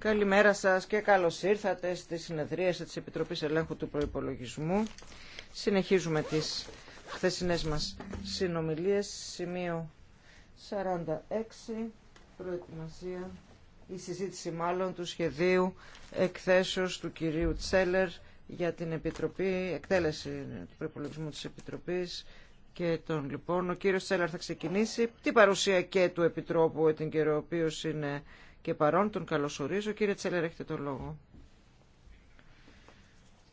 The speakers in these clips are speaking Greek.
Καλημέρα σας και καλώς ήρθατε στη συνεδρίαση της Επιτροπής Ελέγχου του Προϋπολογισμού. Συνεχίζουμε τις χθεσινές μας συνομιλίες. Σημείο 46, προετοιμασία, η συζήτηση μάλλον του σχεδίου εκθέσεως του κυρίου Τσέλερ για την Επιτροπή, εκτέλεση του προϋπολογισμού της Επιτροπής και τον λοιπόν. Ο κύριος Σέλλαρ θα ξεκινήσει. Την παρουσία και του Επιτρόπου Ετιγκερ, ο οποίο είναι και παρόν, τον καλωσορίζω. Κύριε Τσέλλαρ, έχετε το λόγο.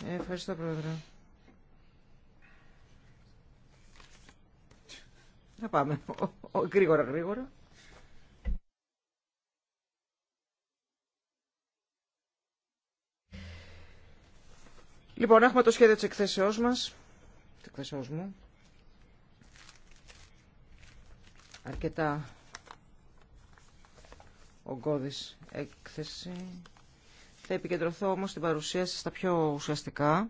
Ευχαριστώ, Πρόεδρε. Να πάμε. γρήγορα, γρήγορα. Λοιπόν, έχουμε το σχέδιο της εκθέσεώς μας, της εκθέσεώς μου, αρκετά ογκώδης έκθεση. Θα επικεντρωθώ όμως στην παρουσίαση στα πιο ουσιαστικά.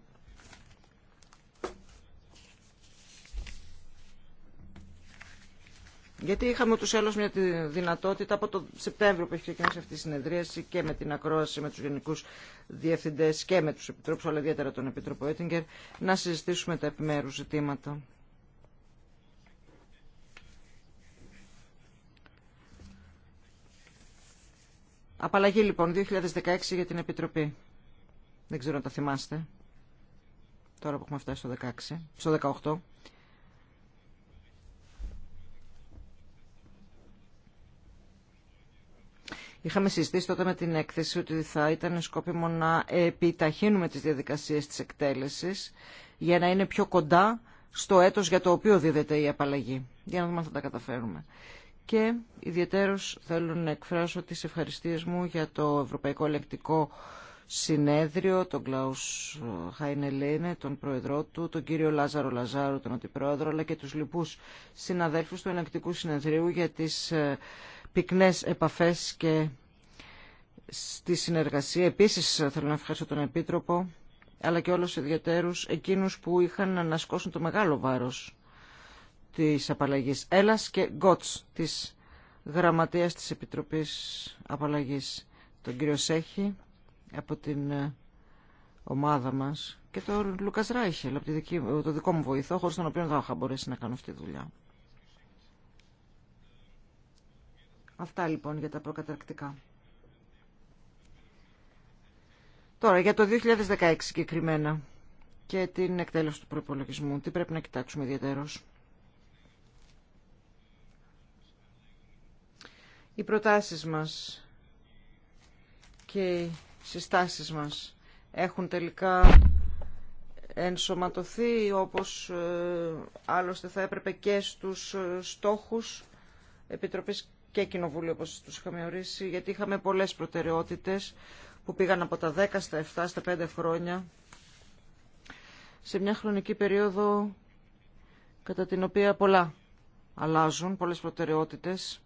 Γιατί είχαμε ούτως άλλως μια δυνατότητα από το Σεπτέμβριο που έχει ξεκινήσει αυτή η συνεδρίαση και με την ακρόαση με τους γενικούς διευθυντές και με τους επιτρόπους, αλλά ιδιαίτερα τον Επίτροπο Έτιγκερ, να συζητήσουμε τα επιμέρους ζητήματα. Απαλλαγή λοιπόν 2016 για την Επιτροπή. Δεν ξέρω αν τα θυμάστε. Τώρα που έχουμε φτάσει στο 16, στο 18. Είχαμε συζητήσει τότε με την έκθεση ότι θα ήταν σκόπιμο να επιταχύνουμε τις διαδικασίες της εκτέλεσης για να είναι πιο κοντά στο έτος για το οποίο δίδεται η απαλλαγή. Για να δούμε αν θα τα καταφέρουμε και ιδιαίτερως θέλω να εκφράσω τις ευχαριστίες μου για το Ευρωπαϊκό Ελεκτικό Συνέδριο, τον Κλάους Χαϊνελένε, τον Πρόεδρό του, τον κύριο Λάζαρο Λαζάρο, τον Αντιπρόεδρο, αλλά και τους λοιπούς συναδέλφους του Ελεκτικού Συνεδρίου για τις ε, πυκνές επαφές και στη συνεργασία. Επίσης θέλω να ευχαριστώ τον Επίτροπο, αλλά και όλους ιδιαίτερους εκείνους που είχαν να ανασκώσουν το μεγάλο βάρος της απαλλαγής έλας και Γκότς της γραμματείας της Επιτροπής Απαλλαγής. Τον κύριο Σέχη από την ε, ομάδα μας και τον Λουκάς Ράιχελ, από δική, ε, το δικό μου βοηθό, χωρίς τον οποίο δεν θα μπορέσει να κάνω αυτή τη δουλειά. Αυτά λοιπόν για τα προκαταρκτικά. Τώρα για το 2016 συγκεκριμένα και την εκτέλεση του προπολογισμού. Τι πρέπει να κοιτάξουμε ιδιαίτερος. οι προτάσεις μας και οι συστάσεις μας έχουν τελικά ενσωματωθεί όπως ε, άλλωστε θα έπρεπε και στους ε, στόχους Επιτροπής και Κοινοβούλιο όπως τους είχαμε ορίσει γιατί είχαμε πολλές προτεραιότητες που πήγαν από τα 10 στα 7 στα 5 χρόνια σε μια χρονική περίοδο κατά την οποία πολλά αλλάζουν, πολλές προτεραιότητες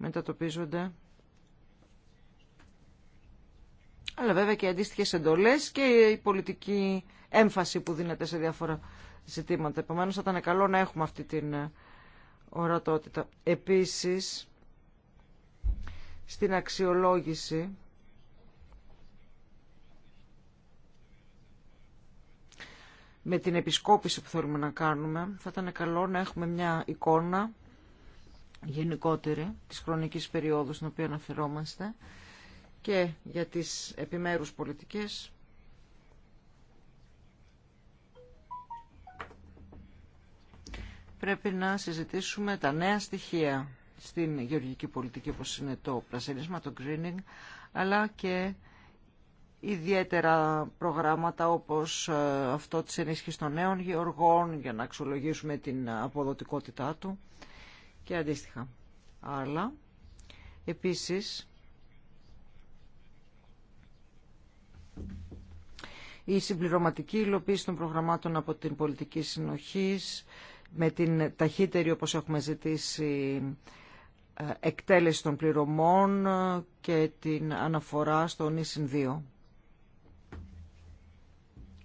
μετατοπίζονται. Αλλά βέβαια και αντίστοιχε εντολέ και η πολιτική έμφαση που δίνεται σε διάφορα ζητήματα. Επομένω, θα ήταν καλό να έχουμε αυτή την ε, ορατότητα. Επίση, στην αξιολόγηση. Με την επισκόπηση που θέλουμε να κάνουμε, θα ήταν καλό να έχουμε μια εικόνα γενικότερη της χρονικής περίοδου στην οποία αναφερόμαστε και για τις επιμέρους πολιτικές πρέπει να συζητήσουμε τα νέα στοιχεία στην γεωργική πολιτική όπως είναι το πρασίνισμα, το greening, αλλά και ιδιαίτερα προγράμματα όπως ε, αυτό της ενίσχυσης των νέων γεωργών για να αξιολογήσουμε την αποδοτικότητά του και αντίστοιχα. Αλλά, επίσης, η συμπληρωματική υλοποίηση των προγραμμάτων από την πολιτική συνοχής με την ταχύτερη, όπως έχουμε ζητήσει, ε, εκτέλεση των πληρωμών και την αναφορά στον νησιν 2.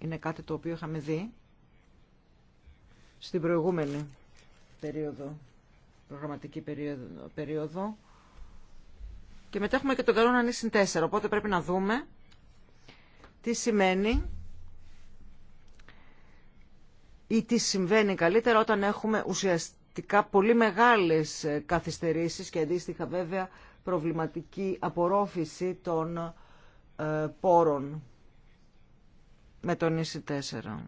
Είναι κάτι το οποίο είχαμε δει στην προηγούμενη περίοδο προγραμματική περίοδο. Και μετά έχουμε και τον κανόνα να συν 4. Οπότε πρέπει να δούμε τι σημαίνει ή τι συμβαίνει καλύτερα όταν έχουμε ουσιαστικά πολύ μεγάλες καθυστερήσεις και αντίστοιχα βέβαια προβληματική απορρόφηση των ε, πόρων με τον ίση 4.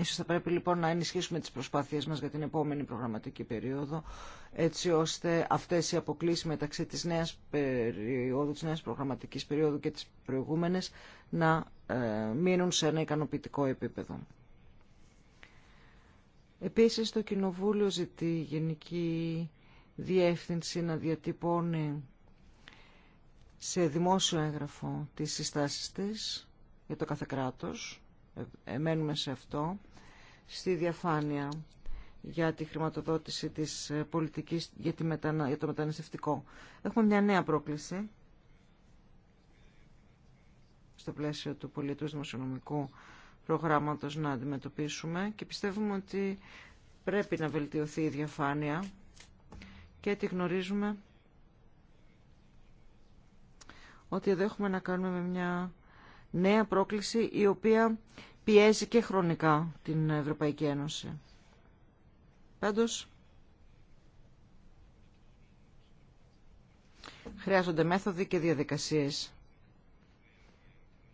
Ίσως θα πρέπει λοιπόν να ενισχύσουμε τις προσπάθειές μας για την επόμενη προγραμματική περίοδο, έτσι ώστε αυτές οι αποκλήσεις μεταξύ της νέας περίοδου, της νέας προγραμματικής περίοδου και της προηγούμενης να ε, μείνουν σε ένα ικανοποιητικό επίπεδο. Επίσης το Κοινοβούλιο ζητεί η Γενική Διεύθυνση να διατυπώνει σε δημόσιο έγγραφο τις συστάσεις της για το κάθε κράτος. Εμένουμε ε, σε αυτό στη διαφάνεια για τη χρηματοδότηση της ε, πολιτικής για, τη μετανα... για το μεταναστευτικό. Έχουμε μια νέα πρόκληση στο πλαίσιο του πολιτού δημοσιονομικού προγράμματος να αντιμετωπίσουμε και πιστεύουμε ότι πρέπει να βελτιωθεί η διαφάνεια και τη γνωρίζουμε ότι εδώ έχουμε να κάνουμε μια νέα πρόκληση η οποία πιέζει και χρονικά την Ευρωπαϊκή Ένωση. Πάντως, χρειάζονται μέθοδοι και διαδικασίες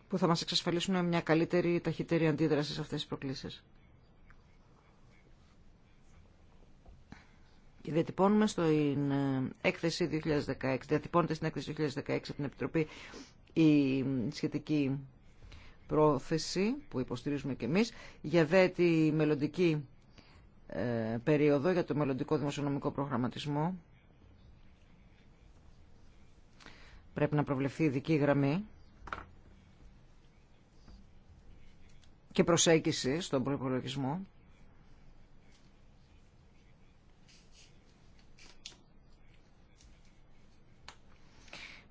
που θα μας εξασφαλίσουν μια καλύτερη ή ταχύτερη αντίδραση σε αυτές τις προκλήσεις. Και διατυπώνουμε στην ε, έκθεση 2016, διατυπώνεται στην έκθεση 2016 από την Επιτροπή η σχετική πρόθεση που υποστηρίζουμε και εμείς για δε τη μελλοντική ε, περίοδο για το μελλοντικό δημοσιονομικό προγραμματισμό. Πρέπει να προβλεφθεί ειδική γραμμή και προσέγγιση στον προϋπολογισμό.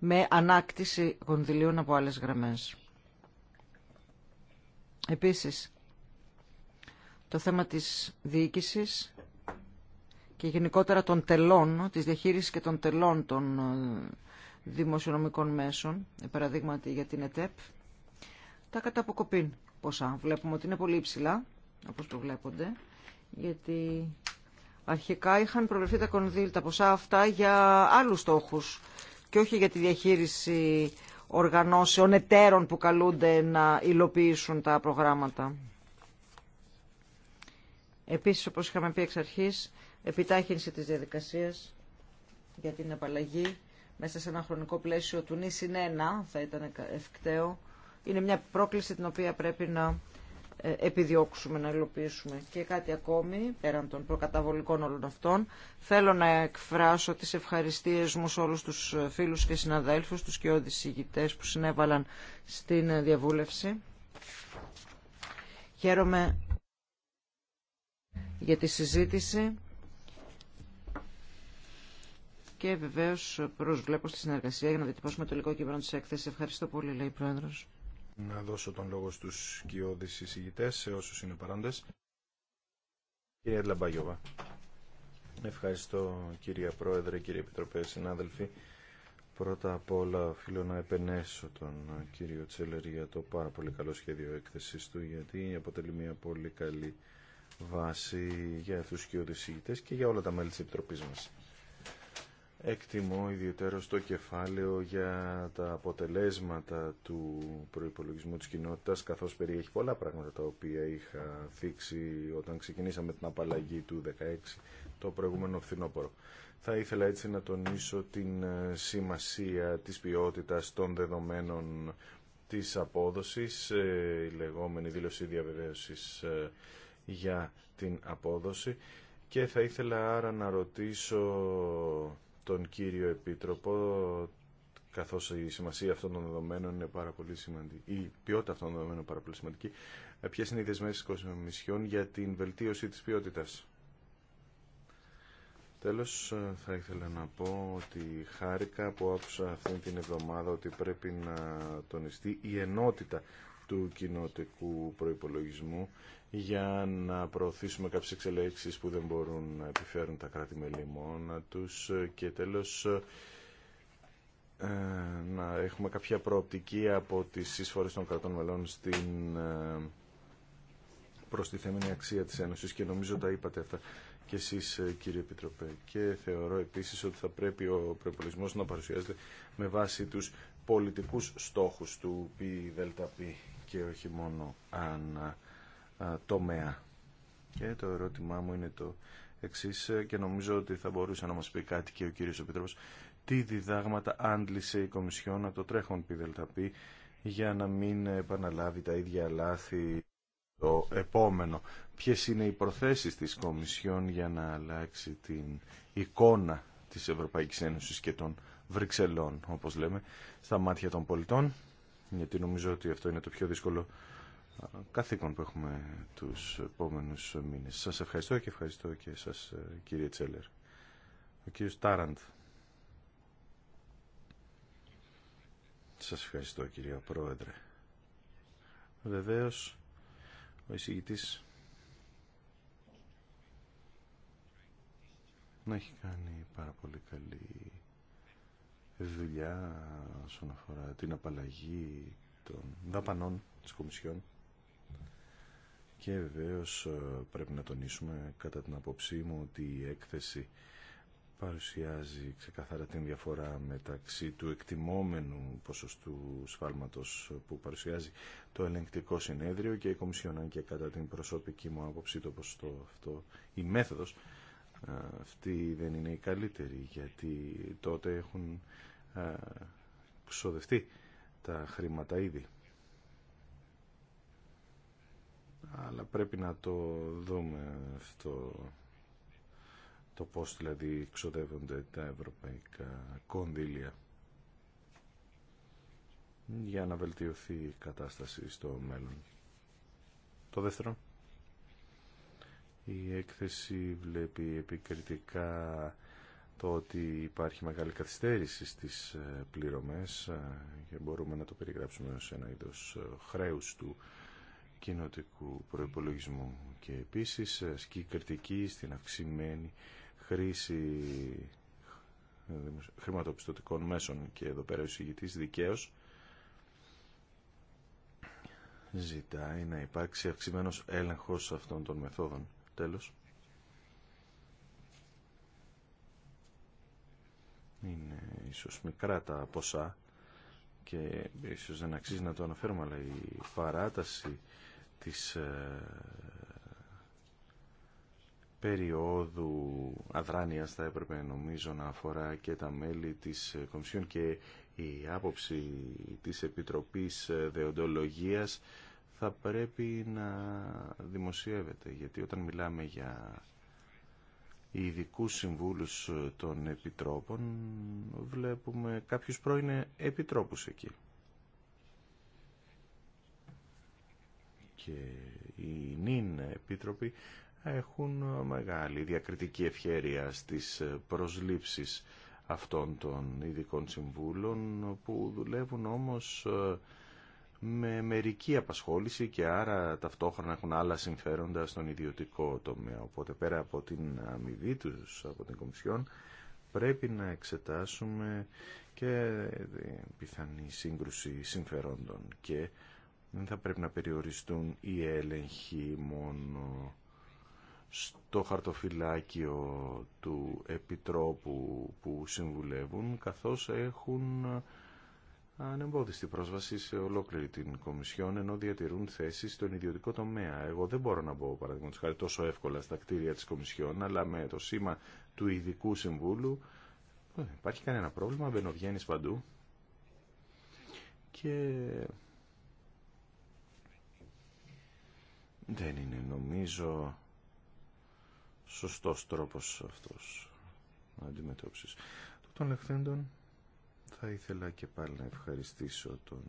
με ανάκτηση κονδυλίων από άλλες γραμμές. Επίσης, το θέμα της διοίκησης και γενικότερα των τελών, της διαχείρισης και των τελών των ε, δημοσιονομικών μέσων, ε, παραδείγματι για την ΕΤΕΠ, τα καταποκοπήν ποσά. Βλέπουμε ότι είναι πολύ υψηλά, όπως το βλέπονται, γιατί αρχικά είχαν προβλεφθεί τα κονδύλια, τα ποσά αυτά για άλλους στόχους και όχι για τη διαχείριση οργανώσεων, εταίρων που καλούνται να υλοποιήσουν τα προγράμματα. Επίσης, όπως είχαμε πει εξ αρχής, επιτάχυνση της διαδικασίας για την απαλλαγή μέσα σε ένα χρονικό πλαίσιο του νη ένα, θα ήταν ευκταίο. Είναι μια πρόκληση την οποία πρέπει να ε, επιδιώξουμε να υλοποιήσουμε. Και κάτι ακόμη, πέραν των προκαταβολικών όλων αυτών, θέλω να εκφράσω τις ευχαριστίες μου σε όλους τους φίλους και συναδέλφους, τους και ηγητές που συνέβαλαν στην διαβούλευση. Χαίρομαι για τη συζήτηση και βεβαίως προσβλέπω στη συνεργασία για να διατυπώσουμε το υλικό κείμενο της έκθεσης. Ευχαριστώ πολύ, λέει η Πρόεδρος. Να δώσω τον λόγο στους κοιόδης εισηγητές, σε όσους είναι παρόντες. Κύριε Λαμπάγιοβα, Ευχαριστώ κύριε Πρόεδρε, κύριε Επιτροπέ, συνάδελφοι. Πρώτα απ' όλα οφείλω να επενέσω τον κύριο Τσέλερ για το πάρα πολύ καλό σχέδιο έκθεσης του γιατί αποτελεί μια πολύ καλή βάση για τους κοιόδης εισηγητές και για όλα τα μέλη της Επιτροπής μας. Εκτιμώ ιδιαίτερο το κεφάλαιο για τα αποτελέσματα του προϋπολογισμού της κοινότητας, καθώς περιέχει πολλά πράγματα τα οποία είχα θίξει όταν ξεκινήσαμε την απαλλαγή του 16 το προηγούμενο φθινόπωρο. Θα ήθελα έτσι να τονίσω την ε, σημασία της ποιότητας των δεδομένων της απόδοσης, ε, η λεγόμενη δήλωση διαβεβαίωσης ε, για την απόδοση και θα ήθελα άρα να ρωτήσω τον κύριο Επίτροπο καθώς η σημασία αυτών των δεδομένων είναι πάρα πολύ σημαντική, η ποιότητα αυτών των δεδομένων είναι πάρα πολύ σημαντική, ε, ποιε είναι οι δεσμεύσει τη Κομισιόν για την βελτίωση της ποιότητας. Τέλος, ε, θα ήθελα να πω ότι χάρηκα που άκουσα αυτή την εβδομάδα ότι πρέπει να τονιστεί η ενότητα του κοινοτικού προπολογισμού για να προωθήσουμε κάποιες εξελέξεις που δεν μπορούν να επιφέρουν τα κράτη-μέλη μόνα τους και τέλος ε, να έχουμε κάποια προοπτική από τις εισφορές των κρατών μελών στην ε, προστιθέμενη αξία της Ένωσης και νομίζω τα είπατε αυτά και εσείς ε, κύριε Επιτροπέ και θεωρώ επίσης ότι θα πρέπει ο προπολισμός να παρουσιάζεται με βάση τους πολιτικούς στόχους του ΠΔΠ και όχι μόνο αν τομέα. Και το ερώτημά μου είναι το εξή. Ε, και νομίζω ότι θα μπορούσε να μας πει κάτι και ο κύριος Επιτρόπος. Τι διδάγματα άντλησε η Κομισιόν να το τρέχον πιδελταπή για να μην επαναλάβει τα ίδια λάθη το επόμενο. Ποιες είναι οι προθέσεις της Κομισιόν για να αλλάξει την εικόνα της Ευρωπαϊκής Ένωσης και των Βρυξελών, όπως λέμε, στα μάτια των πολιτών, γιατί νομίζω ότι αυτό είναι το πιο δύσκολο καθήκον που έχουμε τους επόμενους μήνες. Σας ευχαριστώ και ευχαριστώ και σας ε, κύριε Τσέλερ. Ο κύριος Τάραντ. Σας ευχαριστώ κύριε Πρόεδρε. Βεβαίως ο εισηγητής να έχει κάνει πάρα πολύ καλή δουλειά όσον αφορά την απαλλαγή των δαπανών της Κομισιόν και βεβαίω ε, πρέπει να τονίσουμε κατά την απόψή μου ότι η έκθεση παρουσιάζει ξεκαθαρά την διαφορά μεταξύ του εκτιμόμενου ποσοστού σφάλματος που παρουσιάζει το ελεγκτικό συνέδριο και η Κομισιόν, και κατά την προσωπική μου άποψη το ποσοστό αυτό, η μέθοδος ε, αυτή δεν είναι η καλύτερη γιατί τότε έχουν ε, ξοδευτεί τα χρήματα ήδη. αλλά πρέπει να το δούμε αυτό το πώς δηλαδή ξοδεύονται τα ευρωπαϊκά κονδύλια για να βελτιωθεί η κατάσταση στο μέλλον. Το δεύτερο. Η έκθεση βλέπει επικριτικά το ότι υπάρχει μεγάλη καθυστέρηση στις ε, πληρωμές ε, και μπορούμε να το περιγράψουμε ως ένα είδος ε, χρέους του κοινοτικού προϋπολογισμού και επίσης ασκεί κριτική στην αυξημένη χρήση ε, χρηματοπιστωτικών μέσων και εδώ πέρα ο συγητής δικαίως ζητάει να υπάρξει αυξημένος έλεγχος αυτών των μεθόδων. Τέλος. Είναι ίσως μικρά τα ποσά και ίσως δεν αξίζει να το αναφέρουμε αλλά η παράταση της ε, περίοδου αδράνειας θα έπρεπε νομίζω να αφορά και τα μέλη της ε, Κομισιόν και η άποψη της Επιτροπής ε, Δεοντολογίας θα πρέπει να δημοσιεύεται γιατί όταν μιλάμε για ειδικού συμβούλους των επιτρόπων βλέπουμε κάποιους πρώην επιτρόπους εκεί. και οι νυν επίτροποι έχουν μεγάλη διακριτική ευχέρεια στις προσλήψεις αυτών των ειδικών συμβούλων που δουλεύουν όμως ε, με μερική απασχόληση και άρα ταυτόχρονα έχουν άλλα συμφέροντα στον ιδιωτικό τομέα. Οπότε πέρα από την αμοιβή τους, από την Κομισιόν, πρέπει να εξετάσουμε και ε, πιθανή σύγκρουση συμφερόντων και δεν θα πρέπει να περιοριστούν οι έλεγχοι μόνο στο χαρτοφυλάκιο του Επιτρόπου που συμβουλεύουν, καθώς έχουν ανεμπόδιστη πρόσβαση σε ολόκληρη την Κομισιόν, ενώ διατηρούν θέσεις στον ιδιωτικό τομέα. Εγώ δεν μπορώ να μπω, παραδείγματος χάρη, τόσο εύκολα στα κτίρια της Κομισιόν, αλλά με το σήμα του Ειδικού Συμβούλου ε, υπάρχει κανένα πρόβλημα, μπαινοβγαίνεις παντού και Δεν είναι νομίζω σωστός τρόπος αυτός αντιμετώπισης. Του των λεχθέντων θα ήθελα και πάλι να ευχαριστήσω τον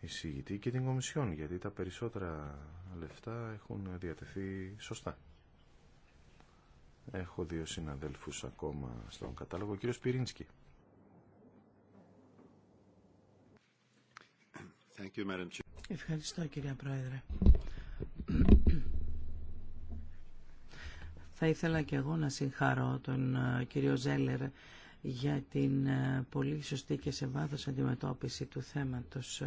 εισηγητή και την Κομισιόν γιατί τα περισσότερα λεφτά έχουν διατεθεί σωστά. Έχω δύο συναδέλφους ακόμα στον κατάλογο. Ο κύριος Πυρίνσκι. Ευχαριστώ κύριε Πρόεδρε. Θα ήθελα και εγώ να συγχαρώ τον ε, κύριο Ζέλερ για την ε, πολύ σωστή και σε βάθος αντιμετώπιση του θέματος.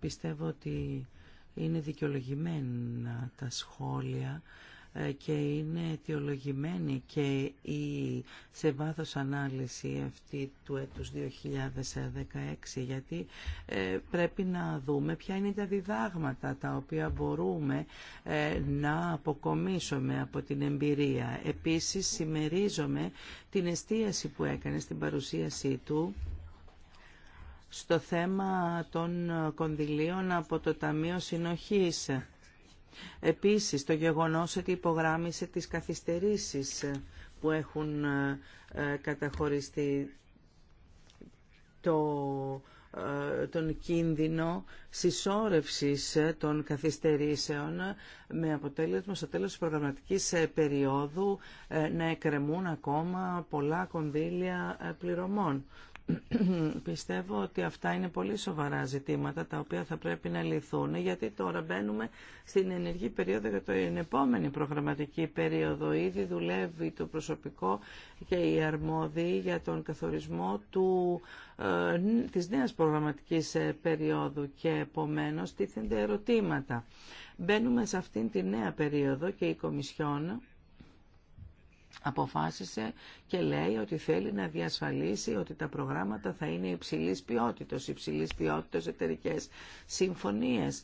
Πιστεύω ότι είναι δικαιολογημένα τα σχόλια ε, και είναι αιτιολογημένη και η σε βάθος ανάλυση αυτή του έτους 2016 γιατί ε, πρέπει να δούμε ποια είναι τα διδάγματα τα οποία μπορούμε ε, να αποκομίσουμε από την εμπειρία. Επίσης συμμερίζομαι την εστίαση που έκανε στην παρουσίασή του στο θέμα των κονδυλίων από το Ταμείο Συνοχής Επίσης, το γεγονός ότι υπογράμμισε τις καθυστερήσεις που έχουν ε, καταχωριστεί το, ε, τον κίνδυνο συσσόρευσης των καθυστερήσεων με αποτέλεσμα στο τέλος της προγραμματικής περίοδου ε, να εκκρεμούν ακόμα πολλά κονδύλια πληρωμών. Πιστεύω ότι αυτά είναι πολύ σοβαρά ζητήματα τα οποία θα πρέπει να λυθούν γιατί τώρα μπαίνουμε στην ενεργή περίοδο για την επόμενη προγραμματική περίοδο. Ήδη δουλεύει το προσωπικό και οι αρμόδιοι για τον καθορισμό του, ε, της νέας προγραμματικής ε, περίοδου και επομένως τίθενται ερωτήματα. Μπαίνουμε σε αυτήν τη νέα περίοδο και η Κομισιόν αποφάσισε και λέει ότι θέλει να διασφαλίσει ότι τα προγράμματα θα είναι υψηλής ποιότητας, υψηλής ποιότητας εταιρικές συμφωνίες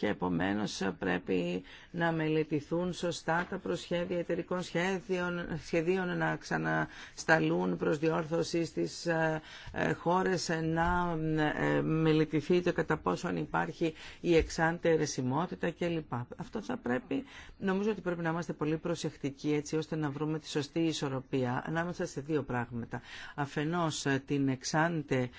και επομένως πρέπει να μελετηθούν σωστά τα προσχέδια εταιρικών σχέδιων, σχεδίων να ξανασταλούν προς διόρθωση στις ε, ε, χώρες να ε, μελετηθεί το κατά πόσο αν υπάρχει η εξάντε ερεσιμότητα κλπ. Αυτό θα πρέπει, νομίζω ότι πρέπει να είμαστε πολύ προσεκτικοί έτσι ώστε να βρούμε τη σωστή ισορροπία ανάμεσα σε δύο πράγματα. Αφενός την εξάντε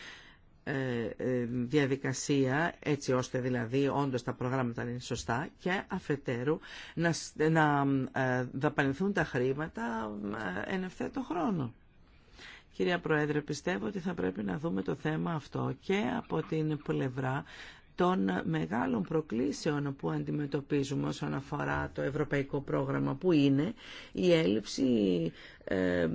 ε, ε, διαδικασία έτσι ώστε δηλαδή όντως τα προγράμματα είναι σωστά και αφετέρου να, να ε, δαπανηθούν τα χρήματα εν ευθέτω χρόνο. Κυρία Πρόεδρε, πιστεύω ότι θα πρέπει να δούμε το θέμα αυτό και από την πλευρά των μεγάλων προκλήσεων που αντιμετωπίζουμε όσον αφορά το ευρωπαϊκό πρόγραμμα που είναι η έλλειψη ε, ε,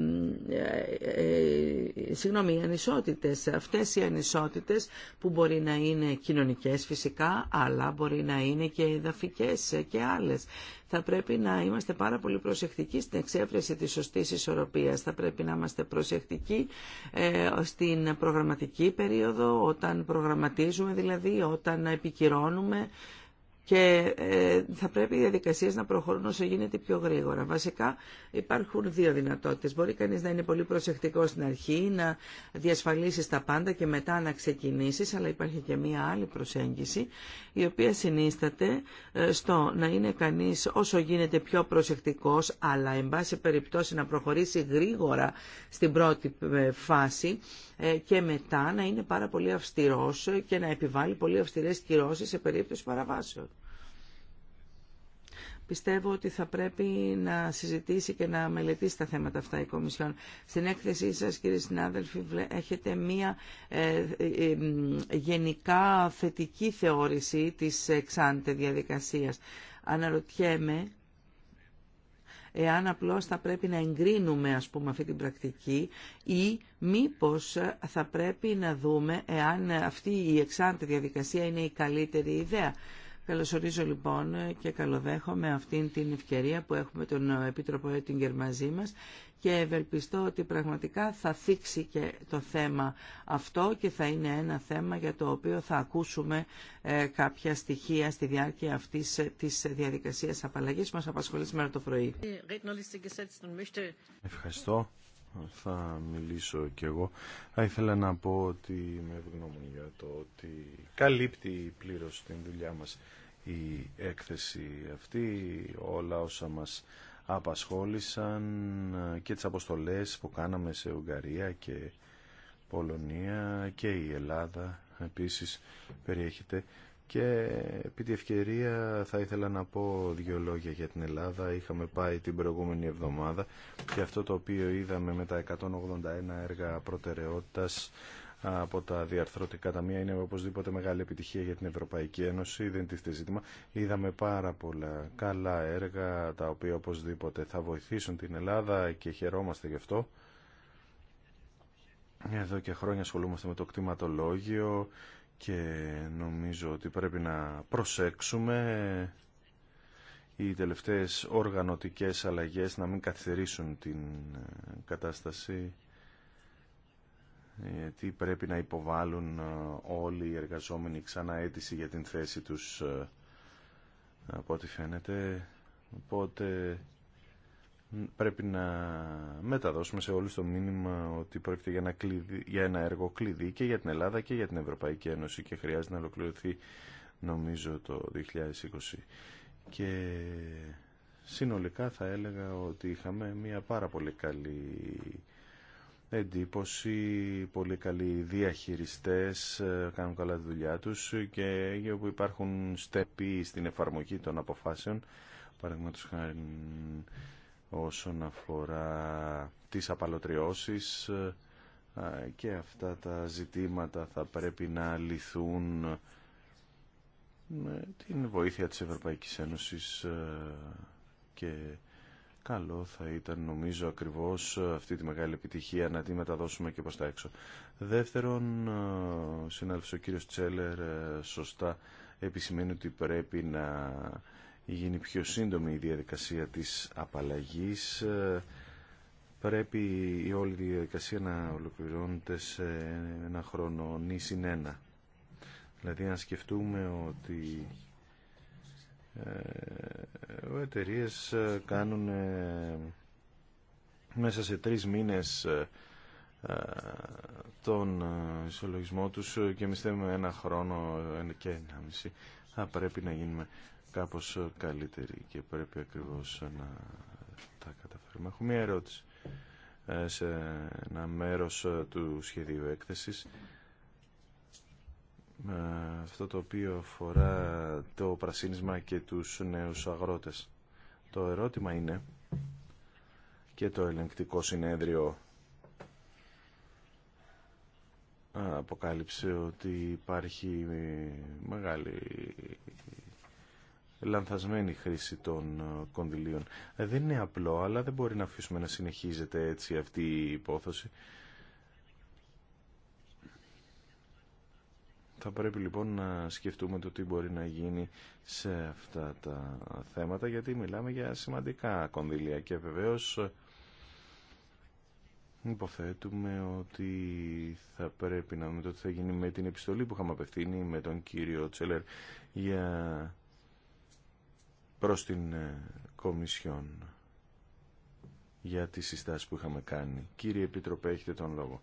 ε, συγγνώμη, οι ανισότητες. Αυτές οι ανισότητες που μπορεί να είναι κοινωνικές φυσικά, αλλά μπορεί να είναι και εδαφικές και άλλες. Θα πρέπει να είμαστε πάρα πολύ προσεκτικοί στην εξέφραση της σωστής ισορροπίας. Θα πρέπει να είμαστε προσεκτικοί ε, στην προγραμματική περίοδο, όταν προγραμματίζουμε δηλαδή, όταν επικυρώνουμε και ε, θα πρέπει οι διαδικασίες να προχωρούν όσο γίνεται πιο γρήγορα. Βασικά υπάρχουν δύο δυνατότητες. Μπορεί κανείς να είναι πολύ προσεκτικό στην αρχή, να διασφαλίσει τα πάντα και μετά να ξεκινήσεις, αλλά υπάρχει και μία άλλη προσέγγιση, η οποία συνίσταται ε, στο να είναι κανείς όσο γίνεται πιο προσεκτικός, αλλά εν πάση περιπτώσει να προχωρήσει γρήγορα στην πρώτη ε, φάση και μετά να είναι πάρα πολύ αυστηρός και να επιβάλλει πολύ αυστηρές κυρώσεις σε περίπτωση παραβάσεων πιστεύω ότι θα πρέπει να συζητήσει και να μελετήσει τα θέματα αυτά η Κομισιόν. Στην έκθεσή σας, κύριε συνάδελφοι, έχετε μία ε, ε, ε, γενικά θετική θεώρηση της εξάντε διαδικασίας. Αναρωτιέμαι εάν απλώς θα πρέπει να εγκρίνουμε ας πούμε αυτή την πρακτική ή μήπως θα πρέπει να δούμε εάν αυτή η εξάντε διαδικασία είναι η εξαντια διαδικασια ειναι ιδέα. Καλωσορίζω λοιπόν και καλοδέχομαι αυτήν την ευκαιρία που έχουμε τον Επίτροπο Έτιγκερ μαζί μας και ευελπιστώ ότι πραγματικά θα θίξει και το θέμα αυτό και θα είναι ένα θέμα για το οποίο θα ακούσουμε ε, κάποια στοιχεία στη διάρκεια αυτής ε, της διαδικασίας απαλλαγής μας απασχολεί σήμερα το πρωί. Ευχαριστώ θα μιλήσω κι εγώ. Θα ήθελα να πω ότι με ευγνώμων για το ότι καλύπτει πλήρως την δουλειά μας η έκθεση αυτή, όλα όσα μας απασχόλησαν και τις αποστολές που κάναμε σε Ουγγαρία και Πολωνία και η Ελλάδα επίσης περιέχεται και επί τη ευκαιρία θα ήθελα να πω δύο λόγια για την Ελλάδα. Είχαμε πάει την προηγούμενη εβδομάδα και αυτό το οποίο είδαμε με τα 181 έργα προτεραιότητας από τα διαρθρωτικά ταμεία είναι οπωσδήποτε μεγάλη επιτυχία για την Ευρωπαϊκή Ένωση, δεν τίθεται ζήτημα. Είδαμε πάρα πολλά καλά έργα τα οποία οπωσδήποτε θα βοηθήσουν την Ελλάδα και χαιρόμαστε γι' αυτό. Εδώ και χρόνια ασχολούμαστε με το κτηματολόγιο και νομίζω ότι πρέπει να προσέξουμε οι τελευταίες οργανωτικές αλλαγές να μην καθυστερήσουν την ε, κατάσταση γιατί πρέπει να υποβάλουν ε, όλοι οι εργαζόμενοι ξανά αίτηση για την θέση τους ε, από ό,τι φαίνεται οπότε πρέπει να μεταδώσουμε σε όλους το μήνυμα ότι πρόκειται για ένα, κλειδί, για ένα έργο κλειδί και για την Ελλάδα και για την Ευρωπαϊκή Ένωση και χρειάζεται να ολοκληρωθεί νομίζω το 2020 και συνολικά θα έλεγα ότι είχαμε μια πάρα πολύ καλή εντύπωση, πολύ καλοί διαχειριστές ε, κάνουν καλά τη δουλειά τους και όπου υπάρχουν στεποί στην εφαρμογή των αποφάσεων παραδείγματος χάρη όσον αφορά τις απαλωτριώσεις και αυτά τα ζητήματα θα πρέπει να λυθούν με την βοήθεια της Ευρωπαϊκής Ένωσης και καλό θα ήταν νομίζω ακριβώς αυτή τη μεγάλη επιτυχία να τη μεταδώσουμε και προς τα έξω. Δεύτερον, συνάδελφος ο κύριος Τσέλερ σωστά επισημαίνει ότι πρέπει να γίνει πιο σύντομη η διαδικασία της απαλλαγής πρέπει η όλη διαδικασία να ολοκληρώνεται σε ένα χρόνο νη ένα. Δηλαδή να σκεφτούμε ότι ε, οι εταιρείε ε, κάνουν μέσα σε τρεις μήνες ε, τον ισολογισμό τους και εμείς ένα χρόνο και ένα μισή θα πρέπει να γίνουμε κάπως καλύτερη και πρέπει ακριβώς να τα καταφέρουμε. Έχω μία ερώτηση ε, σε ένα μέρος ε, του σχεδίου έκθεσης. Ε, αυτό το οποίο αφορά το πρασίνισμα και τους νέους αγρότες. Το ερώτημα είναι και το ελεγκτικό συνέδριο αποκάλυψε ότι υπάρχει μεγάλη λανθασμένη χρήση των ε, κονδυλίων. Ε, δεν είναι απλό, αλλά δεν μπορεί να αφήσουμε να συνεχίζεται έτσι αυτή η υπόθεση. Θα πρέπει λοιπόν να σκεφτούμε το τι μπορεί να γίνει σε αυτά τα θέματα, γιατί μιλάμε για σημαντικά κονδύλια και βεβαίως ε, υποθέτουμε ότι θα πρέπει να δούμε το τι θα γίνει με την επιστολή που είχαμε απευθύνει με τον κύριο Τσέλερ για προς την ε, Κομισιόν για τις συστάσεις που είχαμε κάνει. Κύριε Επίτροπε, έχετε τον λόγο.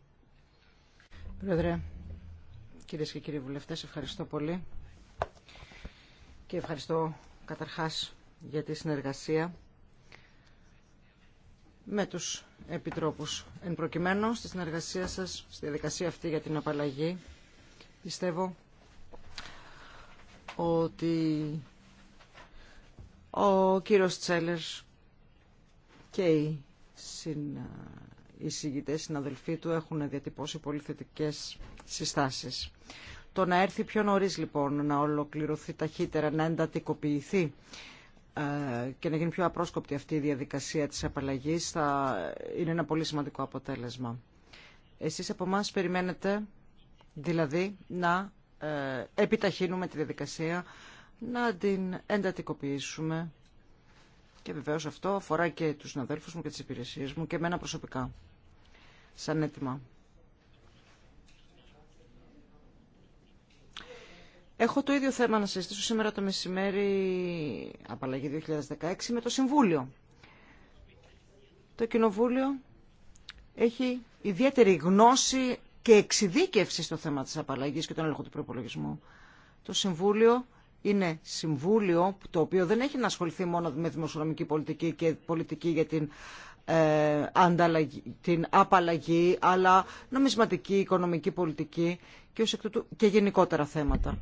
Πρόεδρε, κυρίες και κύριοι βουλευτές, ευχαριστώ πολύ και ευχαριστώ καταρχάς για τη συνεργασία με τους επιτρόπους. Εν προκειμένου, στη συνεργασία σας, στη διαδικασία αυτή για την απαλλαγή, πιστεύω ότι ο κύριος Τσέλερ και οι οι συναδελφοί του έχουν διατυπώσει πολύ θετικέ συστάσεις. Το να έρθει πιο νωρίς λοιπόν, να ολοκληρωθεί ταχύτερα, να εντατικοποιηθεί ε, και να γίνει πιο απρόσκοπτη αυτή η διαδικασία της απαλλαγής θα είναι ένα πολύ σημαντικό αποτέλεσμα. Εσείς από εμά περιμένετε δηλαδή να ε, επιταχύνουμε τη διαδικασία να την εντατικοποιήσουμε. Και βεβαίω αυτό αφορά και τους συναδέλφου μου και τις υπηρεσίε μου και εμένα προσωπικά. Σαν έτοιμα. Έχω το ίδιο θέμα να συζητήσω σήμερα το μεσημέρι, απαλλαγή 2016, με το Συμβούλιο. Το Κοινοβούλιο έχει ιδιαίτερη γνώση και εξειδίκευση στο θέμα της απαλλαγής και τον έλεγχο του προπολογισμού. Το Συμβούλιο είναι συμβούλιο το οποίο δεν έχει να ασχοληθεί μόνο με δημοσιονομική πολιτική και πολιτική για την, ε, την απαλλαγή, αλλά νομισματική, οικονομική πολιτική και, και γενικότερα θέματα.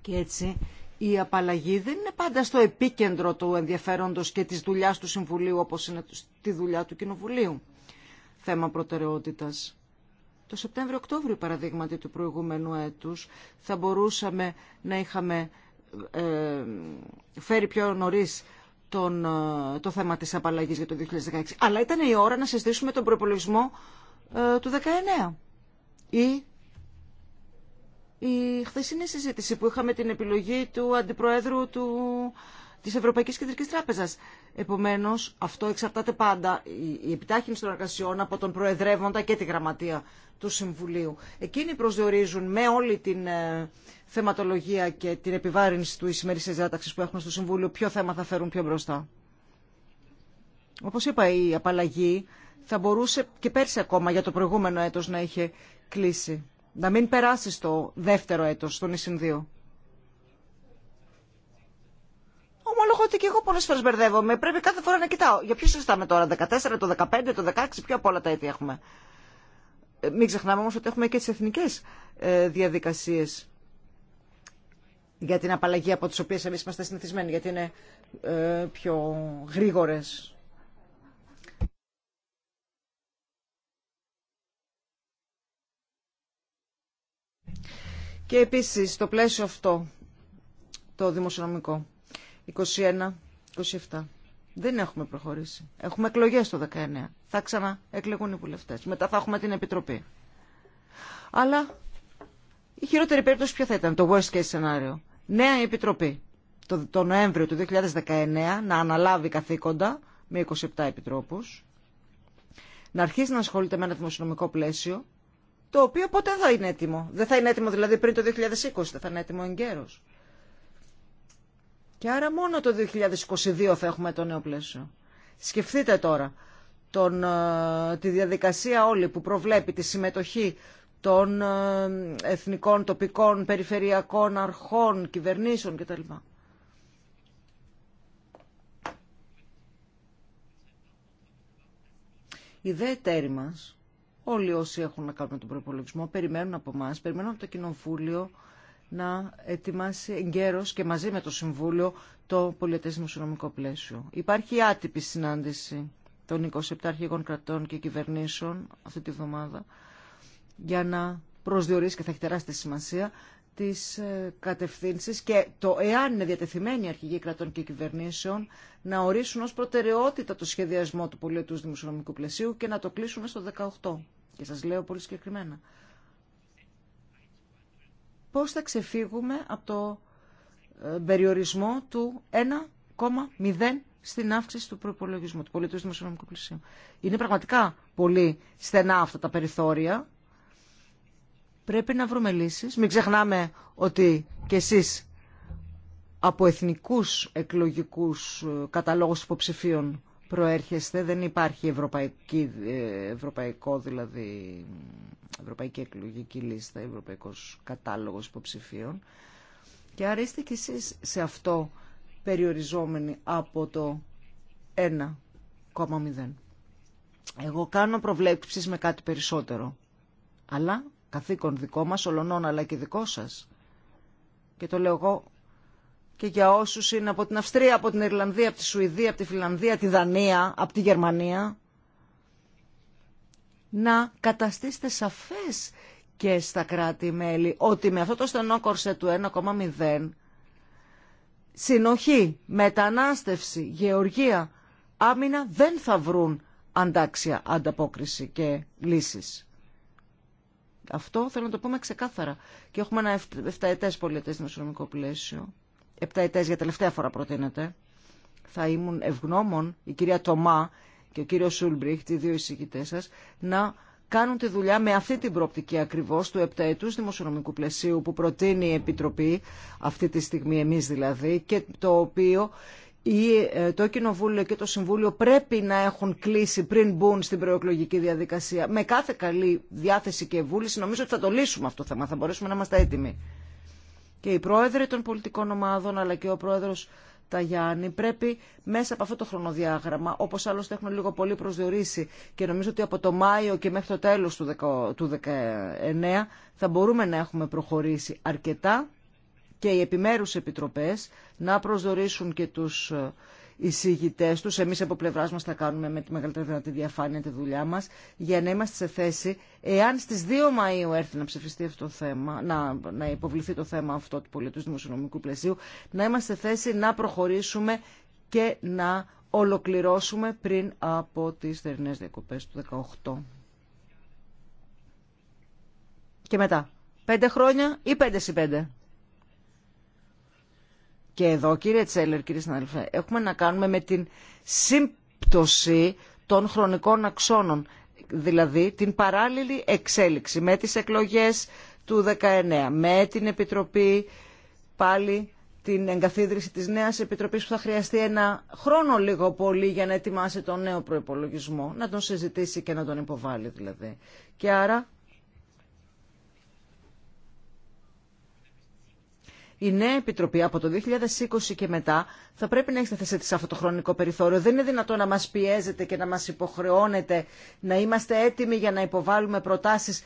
Και έτσι η απαλλαγή δεν είναι πάντα στο επίκεντρο του ενδιαφέροντος και της δουλειάς του Συμβουλίου όπως είναι τη δουλειά του Κοινοβουλίου. Θέμα προτεραιότητας το Σεπτέμβριο-Οκτώβριο παραδείγματι του προηγούμενου έτους θα μπορούσαμε να είχαμε ε, φέρει πιο νωρίς τον, ε, το θέμα της απαλλαγής για το 2016. Αλλά ήταν η ώρα να συζητήσουμε τον προπολογισμό ε, του 2019. Ή η χθεσινή συζήτηση που είχαμε την επιλογή του Αντιπροέδρου του της Ευρωπαϊκής Κεντρικής Τράπεζας. Επομένως, αυτό εξαρτάται πάντα η επιτάχυνση των εργασιών από τον Προεδρεύοντα και τη Γραμματεία του Συμβουλίου. Εκείνοι προσδιορίζουν με όλη την ε, θεματολογία και την επιβάρυνση του ημερήσιας διάταξης που έχουν στο Συμβούλιο ποιο θέμα θα φέρουν πιο μπροστά. Όπως είπα, η απαλλαγή θα μπορούσε και πέρσι ακόμα για το προηγούμενο έτος να είχε κλείσει. Να μην περάσει στο δεύτερο έτος, στον 2. ομολογώ ότι και εγώ πολλέ φορέ μπερδεύομαι. Πρέπει κάθε φορά να κοιτάω. Για ποιο συζητάμε τώρα, 14, το 15, το 16, ποια από όλα τα έτη έχουμε. Ε, μην ξεχνάμε όμω ότι έχουμε και τι εθνικέ ε, διαδικασίε για την απαλλαγή από τι οποίε εμεί είμαστε συνηθισμένοι, γιατί είναι ε, πιο γρήγορε. Και επίσης, το πλαίσιο αυτό, το δημοσιονομικό, 21, 27. Δεν έχουμε προχωρήσει. Έχουμε εκλογές το 19. Θα ξαναεκλεγούν οι βουλευτές. Μετά θα έχουμε την Επιτροπή. Αλλά η χειρότερη περίπτωση ποια θα ήταν, το worst case scenario. Νέα Επιτροπή το, το Νοέμβριο του 2019 να αναλάβει καθήκοντα με 27 επιτρόπους, να αρχίσει να ασχολείται με ένα δημοσιονομικό πλαίσιο, το οποίο ποτέ θα είναι έτοιμο. Δεν θα είναι έτοιμο δηλαδή πριν το 2020, δεν θα είναι έτοιμο εγκαίρως. Και άρα μόνο το 2022 θα έχουμε το νέο πλαίσιο. Σκεφτείτε τώρα τον, ε, τη διαδικασία όλη που προβλέπει τη συμμετοχή των ε, εθνικών, τοπικών, περιφερειακών αρχών, κυβερνήσεων κτλ. Οι δε εταίροι μας, όλοι όσοι έχουν να κάνουν τον προπολογισμό, περιμένουν από εμά, περιμένουν από το Κοινοβούλιο, να ετοιμάσει εγκαίρω και μαζί με το Συμβούλιο το πολιτεύσιο δημοσιονομικό πλαίσιο. Υπάρχει άτυπη συνάντηση των 27 αρχηγών κρατών και κυβερνήσεων αυτή τη βδομάδα για να προσδιορίσει και θα έχει τεράστια σημασία τις ε, κατευθύνσεις και το εάν είναι διατεθειμένοι οι αρχηγοί κρατών και κυβερνήσεων να ορίσουν ως προτεραιότητα το σχεδιασμό του πολιτούς δημοσιονομικού πλαίσιου και να το κλείσουμε στο 18. Και σας λέω πολύ συγκεκριμένα πώς θα ξεφύγουμε από το ε, περιορισμό του 1,0 στην αύξηση του προπολογισμού, του πολιτικού δημοσιονομικού πλησίου. Είναι πραγματικά πολύ στενά αυτά τα περιθώρια. Πρέπει να βρούμε λύσεις. Μην ξεχνάμε ότι κι εσείς από εθνικούς εκλογικούς ε, καταλόγους υποψηφίων προέρχεστε, δεν υπάρχει ευρωπαϊκή, ε, ευρωπαϊκό δηλαδή, ευρωπαϊκή εκλογική λίστα, ευρωπαϊκός κατάλογος υποψηφίων. Και άρα είστε κι εσείς σε αυτό περιοριζόμενοι από το 1,0. Εγώ κάνω προβλέψεις με κάτι περισσότερο. Αλλά καθήκον δικό μας, ολονών αλλά και δικό σας. Και το λέω εγώ και για όσους είναι από την Αυστρία, από την Ιρλανδία, από τη Σουηδία, από τη Φιλανδία, τη Δανία, από τη Γερμανία, να καταστήσετε σαφές και στα κράτη-μέλη ότι με αυτό το στενό κορσέ του 1,0 συνοχή, μετανάστευση, γεωργία, άμυνα δεν θα βρουν αντάξια ανταπόκριση και λύσεις. Αυτό θέλω να το πούμε ξεκάθαρα. Και έχουμε ένα εφταετές πολιτές στο πλαίσιο επτά ετές για τελευταία φορά προτείνεται. Θα ήμουν ευγνώμων η κυρία Τομά και ο κύριος Σούλμπριχτ, οι δύο εισηγητές σας, να κάνουν τη δουλειά με αυτή την προοπτική ακριβώς του επταετούς δημοσιονομικού πλαισίου που προτείνει η Επιτροπή, αυτή τη στιγμή εμείς δηλαδή, και το οποίο ε, το Κοινοβούλιο και το Συμβούλιο πρέπει να έχουν κλείσει πριν μπουν στην προεκλογική διαδικασία. Με κάθε καλή διάθεση και βούληση νομίζω ότι θα το λύσουμε αυτό το θέμα, θα μπορέσουμε να είμαστε έτοιμοι και οι πρόεδροι των πολιτικών ομάδων αλλά και ο πρόεδρος Ταγιάννη πρέπει μέσα από αυτό το χρονοδιάγραμμα, όπως άλλωστε έχουν λίγο πολύ προσδιορίσει και νομίζω ότι από το Μάιο και μέχρι το τέλος του 2019 θα μπορούμε να έχουμε προχωρήσει αρκετά και οι επιμέρους επιτροπές να προσδιορίσουν και τους εισηγητέ του. Εμεί από πλευρά μα θα κάνουμε με τη μεγαλύτερη δυνατή διαφάνεια τη δουλειά μα για να είμαστε σε θέση, εάν στι 2 Μαου έρθει να ψηφιστεί αυτό το θέμα, να, να υποβληθεί το θέμα αυτό του πολιτού δημοσιονομικού πλαισίου, να είμαστε σε θέση να προχωρήσουμε και να ολοκληρώσουμε πριν από τις θερινές διακοπές του 18. Και μετά. Πέντε χρόνια ή πέντε σε πέντε. Και εδώ, κύριε Τσέλερ, κύριε Σναλφέ, έχουμε να κάνουμε με την σύμπτωση των χρονικών αξώνων, δηλαδή την παράλληλη εξέλιξη με τις εκλογές του 19, με την Επιτροπή πάλι την εγκαθίδρυση της νέας επιτροπής που θα χρειαστεί ένα χρόνο λίγο πολύ για να ετοιμάσει τον νέο προϋπολογισμό, να τον συζητήσει και να τον υποβάλει δηλαδή. Και άρα η νέα Επιτροπή από το 2020 και μετά θα πρέπει να έχει θέση σε αυτό το χρονικό περιθώριο. Δεν είναι δυνατόν να μας πιέζετε και να μας υποχρεώνετε να είμαστε έτοιμοι για να υποβάλουμε προτάσεις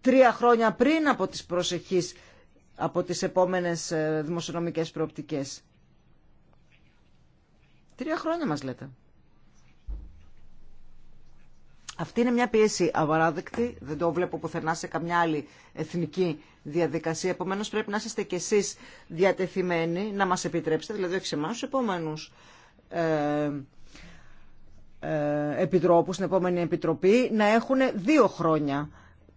τρία χρόνια πριν από τις προσεχείς, από τις επόμενες ε, δημοσιονομικές προοπτικές. Τρία χρόνια μας λέτε. Αυτή είναι μια πίεση απαράδεκτη, δεν το βλέπω πουθενά σε καμιά άλλη εθνική διαδικασία. Επομένως πρέπει να είστε κι εσείς διατεθειμένοι να μας επιτρέψετε, δηλαδή όχι σε εμάς, στους επόμενους ε, ε επιτρόπους, στην επόμενη επιτροπή, να έχουν δύο χρόνια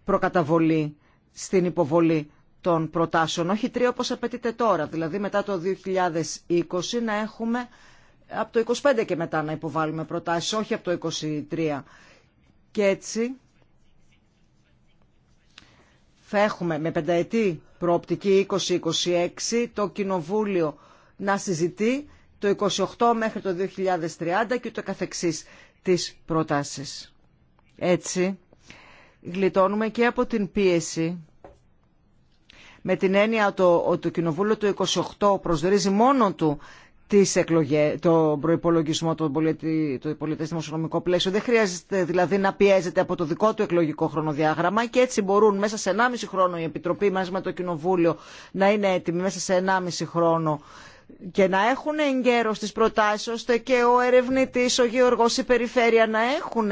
προκαταβολή στην υποβολή των προτάσεων, όχι τρία όπως απαιτείται τώρα, δηλαδή μετά το 2020 να έχουμε από το 25 και μετά να υποβάλουμε προτάσεις, όχι από το 2023. Και έτσι θα έχουμε με πενταετή προοπτική 2026 το Κοινοβούλιο να συζητεί το 28 μέχρι το 2030 και το καθεξής τις προτάσεις. Έτσι γλιτώνουμε και από την πίεση με την έννοια ότι το Κοινοβούλιο το 28 προσδορίζει μόνο του τις εκλογές, το προϋπολογισμό, το, πολιτι, το πλαίσιο. Δεν χρειάζεται δηλαδή να πιέζεται από το δικό του εκλογικό χρονοδιάγραμμα και έτσι μπορούν μέσα σε 1,5 χρόνο η Επιτροπή μαζί με το Κοινοβούλιο να είναι έτοιμη μέσα σε 1,5 χρόνο και να έχουν εγκαίρω τις προτάσεις ώστε και ο ερευνητής, ο Γιώργος η περιφέρεια να έχουν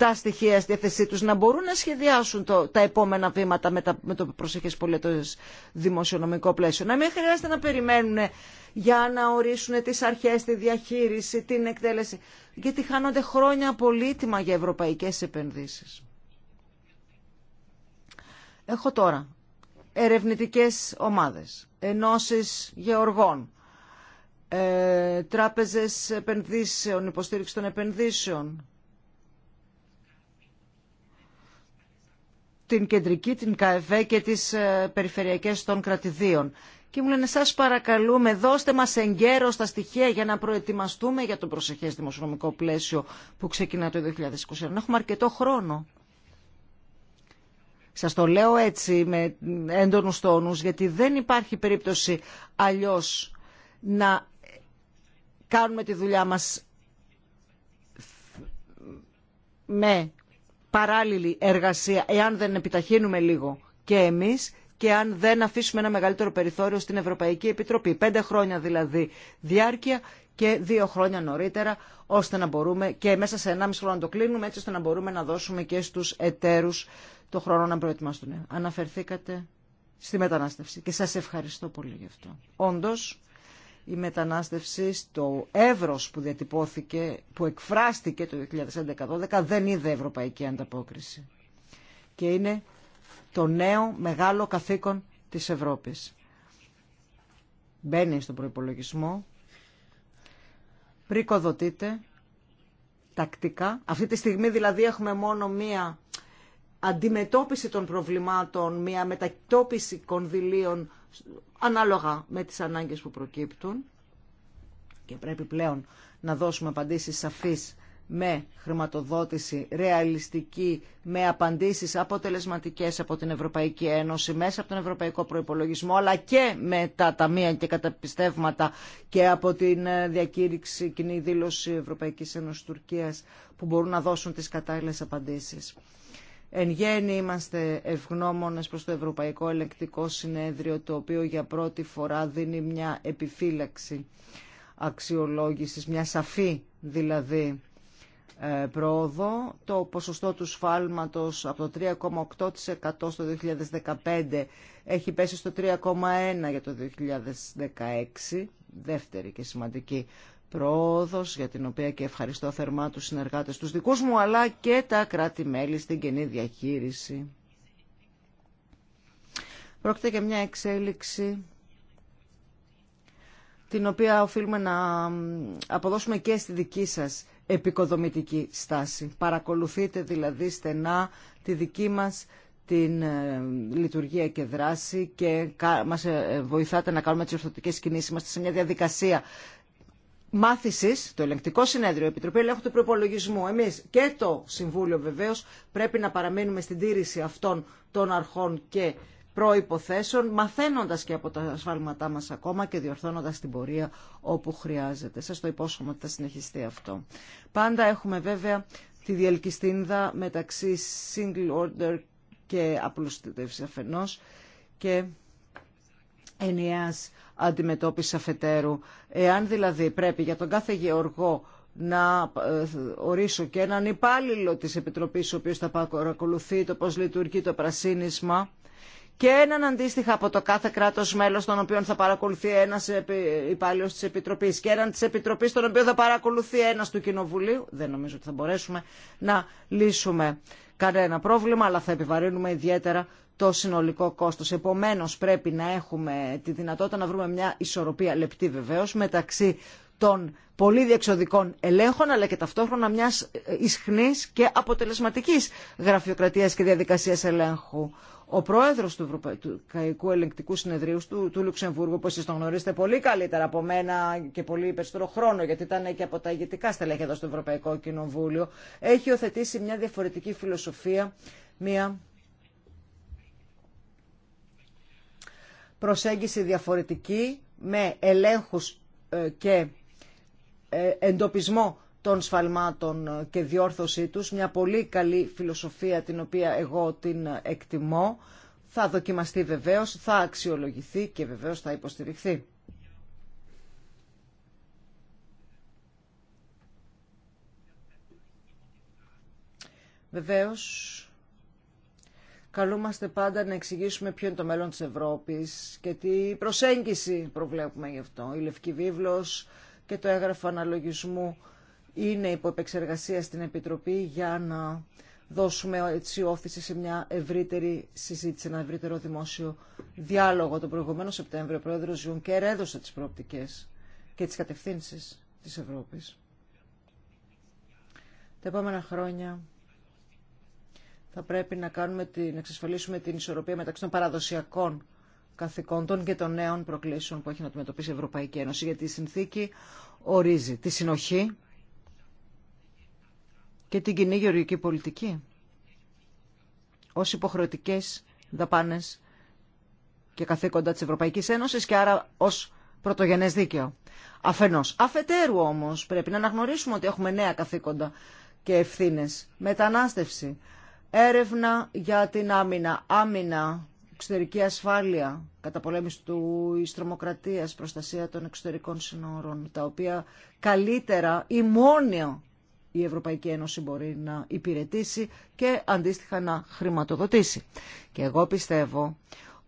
τα στοιχεία στη θέση τους, να μπορούν να σχεδιάσουν το, τα επόμενα βήματα με, τα, με το προσεχές πολιτές δημοσιονομικό πλαίσιο. Να μην χρειάζεται να περιμένουν για να ορίσουν τις αρχές, τη διαχείριση, την εκτέλεση, γιατί χάνονται χρόνια πολύτιμα για ευρωπαϊκές επενδύσεις. Έχω τώρα ερευνητικές ομάδες, ενώσεις γεωργών, ε, τράπεζες επενδύσεων, υποστήριξη των επενδύσεων, την κεντρική, την ΚΑΕΒΕ και τις ε, περιφερειακές των κρατηδίων. Και μου λένε σας παρακαλούμε δώστε μας εγκαίρως στα στοιχεία για να προετοιμαστούμε για το προσεχές δημοσιονομικό πλαίσιο που ξεκινά το 2021. Έχουμε αρκετό χρόνο. Σας το λέω έτσι με έντονους τόνους γιατί δεν υπάρχει περίπτωση αλλιώς να κάνουμε τη δουλειά μας με παράλληλη εργασία εάν δεν επιταχύνουμε λίγο και εμείς και αν δεν αφήσουμε ένα μεγαλύτερο περιθώριο στην Ευρωπαϊκή Επιτροπή. Πέντε χρόνια δηλαδή διάρκεια και δύο χρόνια νωρίτερα, ώστε να μπορούμε και μέσα σε μισό χρόνο να το κλείνουμε, έτσι ώστε να μπορούμε να δώσουμε και στους εταίρους το χρόνο να προετοιμαστούν. Αναφερθήκατε στη μετανάστευση και σας ευχαριστώ πολύ γι' αυτό. Όντως, η μετανάστευση στο εύρος που διατυπώθηκε, που εκφράστηκε το 2011-2012 δεν είδε ευρωπαϊκή ανταπόκριση. Και είναι το νέο μεγάλο καθήκον της Ευρώπης. Μπαίνει στον προϋπολογισμό, πρικοδοτείται τακτικά. Αυτή τη στιγμή δηλαδή έχουμε μόνο μία αντιμετώπιση των προβλημάτων, μία μετακτόπιση κονδυλίων ανάλογα με τις ανάγκες που προκύπτουν και πρέπει πλέον να δώσουμε απαντήσεις σαφείς με χρηματοδότηση ρεαλιστική, με απαντήσεις αποτελεσματικές από την Ευρωπαϊκή Ένωση, μέσα από τον Ευρωπαϊκό Προϋπολογισμό, αλλά και με τα ταμεία και καταπιστεύματα και από την ε, διακήρυξη κοινή δήλωση Ευρωπαϊκής Ένωσης Τουρκίας που μπορούν να δώσουν τις κατάλληλες απαντήσεις. Εν γέννη είμαστε ευγνώμονες προς το Ευρωπαϊκό Ελεκτικό Συνέδριο, το οποίο για πρώτη φορά δίνει μια επιφύλαξη αξιολόγησης, μια σαφή δηλαδή ε, πρόοδο. Το ποσοστό του σφάλματος από το 3,8% στο 2015 έχει πέσει στο 3,1% για το 2016, δεύτερη και σημαντική πρόοδος για την οποία και ευχαριστώ θερμά τους συνεργάτες τους δικούς μου αλλά και τα κράτη-μέλη στην κοινή διαχείριση. Πρόκειται για μια εξέλιξη την οποία οφείλουμε να αποδώσουμε και στη δική σας επικοδομητική στάση. Παρακολουθείτε δηλαδή στενά τη δική μας την ε, λειτουργία και δράση και μας ε, βοηθάτε να κάνουμε τις ορθωτικές κινήσεις. μας σε μια διαδικασία Μάθηση, το ελεγκτικό συνέδριο, η Επιτροπή Ελέγχου του Προπολογισμού, εμείς και το Συμβούλιο βεβαίω πρέπει να παραμείνουμε στην τήρηση αυτών των αρχών και προϋποθέσεων, μαθαίνοντας και από τα ασφάλματά μας ακόμα και διορθώνοντας την πορεία όπου χρειάζεται. Σας το υπόσχομαι ότι θα συνεχιστεί αυτό. Πάντα έχουμε βέβαια τη διελκυστίνδα μεταξύ single order και απλουστεύση αφενός και ενιαίας αντιμετώπιση αφετέρου. Εάν δηλαδή πρέπει για τον κάθε γεωργό να ε, ορίσω και έναν υπάλληλο της Επιτροπής ο οποίος θα παρακολουθεί το πώς λειτουργεί το πρασίνισμα και έναν αντίστοιχα από το κάθε κράτος μέλος τον οποίο θα παρακολουθεί ένας υπάλληλο της Επιτροπής και έναν της Επιτροπής τον οποίο θα παρακολουθεί ένας του Κοινοβουλίου δεν νομίζω ότι θα μπορέσουμε να λύσουμε κανένα πρόβλημα αλλά θα επιβαρύνουμε ιδιαίτερα το συνολικό κόστος. Επομένως πρέπει να έχουμε τη δυνατότητα να βρούμε μια ισορροπία λεπτή βεβαίως μεταξύ των πολύ διεξοδικών ελέγχων αλλά και ταυτόχρονα μιας ισχνής και αποτελεσματικής γραφειοκρατίας και διαδικασίας ελέγχου. Ο πρόεδρος του Ευρωπαϊκού Ελεγκτικού Συνεδρίου του, του Λουξεμβούργου, που εσείς τον γνωρίζετε πολύ καλύτερα από μένα και πολύ περισσότερο χρόνο, γιατί ήταν και από τα ηγετικά στελέχη εδώ στο Ευρωπαϊκό Κοινοβούλιο, έχει οθετήσει μια διαφορετική φιλοσοφία, μια προσέγγιση διαφορετική με ελέγχους ε, και ε, εντοπισμό των σφαλμάτων ε, και διόρθωσή τους. Μια πολύ καλή φιλοσοφία την οποία εγώ την εκτιμώ. Θα δοκιμαστεί βεβαίως, θα αξιολογηθεί και βεβαίως θα υποστηριχθεί. Βεβαίως, καλούμαστε πάντα να εξηγήσουμε ποιο είναι το μέλλον της Ευρώπης και τι προσέγγιση προβλέπουμε γι' αυτό. Η Λευκή Βίβλος και το έγγραφο αναλογισμού είναι υπό επεξεργασία στην Επιτροπή για να δώσουμε έτσι όθηση σε μια ευρύτερη συζήτηση, ένα ευρύτερο δημόσιο διάλογο. Το προηγούμενο Σεπτέμβριο ο πρόεδρος Γιουνκέρ έδωσε τις προοπτικές και τις κατευθύνσεις της Ευρώπης. Τα επόμενα χρόνια θα πρέπει να, κάνουμε την, να εξασφαλίσουμε την ισορροπία μεταξύ των παραδοσιακών καθηκόντων και των νέων προκλήσεων που έχει να αντιμετωπίσει η Ευρωπαϊκή Ένωση. Γιατί η συνθήκη ορίζει τη συνοχή και την κοινή γεωργική πολιτική ως υποχρεωτικές δαπάνες και καθήκοντα της Ευρωπαϊκής Ένωσης και άρα ως πρωτογενές δίκαιο. Αφενός. Αφετέρου όμως πρέπει να αναγνωρίσουμε ότι έχουμε νέα καθήκοντα και ευθύνες. Μετανάστευση, έρευνα για την άμυνα, άμυνα, εξωτερική ασφάλεια, καταπολέμηση του ιστρομοκρατίας, προστασία των εξωτερικών συνόρων, τα οποία καλύτερα ή μόνο η Ευρωπαϊκή Ένωση μπορεί να υπηρετήσει και αντίστοιχα να χρηματοδοτήσει. Και εγώ πιστεύω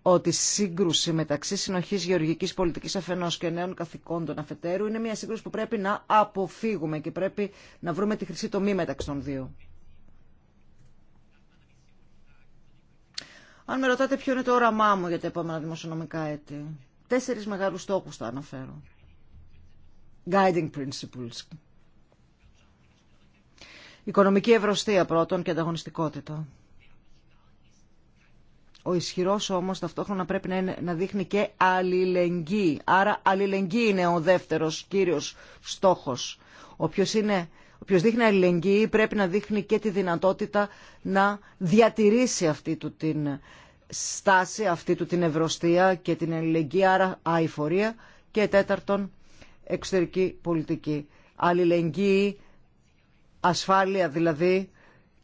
ότι η σύγκρουση μεταξύ συνοχή γεωργική πολιτική αφενό και νέων καθηκόντων αφετέρου είναι μια σύγκρουση που πρέπει να αποφύγουμε και πρέπει να βρούμε τη χρυσή τομή μεταξύ των δύο. Αν με ρωτάτε ποιο είναι το όραμά μου για τα επόμενα δημοσιονομικά έτη, τέσσερις μεγάλους στόχους θα αναφέρω. Guiding principles. Οικονομική ευρωστία πρώτον και ανταγωνιστικότητα. Ο ισχυρός όμως ταυτόχρονα πρέπει να, δείχνει και αλληλεγγύη. Άρα αλληλεγγύη είναι ο δεύτερος κύριος στόχος. Όποιος είναι Όποιο δείχνει αλληλεγγύη πρέπει να δείχνει και τη δυνατότητα να διατηρήσει αυτή του την στάση αυτή του την ευρωστία και την ελληνική άρα αηφορία και τέταρτον εξωτερική πολιτική. Αλληλεγγύη, ασφάλεια δηλαδή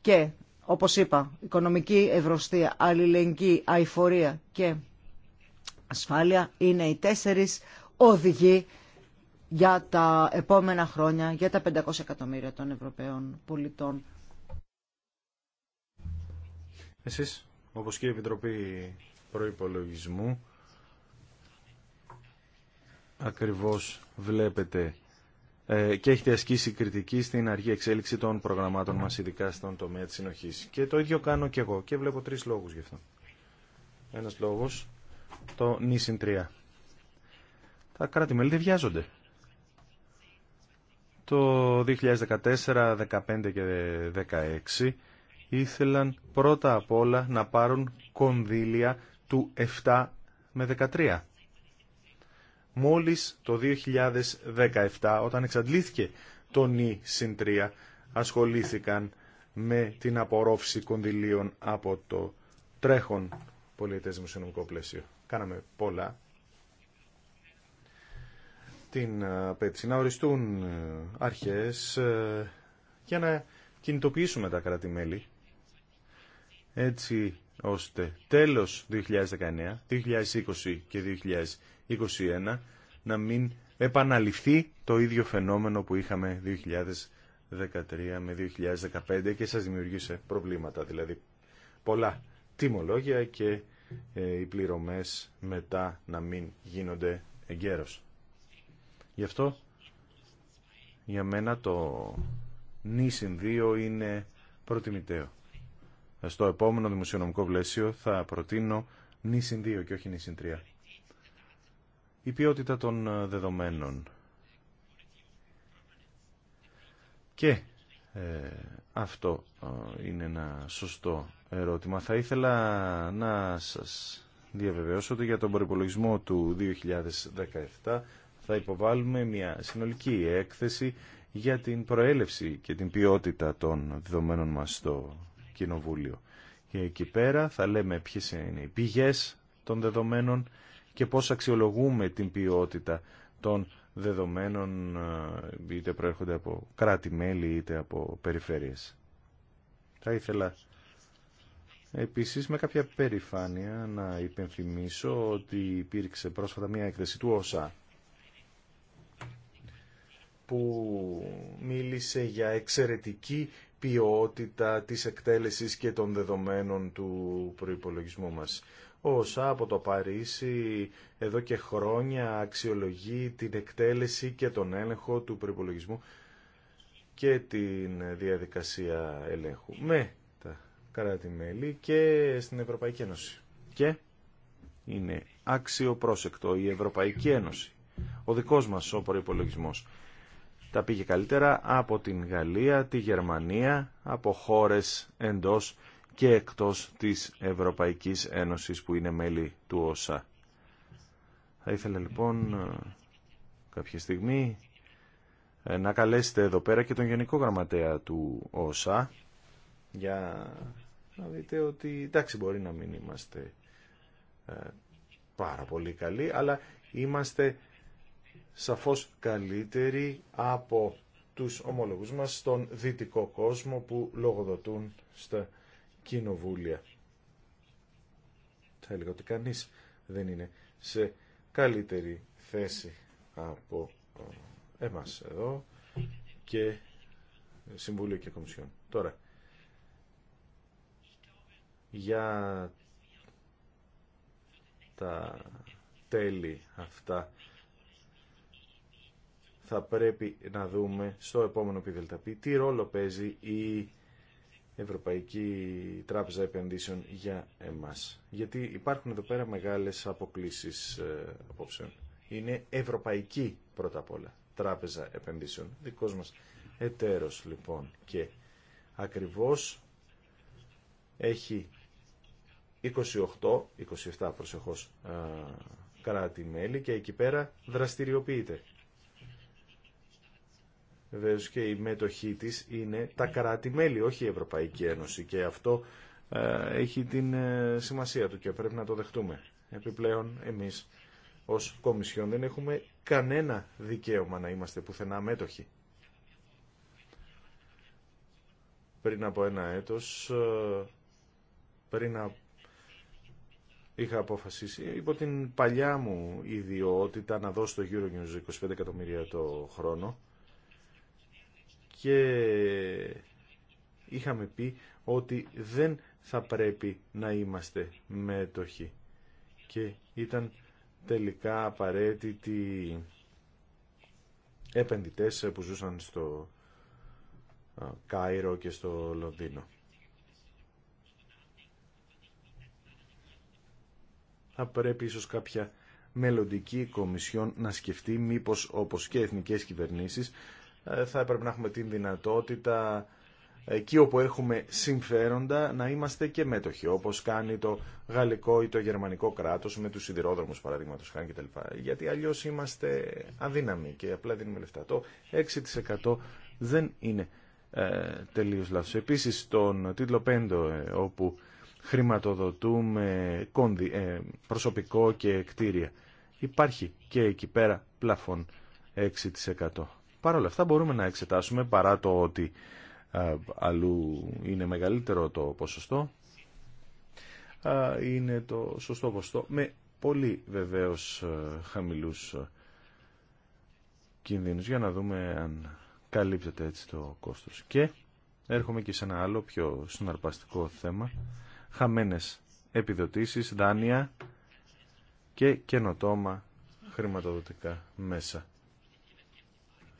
και όπως είπα οικονομική ευρωστία, αλληλεγγύη, αηφορία και ασφάλεια είναι οι τέσσερις οδηγοί για τα επόμενα χρόνια, για τα 500 εκατομμύρια των Ευρωπαίων πολιτών. Εσείς όπως και η Επιτροπή Προϋπολογισμού ακριβώς βλέπετε ε, και έχετε ασκήσει κριτική στην αργή εξέλιξη των προγραμμάτων μας, ειδικά στον τομέα της συνοχής. Και το ίδιο κάνω και εγώ και βλέπω τρεις λόγους γι' αυτό. Ένας λόγος, το νησιν 3. Τα κράτη-μέλη δεν βιάζονται. Το 2014, 2015 και 2016 ήθελαν πρώτα απ' όλα να πάρουν κονδύλια του 7 με 13. Μόλις το 2017, όταν εξαντλήθηκε το νη συν 3, ασχολήθηκαν με την απορρόφηση κονδυλίων από το τρέχον πολιτές δημοσιονομικό πλαίσιο. Κάναμε πολλά. Την ε, απέτηση να οριστούν ε, αρχές ε, για να κινητοποιήσουμε τα κράτη-μέλη έτσι ώστε τέλος 2019, 2020 και 2021 να μην επαναληφθεί το ίδιο φαινόμενο που είχαμε 2013 με 2015 και σας δημιουργήσε προβλήματα, δηλαδή πολλά τιμολόγια και ε, οι πληρωμές μετά να μην γίνονται εγκαίρως. Γι' αυτό για μένα το νησιν 2 είναι προτιμητέο στο επόμενο δημοσιονομικό πλαίσιο θα προτείνω νησιν 2 και όχι νησιν 3. Η ποιότητα των ε, δεδομένων. Και ε, αυτό ε, είναι ένα σωστό ερώτημα. Θα ήθελα να σας διαβεβαιώσω ότι για τον προπολογισμό του 2017 θα υποβάλουμε μια συνολική έκθεση για την προέλευση και την ποιότητα των δεδομένων μας στο Κοινοβούλιο. Και εκεί πέρα θα λέμε ποιε είναι οι πηγές των δεδομένων και πώς αξιολογούμε την ποιότητα των δεδομένων ε, είτε προέρχονται από κράτη-μέλη είτε από περιφέρειες. Θα ήθελα επίσης με κάποια περηφάνεια να υπενθυμίσω ότι υπήρξε πρόσφατα μια έκθεση του ΩΣΑ που μίλησε για εξαιρετική ποιότητα της εκτέλεσης και των δεδομένων του προϋπολογισμού μας. Ο από το Παρίσι εδώ και χρόνια αξιολογεί την εκτέλεση και τον έλεγχο του προϋπολογισμού και την διαδικασία ελέγχου με τα κράτη-μέλη και στην Ευρωπαϊκή Ένωση. Και είναι άξιο πρόσεκτο η Ευρωπαϊκή Ένωση. Ο δικός μας ο προϋπολογισμός τα πήγε καλύτερα από την Γαλλία, τη Γερμανία, από χώρες εντός και εκτός της Ευρωπαϊκής Ένωσης που είναι μέλη του ΩΣΑ. Θα ήθελα λοιπόν κάποια στιγμή ε, να καλέσετε εδώ πέρα και τον Γενικό Γραμματέα του ΩΣΑ για να δείτε ότι εντάξει μπορεί να μην είμαστε ε, πάρα πολύ καλοί αλλά είμαστε σαφώς καλύτεροι από τους ομολογούς μας στον δυτικό κόσμο που λογοδοτούν στα κοινοβούλια. Θα έλεγα ότι κανείς δεν είναι σε καλύτερη θέση από ε, εμάς εδώ και Συμβούλιο και Κομισιόν. Τώρα, για τα τέλη αυτά θα πρέπει να δούμε στο επόμενο ΠΔΠ τι ρόλο παίζει η Ευρωπαϊκή Τράπεζα Επενδύσεων για εμάς. Γιατί υπάρχουν εδώ πέρα μεγάλες αποκλήσεις ε, απόψεων. Είναι ευρωπαϊκή πρώτα απ' όλα Τράπεζα Επενδύσεων. Δικός μας εταίρος λοιπόν και ακριβώς έχει 28, 27 προσεχώς ε, κράτη-μέλη και εκεί πέρα δραστηριοποιείται Βέβαια και η μετοχή της είναι τα κράτη-μέλη, όχι η Ευρωπαϊκή Ένωση και αυτό ε, έχει την ε, σημασία του και πρέπει να το δεχτούμε. Επιπλέον εμείς ως Κομισιόν δεν έχουμε κανένα δικαίωμα να είμαστε πουθενά μέτοχοι. Πριν από ένα έτος, ε, πριν είχα αποφασίσει υπό την παλιά μου ιδιότητα να δώσω το Euronews 25 εκατομμύρια το χρόνο και είχαμε πει ότι δεν θα πρέπει να είμαστε μέτοχοι και ήταν τελικά απαραίτητοι επενδυτές που ζούσαν στο Κάιρο και στο Λονδίνο. Θα πρέπει ίσως κάποια μελλοντική κομισιόν να σκεφτεί μήπως όπως και εθνικές κυβερνήσεις ε, θα έπρεπε να έχουμε την δυνατότητα εκεί όπου έχουμε συμφέροντα να είμαστε και μέτοχοι, όπως κάνει το γαλλικό ή το γερμανικό κράτος με τους σιδηρόδρομους παραδείγματο χάρη κτλ. Γιατί αλλιώς είμαστε αδύναμοι και απλά δίνουμε λεφτά. Το 6% δεν είναι ε, τελείως λάθος. Επίσης στον τίτλο 5 ε, όπου χρηματοδοτούμε ε, προσωπικό και κτίρια υπάρχει και εκεί πέρα πλαφόν 6%. Παρ' όλα αυτά μπορούμε να εξετάσουμε παρά το ότι αλλού είναι μεγαλύτερο το ποσοστό είναι το σωστό ποσοστό με πολύ βεβαίως χαμηλούς κινδύνους για να δούμε αν καλύπτεται έτσι το κόστος και έρχομαι και σε ένα άλλο πιο συναρπαστικό θέμα χαμένες επιδοτήσεις, δάνεια και καινοτόμα χρηματοδοτικά μέσα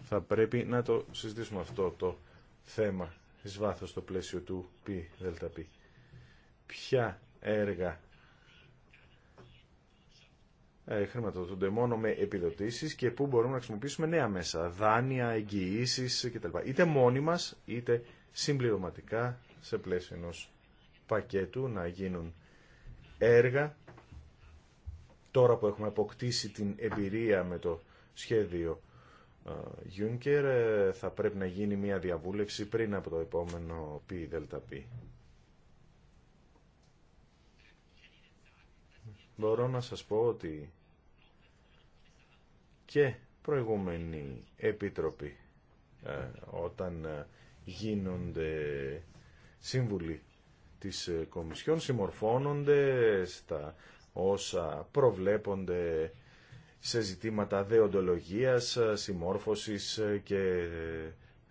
θα πρέπει να το συζητήσουμε αυτό το θέμα εις βάθος στο πλαίσιο του πι Ποια έργα ε, χρηματοδοτούνται μόνο με επιδοτήσεις και πού μπορούμε να χρησιμοποιήσουμε νέα μέσα, δάνεια, εγγυήσεις κτλ. Είτε μόνοι μας, είτε συμπληρωματικά σε πλαίσιο ενός πακέτου να γίνουν έργα. Τώρα που μπορουμε να χρησιμοποιησουμε νεα μεσα δανεια εγγυησει κτλ ειτε μονοι μας ειτε αποκτήσει την εμπειρία με το σχέδιο Γιούνκερ ε, θα πρέπει να γίνει μια διαβούλευση πριν από το επόμενο πι. Μπορώ να σας πω ότι και προηγούμενοι επίτροποι ε, όταν ε, γίνονται σύμβουλοι της Κομισιόν συμμορφώνονται στα όσα προβλέπονται σε ζητήματα δεοντολογίας, συμμόρφωσης και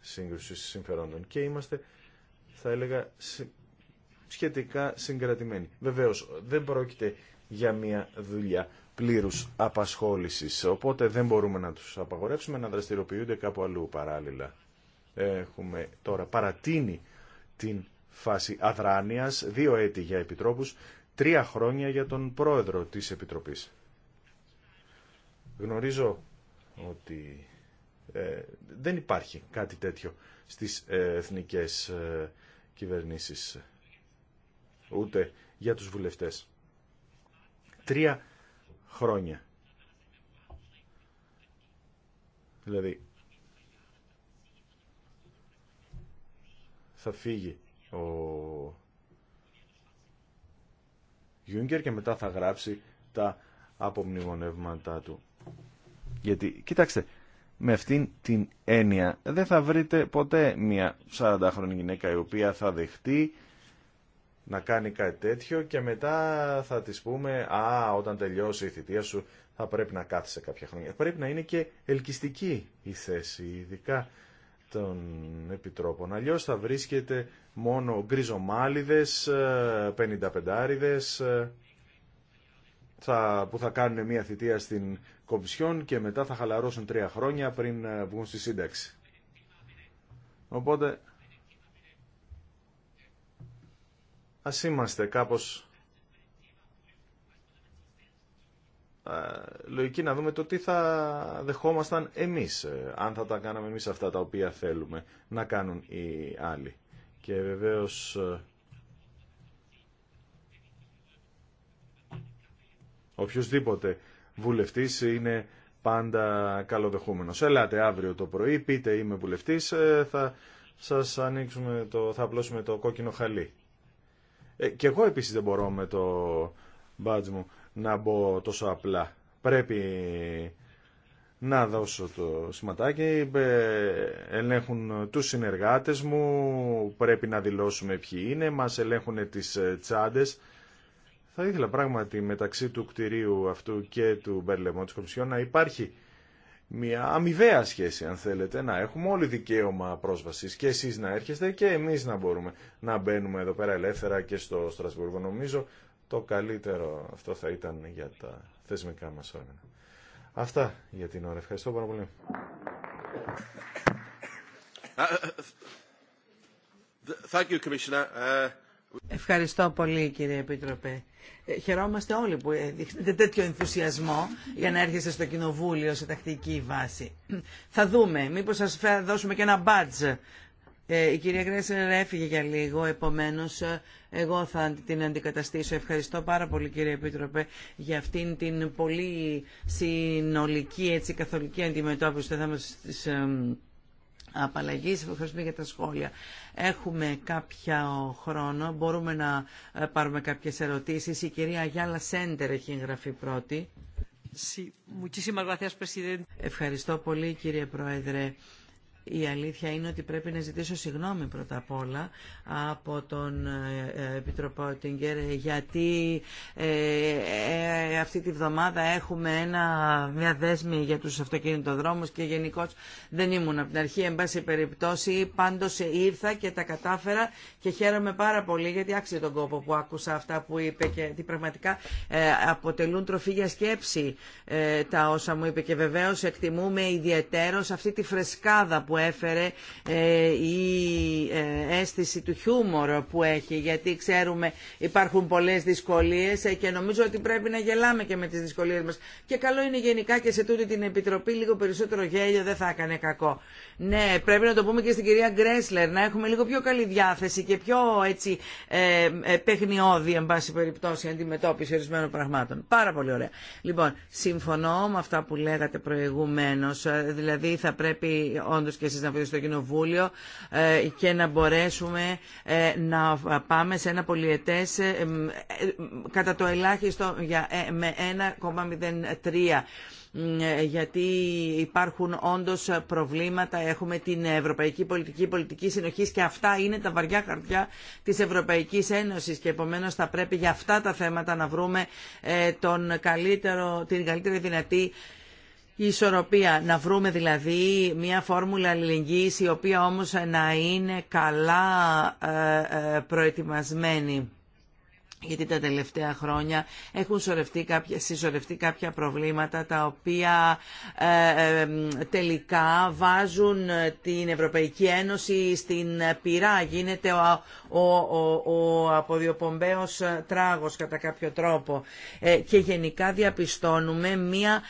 σύγκρουσης συμφερόντων. Και είμαστε, θα έλεγα, σχετικά συγκρατημένοι. Βεβαίως, δεν πρόκειται για μια δουλειά πλήρους απασχόλησης, οπότε δεν μπορούμε να τους απαγορεύσουμε να δραστηριοποιούνται κάπου αλλού παράλληλα. Έχουμε τώρα παρατείνει την φάση αδράνειας, δύο έτη για επιτρόπους, τρία χρόνια για τον πρόεδρο της Επιτροπής. Γνωρίζω ότι ε, δεν υπάρχει κάτι τέτοιο στις ε, εθνικές ε, κυβερνήσεις, ούτε για τους βουλευτές. Τρία χρόνια. Δηλαδή, θα φύγει ο Γιούγκερ και μετά θα γράψει τα απομνημονεύματά του. Γιατί, κοιτάξτε, με αυτήν την έννοια δεν θα βρείτε ποτέ μια 40χρονη γυναίκα η οποία θα δεχτεί να κάνει κάτι τέτοιο και μετά θα της πούμε «Α, όταν τελειώσει η θητεία σου θα πρέπει να κάθεσαι κάποια χρόνια». Πρέπει να είναι και ελκυστική η θέση, ειδικά των επιτρόπων. Αλλιώς θα βρίσκεται μόνο γκριζομάλιδες, 55 ε, θα, που θα κάνουν μια θητεία στην κομψιόν και μετά θα χαλαρώσουν τρία χρόνια πριν ε, βγουν στη σύνταξη. Οπότε ας είμαστε κάπως ε, λογική να δούμε το τι θα δεχόμασταν εμείς, ε, αν θα τα κάναμε εμείς αυτά τα οποία θέλουμε να κάνουν οι άλλοι. Και βεβαίως οποιοδήποτε βουλευτής είναι πάντα καλοδεχούμενο. Ελάτε αύριο το πρωί, πείτε είμαι βουλευτή ε, θα σας ανοίξουμε το, θα απλώσουμε το κόκκινο χαλί. Ε, και εγώ επίσης δεν μπορώ με το μπάτζ μου να μπω τόσο απλά. Πρέπει να δώσω το σηματάκι, ε, ελέγχουν τους συνεργάτες μου, πρέπει να δηλώσουμε ποιοι είναι, μας ελέγχουν τις ε, τσάντες θα ήθελα πράγματι μεταξύ του κτηρίου αυτού και του Μπερλεμό της Κομισιόν να υπάρχει μια αμοιβαία σχέση αν θέλετε να έχουμε όλοι δικαίωμα πρόσβασης και εσείς να έρχεστε και εμείς να μπορούμε να μπαίνουμε εδώ πέρα ελεύθερα και στο Στρασβούργο νομίζω το καλύτερο αυτό θα ήταν για τα θεσμικά μας όργανα. Αυτά για την ώρα. Ευχαριστώ πάρα πολύ. Uh, Ευχαριστώ πολύ κύριε Επίτροπε. Ε, χαιρόμαστε όλοι που ε, δείχνετε τέτοιο ενθουσιασμό για να έρχεστε στο κοινοβούλιο σε τακτική βάση. Θα δούμε. Μήπως σας δώσουμε και ένα μπάτζ. Ε, η κυρία Γκρέσλερ έφυγε για λίγο, επομένως εγώ θα την αντικαταστήσω. Ευχαριστώ πάρα πολύ κύριε Επίτροπε για αυτήν την πολύ συνολική έτσι, καθολική αντιμετώπιση Σα Ευχαριστούμε για τα σχόλια. Έχουμε κάποιο χρόνο. Μπορούμε να ε, πάρουμε κάποιε ερωτήσει. Η κυρία Γιάλα Σέντερ έχει εγγραφεί πρώτη. Ευχαριστώ πολύ κύριε Πρόεδρε. Η αλήθεια είναι ότι πρέπει να ζητήσω συγγνώμη πρώτα απ' όλα από τον ε, ε, Επιτροπό Τιγκέρ γιατί ε, αυτή τη βδομάδα έχουμε ένα, μια δέσμη για τους αυτοκινητοδρόμους και γενικώ δεν ήμουν από την αρχή. Εν πάση περιπτώσει πάντως ήρθα και τα κατάφερα και χαίρομαι πάρα πολύ γιατί άξιζε τον κόπο που άκουσα αυτά που είπε και πραγματικά ε, αποτελούν τροφή για σκέψη τα όσα μου είπε και βεβαίως εκτιμούμε ιδιαίτερος αυτή τη φρεσκάδα που έφερε ε, η ε, αίσθηση του χιούμορ που έχει γιατί ξέρουμε υπάρχουν πολλές δυσκολίες ε, και νομίζω ότι πρέπει να γελάμε και με τις δυσκολίες μας και καλό είναι γενικά και σε τούτη την Επιτροπή λίγο περισσότερο γέλιο δεν θα έκανε κακό. Ναι, πρέπει να το πούμε και στην κυρία Γκρέσλερ να έχουμε λίγο πιο καλή διάθεση και πιο έτσι ε, παιχνιώδη εν πάση περιπτώσει αντιμετώπιση ορισμένων πραγμάτων. Πάρα πολύ ωραία. Λοιπόν, συμφωνώ με αυτά που λέγατε προηγουμένως, δηλαδή θα πρέπει όντω και εσείς να βρείτε στο Κοινοβούλιο ε, και να μπορέσουμε ε, να πάμε σε ένα πολιετές ε, κατά το ελάχιστο για, με 1,03 γιατί υπάρχουν όντως προβλήματα. Έχουμε την Ευρωπαϊκή Πολιτική Πολιτική Συνοχής και αυτά είναι τα βαριά χαρτιά της Ευρωπαϊκής Ένωσης και επομένως θα πρέπει για αυτά τα θέματα να βρούμε την καλύτερη δυνατή η ισορροπία. Να βρούμε δηλαδή μια φόρμουλα αλληλεγγύης η οποία όμως να είναι καλά ε, ε, προετοιμασμένη γιατί τα τελευταία χρόνια έχουν συσσωρευτεί κάποια, κάποια προβλήματα τα οποία ε, τελικά βάζουν την Ευρωπαϊκή Ένωση στην πυρά. Γίνεται ο, ο, ο, τράγος κατά κάποιο τρόπο. και γενικά διαπιστώνουμε μία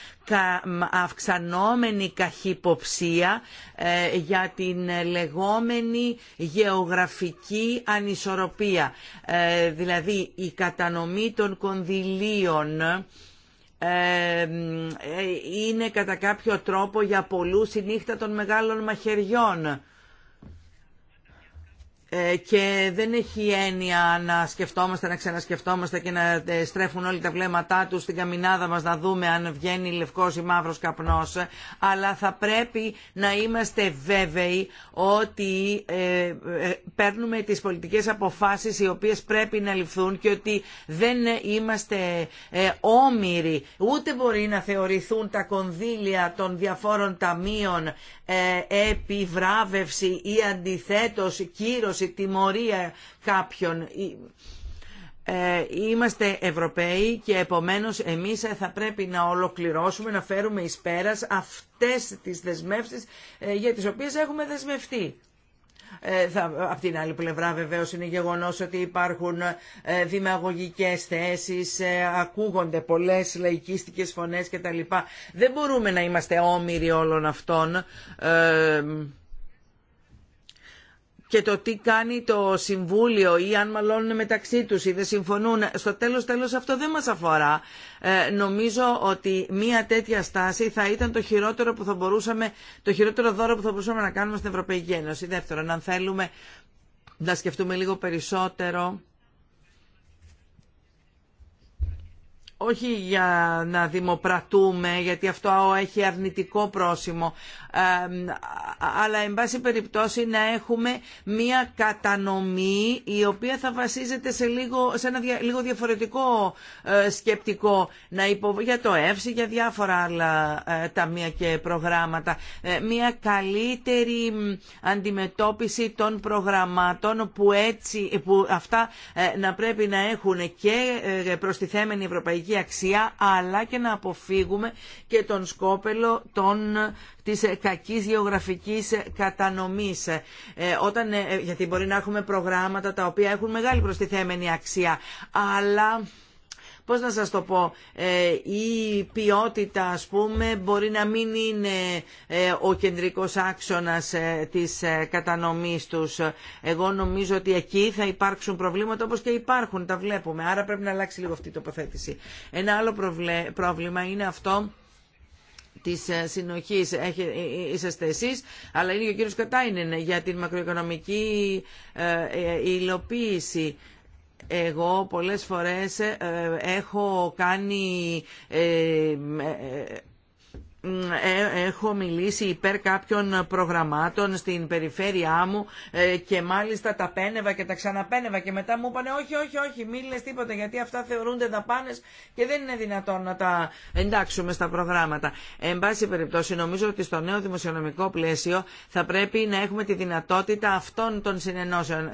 αυξανόμενη καχυποψία ε, για την λεγόμενη γεωγραφική ανισορροπία. Ε, δηλαδή η κατανομή των κονδυλίων ε, είναι κατά κάποιο τρόπο για πολλούς η νύχτα των μεγάλων μαχαιριών. Ε, και δεν έχει έννοια να σκεφτόμαστε, να ξανασκεφτόμαστε και να ε, στρέφουν όλοι τα βλέμματά τους στην καμινάδα μας να δούμε αν βγαίνει λευκός ή μαύρος καπνός αλλά θα πρέπει να είμαστε βέβαιοι ότι ε, ε, παίρνουμε τις πολιτικές αποφάσεις οι οποίες πρέπει να ληφθούν και ότι δεν είμαστε ε, όμοιροι ούτε μπορεί να θεωρηθούν τα κονδύλια των διαφόρων ταμείων ε, επιβράβευση ή αντιθέτως κύρος η τιμωρία κάποιων. Ε, είμαστε Ευρωπαίοι και επομένως εμείς θα πρέπει να ολοκληρώσουμε, να φέρουμε εις πέρας αυτές τις δεσμεύσεις ε, για τις οποίες έχουμε δεσμευτεί. Ε, θα, απ' την άλλη πλευρά βεβαίως είναι γεγονός ότι υπάρχουν ε, δημαγωγικές θέσεις, ε, ακούγονται πολλές λαϊκίστικες φωνές κτλ. Δεν μπορούμε να είμαστε όμοιροι όλων αυτών και το τι κάνει το Συμβούλιο ή αν μαλώνουν μεταξύ τους ή δεν συμφωνούν, στο τέλος τέλος αυτό δεν μας αφορά. Ε, νομίζω ότι μία τέτοια στάση θα ήταν το χειρότερο, που θα μπορούσαμε, το χειρότερο δώρο που θα μπορούσαμε να κάνουμε στην Ευρωπαϊκή Ένωση. Δεύτερον, αν θέλουμε να σκεφτούμε λίγο περισσότερο όχι για να δημοπρατούμε, γιατί αυτό έχει αρνητικό πρόσημο, αλλά εν πάση περιπτώσει να έχουμε μία κατανομή η οποία θα βασίζεται σε, λίγο, σε ένα λίγο διαφορετικό ε, σκεπτικό να υπο... για το ΕΦΣΙ, για διάφορα άλλα ε, ταμεία και προγράμματα. Ε, μία καλύτερη αντιμετώπιση των προγραμμάτων που, έτσι, που αυτά να πρέπει να έχουν και προστιθέμενη ευρωπαϊκή αξία αλλά και να αποφύγουμε και τον σκόπελο των, της κακής γεωγραφικής κατανομής. Ε, όταν, ε, γιατί μπορεί να έχουμε προγράμματα τα οποία έχουν μεγάλη προστιθέμενη αξία αλλά πώς να σας το πω, ε, η ποιότητα ας πούμε μπορεί να μην είναι ε, ο κεντρικός άξονας ε, της κατανομής τους. Εγώ νομίζω ότι εκεί θα υπάρξουν προβλήματα όπως και υπάρχουν, τα βλέπουμε. Άρα πρέπει να αλλάξει λίγο αυτή η τοποθέτηση. Ένα άλλο πρόβλημα είναι αυτό της συνοχής είσαστε εσείς, αλλά είναι και ο κύριος Κατάινεν για την μακροοικονομική υλοποίηση. Εγώ πολλές φορές ε, έχω κάνει ε, ε, έχω μιλήσει υπέρ κάποιων προγραμμάτων στην περιφέρειά μου και μάλιστα τα πένευα και τα ξαναπένευα και μετά μου είπανε όχι, όχι, όχι, μην λες τίποτα γιατί αυτά θεωρούνται δαπάνες και δεν είναι δυνατόν να τα εντάξουμε στα προγράμματα. Εν πάση περιπτώσει νομίζω ότι στο νέο δημοσιονομικό πλαίσιο θα πρέπει να έχουμε τη δυνατότητα αυτών των συνενώσεων.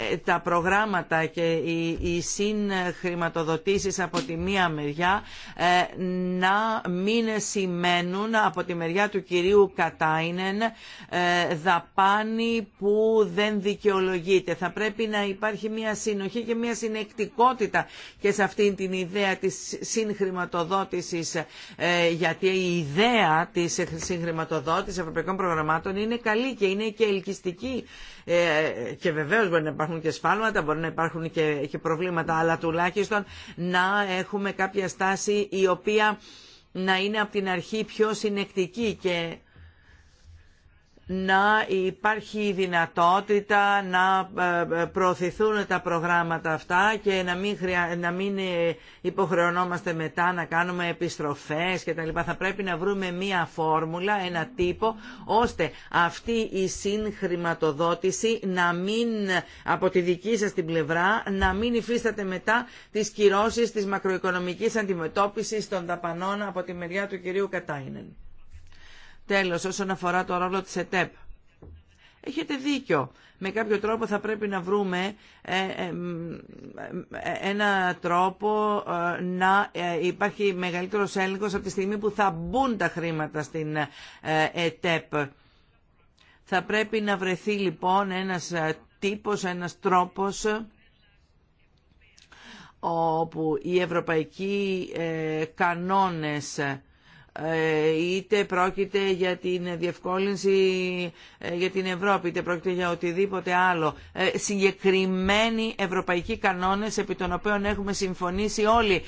Ε, τα προγράμματα και οι συγχρηματοδοτήσεις από τη μία μεριά ε, να μην σημαίνουν από τη μεριά του κυρίου Κατάινεν ε, δαπάνη που δεν δικαιολογείται. Θα πρέπει να υπάρχει μια συνοχή και μια συνεκτικότητα και σε αυτή την ιδέα της συγχρηματοδότησης γιατί η ιδέα της συγχρηματοδότησης ευρωπαϊκών προγραμμάτων είναι καλή και είναι και ελκυστική και βεβαίως μπορεί να υπάρχουν και σφάλματα, μπορεί να υπάρχουν και, και προβλήματα, αλλά τουλάχιστον να έχουμε κάποια στάση η οποία να είναι από την αρχή πιο συνεκτική και να υπάρχει δυνατότητα να ε, ε, προωθηθούν τα προγράμματα αυτά και να μην, να μην ε, υποχρεωνόμαστε μετά να κάνουμε επιστροφές και τα Θα πρέπει να βρούμε μία φόρμουλα, ένα τύπο, ώστε αυτή η συγχρηματοδότηση να μην, από τη δική σας την πλευρά, να μην υφίσταται μετά τις κυρώσεις της μακροοικονομικής αντιμετώπισης των δαπανών από τη μεριά του κυρίου Κατάινεν. Τέλος, όσον αφορά το ρόλο της ΕΤΕΠ. Έχετε δίκιο. Με κάποιο τρόπο θα πρέπει να βρούμε ε, ε, ε, ένα τρόπο να υπάρχει μεγαλύτερος έλεγχος από τη στιγμή που θα μπουν τα χρήματα στην ΕΤΕΠ. Θα πρέπει να βρεθεί λοιπόν ένας τύπος, ένας τρόπος όπου οι ευρωπαϊκοί κανόνες ε, είτε πρόκειται για την διευκόλυνση ε, για την Ευρώπη, είτε πρόκειται για οτιδήποτε άλλο. Ε, συγκεκριμένοι ευρωπαϊκοί κανόνες επί των οποίων έχουμε συμφωνήσει όλοι.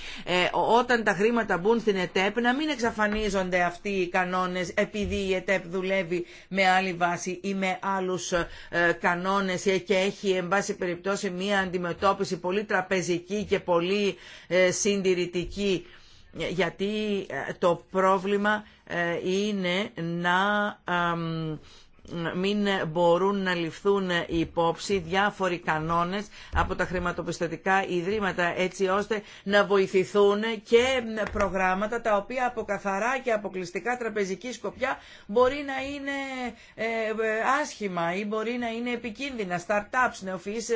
Όταν τα χρήματα μπουν στην ΕΤΕΠ να μην εξαφανίζονται αυτοί οι κανόνες επειδή η ΕΤΕΠ δουλεύει με άλλη βάση ή με άλλους κανόνες και έχει εν πάση περιπτώσει μία αντιμετώπιση πολύ τραπεζική και πολύ συντηρητική γιατί ε, το πρόβλημα ε, είναι να μην μπορούν να ληφθούν υπόψη διάφοροι κανόνες από τα χρηματοπιστωτικά ιδρύματα έτσι ώστε να βοηθηθούν και προγράμματα τα οποία από καθαρά και αποκλειστικά τραπεζική σκοπιά μπορεί να είναι ε, άσχημα ή μπορεί να είναι επικίνδυνα, start-ups, νεοφυείς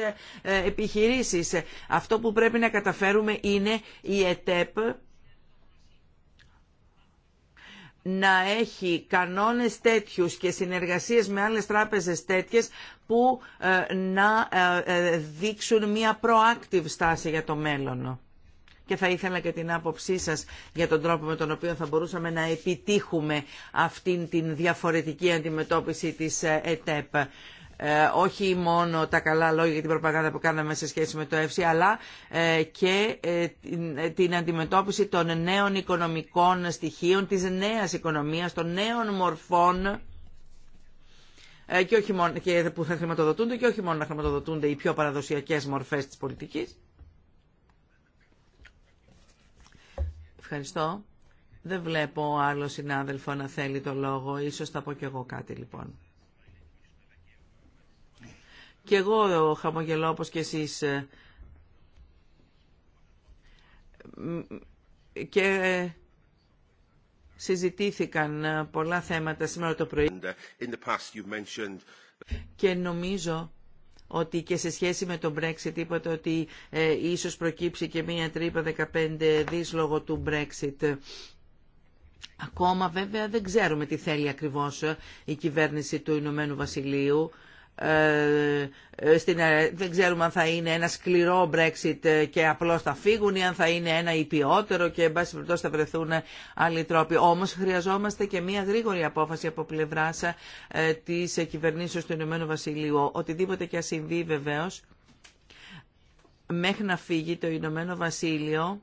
επιχειρήσεις. Αυτό που πρέπει να καταφέρουμε είναι η ΕΤΕΠ να έχει κανόνες τέτοιους και συνεργασίες με άλλες τράπεζες τέτοιες που ε, να ε, ε, δείξουν μια proactive στάση για το μέλλον. Και θα ήθελα και την άποψή σας για τον τρόπο με τον οποίο θα μπορούσαμε να επιτύχουμε αυτήν την διαφορετική αντιμετώπιση της ΕΤΕΠ. Ε, όχι μόνο τα καλά λόγια για την προπαγάνδα που κάναμε σε σχέση με το ΕΦΣΙ, αλλά ε, και ε, την αντιμετώπιση των νέων οικονομικών στοιχείων, της νέας οικονομίας, των νέων μορφών και, όχι μόνο, και που θα χρηματοδοτούνται και όχι μόνο να χρηματοδοτούνται οι πιο παραδοσιακές μορφές της πολιτικής. Ευχαριστώ. Δεν βλέπω άλλο συνάδελφο να θέλει το λόγο. Ίσως θα πω κι εγώ κάτι λοιπόν. Και εγώ χαμογελώ όπως και εσείς. Ε, και συζητήθηκαν ε, πολλά θέματα σήμερα το πρωί. Uh, και νομίζω ότι και σε σχέση με τον Brexit είπατε ότι ε, ίσως προκύψει και μία τρύπα 15 δις λόγω του Brexit. Ακόμα βέβαια δεν ξέρουμε τι θέλει ακριβώς ε, η κυβέρνηση του Ηνωμένου Βασιλείου. Ε, ε, ε, δεν ξέρουμε αν θα είναι ένα σκληρό Brexit και απλώς θα φύγουν ή αν θα είναι ένα υπιότερο και εν πάση περιπτώσει θα βρεθούν άλλοι τρόποι. Όμως χρειαζόμαστε και μια γρήγορη απόφαση από πλευρά της κυβερνήσεως του Ηνωμένου Βασιλείου. Οτιδήποτε και συμβεί βεβαίω, μέχρι να φύγει το Ηνωμένο Βασίλειο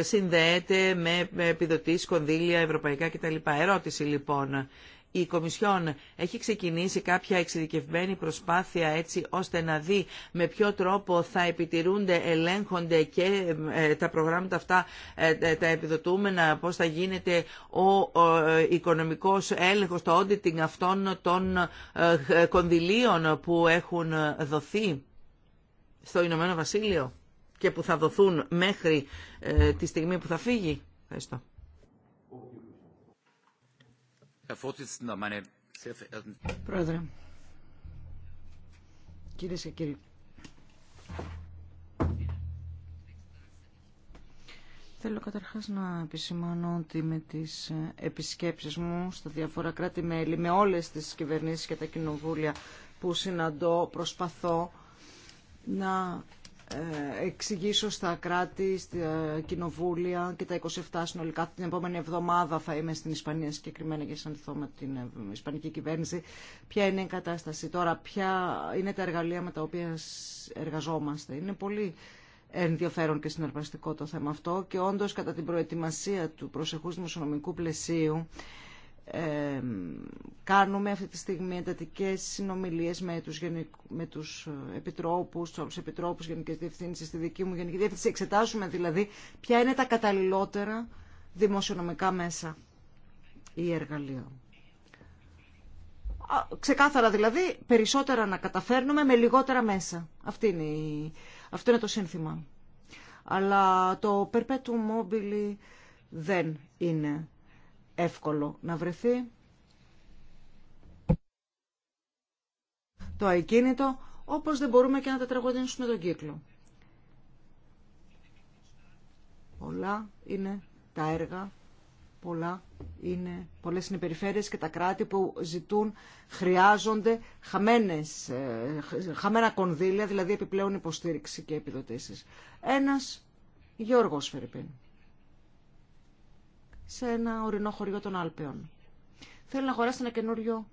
συνδέεται με επιδοτήσεις, κονδύλια, ευρωπαϊκά κτλ. Ερώτηση λοιπόν η Κομισιόν έχει ξεκινήσει κάποια εξειδικευμένη προσπάθεια έτσι ώστε να δει με ποιο τρόπο θα επιτηρούνται, ελέγχονται και ε, τα προγράμματα αυτά, ε, ε, τα επιδοτούμενα, πώς θα γίνεται ο οικονομικός έλεγχος, το auditing αυτών των κονδυλίων που έχουν δοθεί στο Ηνωμένο Βασίλειο και που θα δοθούν μέχρι τη στιγμή που θα φύγει. Ευχαριστώ. Πρόεδρε, και Θέλω καταρχάς να επισημάνω ότι με τις επισκέψεις μου στα διάφορα κράτη-μέλη, με όλες τις κυβερνήσεις και τα κοινοβούλια που συναντώ, προσπαθώ να ε, εξηγήσω στα κράτη, στα κοινοβούλια και τα 27 συνολικά. Την επόμενη εβδομάδα θα είμαι στην Ισπανία συγκεκριμένα για συναντηθώ με την ε, Ισπανική κυβέρνηση. Ποια είναι η κατάσταση τώρα, ποια είναι τα εργαλεία με τα οποία εργαζόμαστε. Είναι πολύ ενδιαφέρον και συναρπαστικό το θέμα αυτό και όντως κατά την προετοιμασία του προσεχούς δημοσιονομικού πλαισίου κάνουμε αυτή τη στιγμή εντατικέ συνομιλίε με του με τους επιτρόπου, του ε, επιτρόπου Γενικέ Διευθύνσει, στη δική μου Γενική Διεύθυνση. Εξετάζουμε δηλαδή ποια είναι τα καταλληλότερα δημοσιονομικά μέσα ή εργαλεία. Ξεκάθαρα δηλαδή, περισσότερα να καταφέρνουμε με λιγότερα μέσα. Αυτή είναι η... Αυτό λιγοτερα μεσα η αυτο ειναι το σύνθημα. Αλλά το perpetuum mobile δεν είναι εύκολο να βρεθεί το ακίνητο, όπως δεν μπορούμε και να τετραγωνίσουμε τον κύκλο. Πολλά είναι τα έργα, πολλά είναι, πολλές είναι οι περιφέρειες και τα κράτη που ζητούν, χρειάζονται χαμένες, ε, χαμένα κονδύλια, δηλαδή επιπλέον υποστήριξη και επιδοτήσεις. Ένας Γιώργος Φερρυπίν σε ένα ορεινό χωριό των Άλπαιων. Θέλει να αγοράσει ένα καινούριο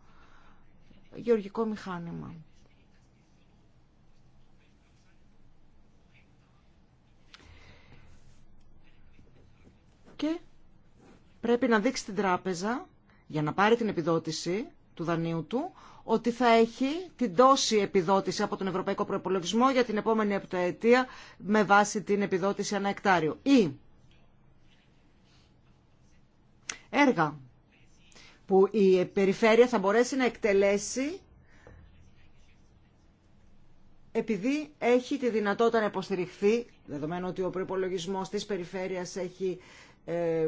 γεωργικό μηχάνημα. Και πρέπει να δείξει την τράπεζα για να πάρει την επιδότηση του δανείου του ότι θα έχει την τόση επιδότηση από τον Ευρωπαϊκό Προπολογισμό για την επόμενη επταετία με βάση την επιδότηση ανά εκτάριο. Ή έργα που η περιφέρεια θα μπορέσει να εκτελέσει επειδή έχει τη δυνατότητα να υποστηριχθεί, δεδομένου ότι ο προπολογισμό της περιφέρειας έχει ε,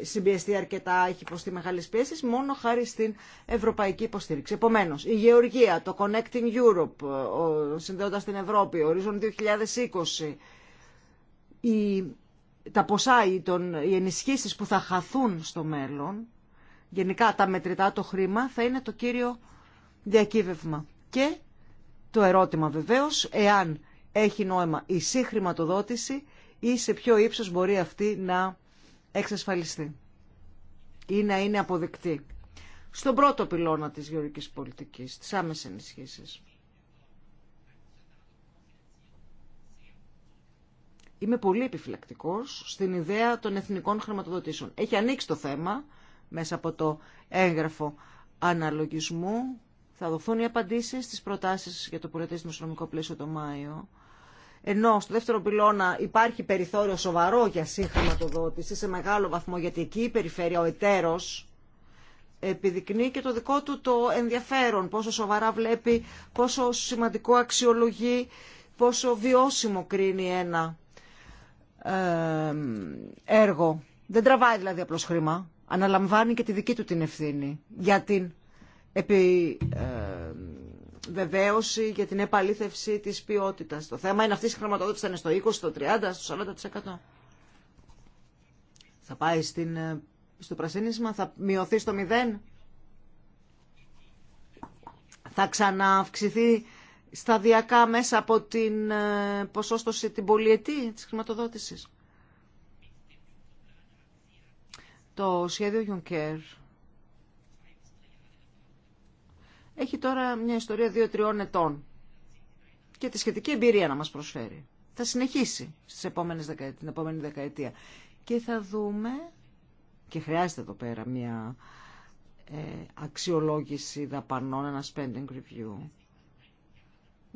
συμπιεστεί αρκετά, έχει υποστεί μεγάλε πιέσει, μόνο χάρη στην ευρωπαϊκή υποστήριξη. Επομένω, η Γεωργία, το Connecting Europe, ο, συνδέοντας την Ευρώπη, ορίζον 2020, η τα ποσά ή των, οι ενισχύσεις που θα χαθούν στο μέλλον, γενικά τα μετρητά το χρήμα, θα είναι το κύριο διακύβευμα. Και το ερώτημα βεβαίως, εάν έχει νόημα η συγχρηματοδότηση ή σε ποιο ύψος μπορεί αυτή να εξασφαλιστεί ή να είναι αποδεκτή. Στον πρώτο πυλώνα της γεωργικής πολιτικής, τις άμεσες ενισχύσεις. Είμαι πολύ επιφυλακτικός στην ιδέα των εθνικών χρηματοδοτήσεων. Έχει ανοίξει το θέμα μέσα από το έγγραφο αναλογισμού. Θα δοθούν οι απαντήσεις στις προτάσεις για το στο νομικό πλαίσιο το Μάιο. Ενώ στο δεύτερο πυλώνα υπάρχει περιθώριο σοβαρό για συγχρηματοδότηση σε μεγάλο βαθμό γιατί εκεί η περιφέρεια, ο εταίρος, επιδεικνύει και το δικό του το ενδιαφέρον, πόσο σοβαρά βλέπει, πόσο σημαντικό αξιολογεί, πόσο βιώσιμο κρίνει ένα ε, έργο. Δεν τραβάει δηλαδή απλώ χρήμα. Αναλαμβάνει και τη δική του την ευθύνη για την επιβεβαίωση, ε, για την επαλήθευση της ποιότητας. Το θέμα είναι αυτή η χρηματοδότηση θα είναι στο 20, στο 30, στο 40%. Θα πάει στην, ε, στο πρασίνισμα, θα μειωθεί στο 0. Θα ξανααυξηθεί σταδιακά μέσα από την ε, ποσόστοση την πολιετή της χρηματοδότησης. Το σχέδιο Juncker έχει τώρα μια ιστορια δυο δύο-τριών ετών και τη σχετική εμπειρία να μας προσφέρει. Θα συνεχίσει στις επόμενες την επόμενη δεκαετία. Και θα δούμε, και χρειάζεται εδώ πέρα μια ε, αξιολόγηση δαπανών, ένα spending review,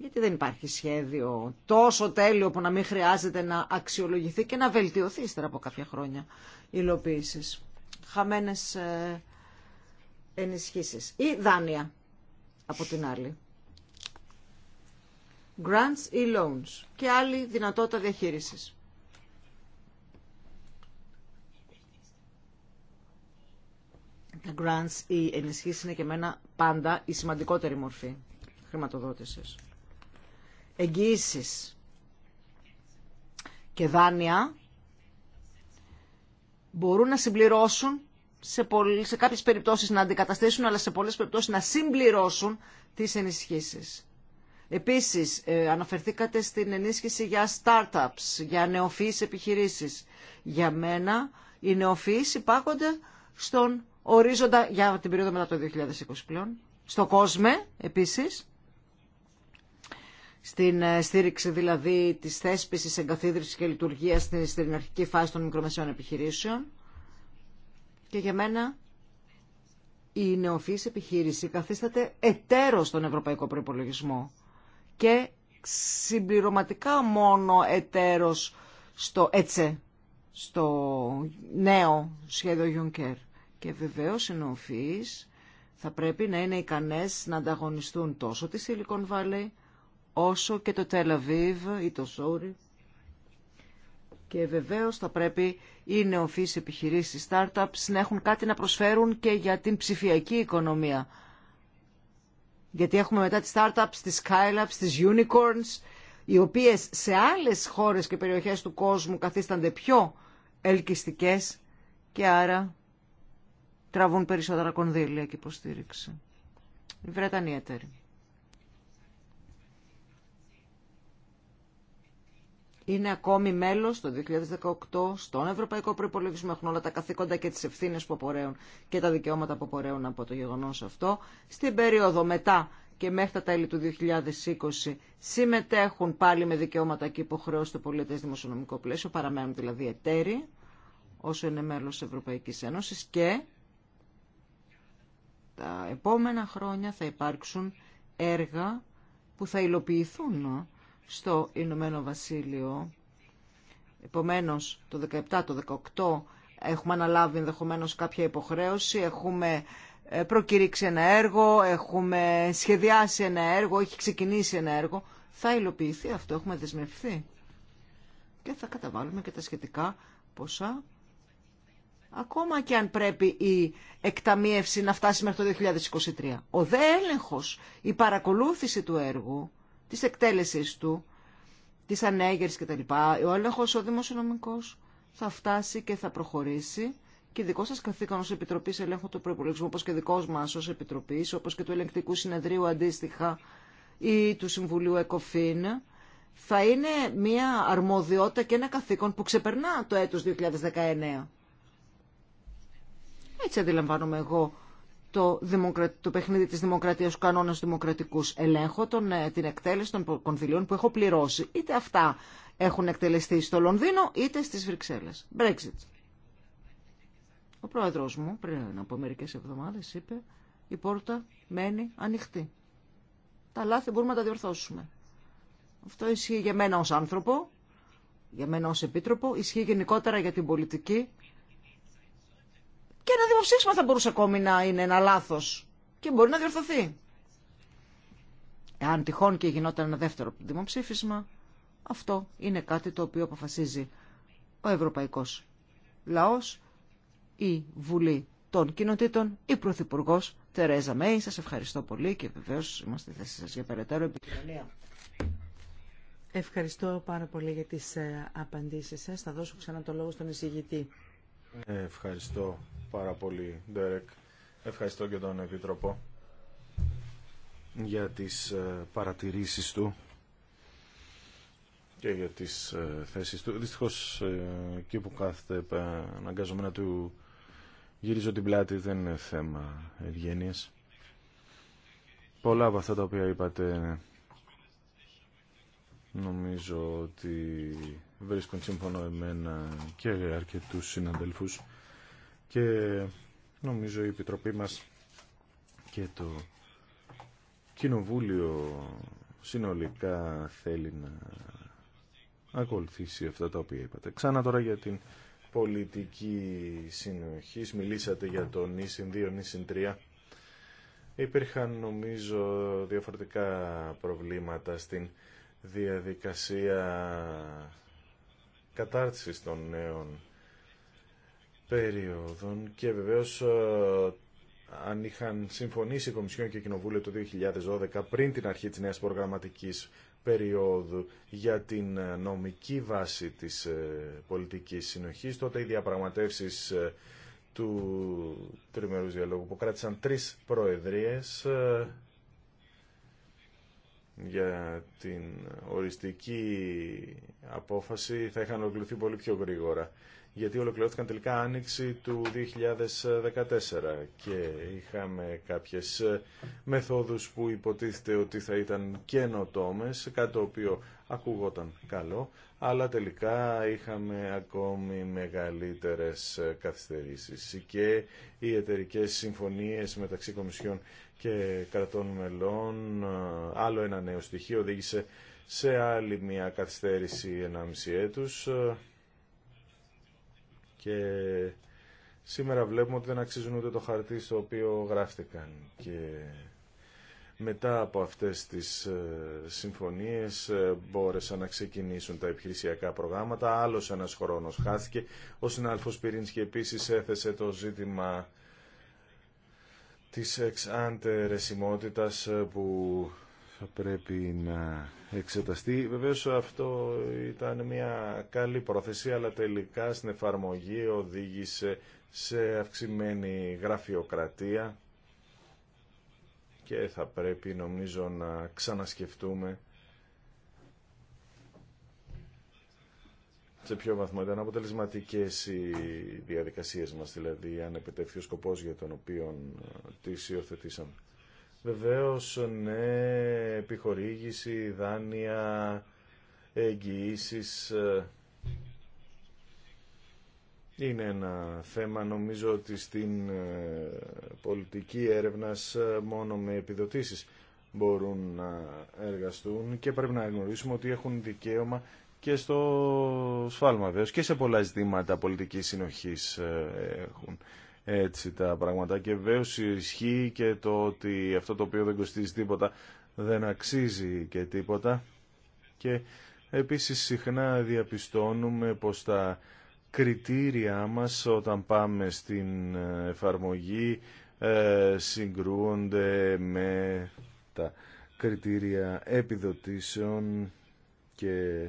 γιατί δεν υπάρχει σχέδιο τόσο τέλειο που να μην χρειάζεται να αξιολογηθεί και να βελτιωθεί ύστερα από κάποια χρόνια υλοποίηση. Χαμένε ενισχύσει. Ή δάνεια από την άλλη. Grants ή loans. Και άλλη δυνατότητα διαχείριση. Τα grants ή ενισχύσεις είναι και μένα πάντα η ενισχυσει ειναι και μορφή χρηματοδότησης εγγυήσεις και δάνεια μπορούν να συμπληρώσουν σε, σε κάποιες περιπτώσεις να αντικαταστήσουν αλλά σε πολλές περιπτώσεις να συμπληρώσουν τις ενισχύσεις. Επίσης, ε, αναφερθήκατε στην ενίσχυση για startups, για νεοφυείς επιχειρήσεις. Για μένα, οι νεοφύση υπάρχονται στον ορίζοντα για την περίοδο μετά το 2020 πλέον. Στο κόσμο, επίσης, στην ε, στήριξη δηλαδή της θέσπισης, εγκαθίδρυσης και λειτουργίας στην αρχική φάση των μικρομεσαίων επιχειρήσεων. Και για μένα η νεοφύης επιχείρηση καθίσταται εταίρος στον ευρωπαϊκό προϋπολογισμό και συμπληρωματικά μόνο εταίρος στο ΕΤΣΕ, στο νέο σχέδιο Juncker. Και βεβαίως οι νεοφύης θα πρέπει να είναι ικανές να ανταγωνιστούν τόσο τη Silicon Valley όσο και το Τελαβίβ ή το Σόρι. Και βεβαίως θα πρέπει οι νεοφύς επιχειρήσεις, startups να έχουν κάτι να προσφέρουν και για την ψηφιακή οικονομία. Γιατί έχουμε μετά τις startups, τις skylabs, τις unicorns, οι οποίες σε άλλες χώρες και περιοχές του κόσμου καθίστανται πιο ελκυστικές και άρα τραβούν περισσότερα κονδύλια και υποστήριξη. Η Βρετανία τέρη. είναι ακόμη μέλος το 2018 στον Ευρωπαϊκό Προϋπολογισμό, έχουν όλα τα καθήκοντα και τις ευθύνες που απορρέουν και τα δικαιώματα που απορρέουν από το γεγονός αυτό. Στην περίοδο μετά και μέχρι τα τέλη του 2020 συμμετέχουν πάλι με δικαιώματα και υποχρεώσει στο πολιτές δημοσιονομικό πλαίσιο, παραμένουν δηλαδή εταίροι όσο είναι μέλος της Ευρωπαϊκής Ένωσης και τα επόμενα χρόνια θα υπάρξουν έργα που θα υλοποιηθούν στο Ηνωμένο Βασίλειο. Επομένως, το 17, το 18 έχουμε αναλάβει ενδεχομένω κάποια υποχρέωση, έχουμε ε, προκηρύξει ένα έργο, έχουμε σχεδιάσει ένα έργο, έχει ξεκινήσει ένα έργο. Θα υλοποιηθεί αυτό, έχουμε δεσμευθεί. Και θα καταβάλουμε και τα σχετικά ποσά. Ακόμα και αν πρέπει η εκταμίευση να φτάσει μέχρι το 2023. Ο δε έλεγχος, η παρακολούθηση του έργου Τη εκτέλεσης του, της ανέγερσης κτλ. Ο έλεγχος ο δημοσιονομικός θα φτάσει και θα προχωρήσει και δικό σα καθήκον ω Επιτροπή Ελέγχου του Προπολογισμού, όπω και δικό μα ω Επιτροπή, όπω και του Ελεγκτικού Συνεδρίου αντίστοιχα ή του Συμβουλίου ΕΚΟΦΗΝ, θα είναι μια αρμοδιότητα και ένα καθήκον που ξεπερνά το έτος 2019. Έτσι αντιλαμβάνομαι εγώ το, δημοκρα... το παιχνίδι της δημοκρατίας, κανόνες δημοκρατικούς ελέγχω, τον, ε, την εκτέλεση των κονδυλίων που έχω πληρώσει. Είτε αυτά έχουν εκτελεστεί στο Λονδίνο, είτε στις Βρυξέλλες. Brexit. Ο πρόεδρος μου πριν από μερικές εβδομάδες είπε η πόρτα μένει ανοιχτή. Τα λάθη μπορούμε να τα διορθώσουμε. Αυτό ισχύει για μένα ως άνθρωπο, για μένα ως επίτροπο, ισχύει γενικότερα για την πολιτική και ένα δημοψήφισμα θα μπορούσε ακόμη να είναι ένα λάθος και μπορεί να διορθωθεί. Εάν τυχόν και γινόταν ένα δεύτερο δημοψήφισμα, αυτό είναι κάτι το οποίο αποφασίζει ο ευρωπαϊκός λαός, η Βουλή των Κοινοτήτων, η Πρωθυπουργό Τερέζα Μέη. Σας ευχαριστώ πολύ και βεβαίως είμαστε στη θέση σας για περαιτέρω επικοινωνία. Ευχαριστώ πάρα πολύ για τις ε, απαντήσεις σας. Θα δώσω ξανά το λόγο στον εισηγητή. Ευχαριστώ πάρα πολύ, Ντέρεκ. Ευχαριστώ και τον Επίτροπο για τις ε, παρατηρήσεις του και για τις ε, θέσεις του. Δυστυχώς, ε, εκεί που κάθεται να του γυρίζω την πλάτη, δεν είναι θέμα ευγένειας. Πολλά από αυτά τα οποία είπατε Νομίζω ότι βρίσκουν σύμφωνο εμένα και αρκετούς συναδέλφους και νομίζω η Επιτροπή μας και το Κοινοβούλιο συνολικά θέλει να ακολουθήσει αυτά τα οποία είπατε. Ξανά τώρα για την πολιτική συνοχή. Μιλήσατε για το νησιν 2, νησιν 3. Υπήρχαν νομίζω διαφορετικά προβλήματα στην διαδικασία κατάρτισης των νέων περίοδων και βεβαίως ε, αν είχαν συμφωνήσει η Κομισιόν και η Κοινοβούλιο το 2012 πριν την αρχή της νέας προγραμματικής περίοδου για την ε, νομική βάση της ε, πολιτικής συνοχής, τότε οι διαπραγματεύσεις του τριμερούς διαλόγου που κράτησαν τρεις προεδρίες για την οριστική απόφαση θα είχαν ολοκληρωθεί πολύ πιο γρήγορα γιατί ολοκληρώθηκαν τελικά άνοιξη του 2014 και είχαμε κάποιες ε, μεθόδους που υποτίθεται ότι θα ήταν καινοτόμες, κάτι το οποίο ακούγονταν καλό, αλλά τελικά είχαμε ακόμη μεγαλύτερες ε, καθυστερήσεις και οι εταιρικέ συμφωνίες μεταξύ Κομισιών και κρατών μελών, ε, άλλο ένα νέο στοιχείο οδήγησε σε άλλη μια καθυστέρηση 1,5 έτους και σήμερα βλέπουμε ότι δεν αξίζουν ούτε το χαρτί στο οποίο γράφτηκαν. Και μετά από αυτές τις ε, συμφωνίες ε, μπόρεσαν να ξεκινήσουν τα επιχειρησιακά προγράμματα. Άλλος ένας χρόνος χάθηκε. Ο συνάλφος και επίσης έθεσε το ζήτημα της εξάντερεσιμότητας ε, που θα πρέπει να εξεταστεί. Βεβαίω αυτό ήταν μια καλή πρόθεση, αλλά τελικά στην εφαρμογή οδήγησε σε αυξημένη γραφειοκρατία και θα πρέπει νομίζω να ξανασκεφτούμε σε ποιο βαθμό ήταν αποτελεσματικές οι διαδικασίες μας, δηλαδή αν επιτευχθεί ο σκοπός για τον οποίο ε, τις υιοθετήσαμε. Βεβαίω ναι, επιχορήγηση, δάνεια, εγγυήσει ε, είναι ένα θέμα νομίζω ότι στην ε, πολιτική έρευνας ε, μόνο με επιδοτήσεις μπορούν να εργαστούν και πρέπει να γνωρίσουμε ότι έχουν δικαίωμα και στο σφάλμα βέβαια και σε πολλά ζητήματα πολιτικής συνοχής έχουν έτσι τα πράγματα και βέβαιω ισχύει και το ότι αυτό το οποίο δεν κοστίζει τίποτα δεν αξίζει και τίποτα και επίσης συχνά διαπιστώνουμε πως τα κριτήρια μας όταν πάμε στην ε, εφαρμογή ε, συγκρούονται με τα κριτήρια επιδοτήσεων και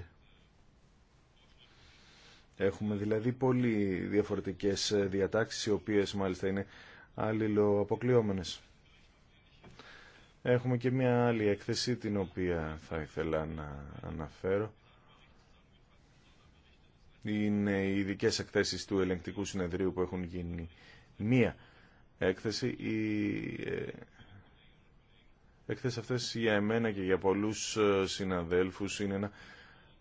Έχουμε δηλαδή πολύ διαφορετικές ε, διατάξεις, οι οποίες μάλιστα είναι αλληλοαποκλειόμενες. Έχουμε και μια άλλη έκθεση την οποία θα ήθελα να αναφέρω. Είναι οι ειδικέ εκθέσεις του ελεγκτικού συνεδρίου που έχουν γίνει μία έκθεση. Οι έκθεση ε, αυτές για εμένα και για πολλούς ε, συναδέλφους είναι ένα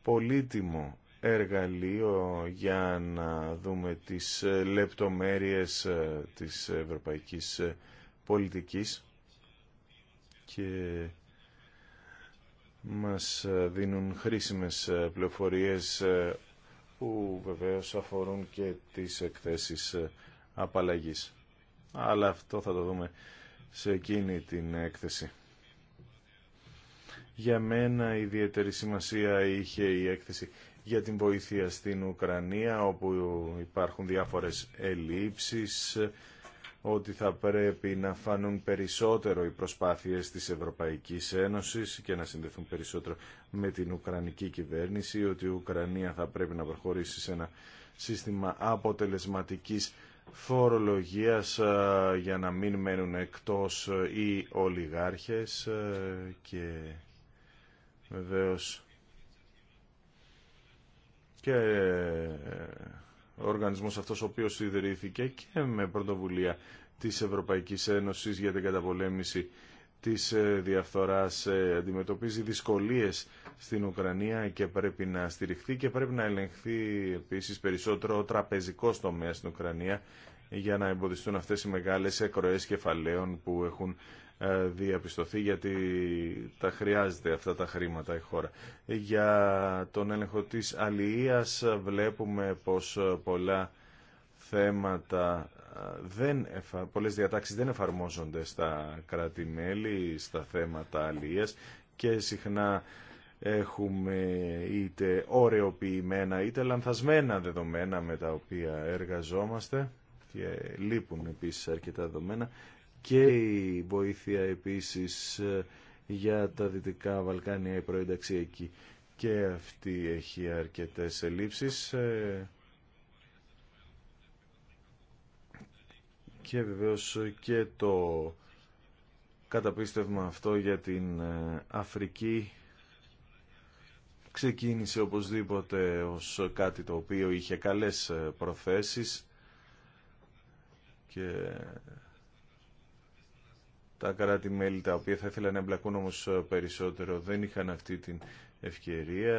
πολύτιμο εργαλείο για να δούμε τις λεπτομέρειες ε, της ευρωπαϊκής ε, πολιτικής και μας ε, δίνουν χρήσιμες πληροφορίες που βεβαίως αφορούν και τις εκθέσεις απαλλαγής. Αλλά αυτό θα το δούμε σε εκείνη την έκθεση. Για μένα ιδιαίτερη σημασία είχε η έκθεση για την βοήθεια στην Ουκρανία όπου υπάρχουν διάφορες ελλείψεις, ότι θα πρέπει να φανούν περισσότερο οι προσπάθειες της Ευρωπαϊκής Ένωσης και να συνδεθούν περισσότερο με την Ουκρανική κυβέρνηση, ότι η Ουκρανία θα πρέπει να προχωρήσει σε ένα σύστημα αποτελεσματικής φορολογίας ε, για να μην μένουν εκτός οι ολιγάρχες ε, και βεβαίως και ο ε, οργανισμός αυτός ο οποίος ιδρύθηκε και με πρωτοβουλία της Ευρωπαϊκής Ένωσης για την καταπολέμηση της ε, διαφθοράς ε, αντιμετωπίζει δυσκολίες στην Ουκρανία και πρέπει να στηριχθεί και πρέπει να ελεγχθεί επίσης περισσότερο ο τραπεζικός τομέας στην Ουκρανία για να εμποδιστούν αυτές οι μεγάλες εκροές κεφαλαίων που έχουν ε, διαπιστωθεί γιατί τα χρειάζεται αυτά τα χρήματα η χώρα. Για τον έλεγχο της αλληλείας βλέπουμε πως πολλά θέματα ε, δεν πολλές διατάξεις δεν εφαρμόζονται στα κράτη-μέλη, στα θέματα αλληλείας και συχνά έχουμε είτε ωρεοποιημένα είτε λανθασμένα δεδομένα με τα οποία εργαζόμαστε και λείπουν επίσης αρκετά δεδομένα και η βοήθεια επίσης ε, για τα Δυτικά Βαλκάνια η εκεί και αυτή έχει αρκετές ελλείψεις ε, και βεβαίως και το καταπίστευμα αυτό για την ε, Αφρική ξεκίνησε οπωσδήποτε ως κάτι το οποίο είχε καλές προθέσεις και τα κράτη-μέλη τα οποία θα ήθελαν να εμπλακούν όμως ε, περισσότερο δεν είχαν αυτή την ευκαιρία.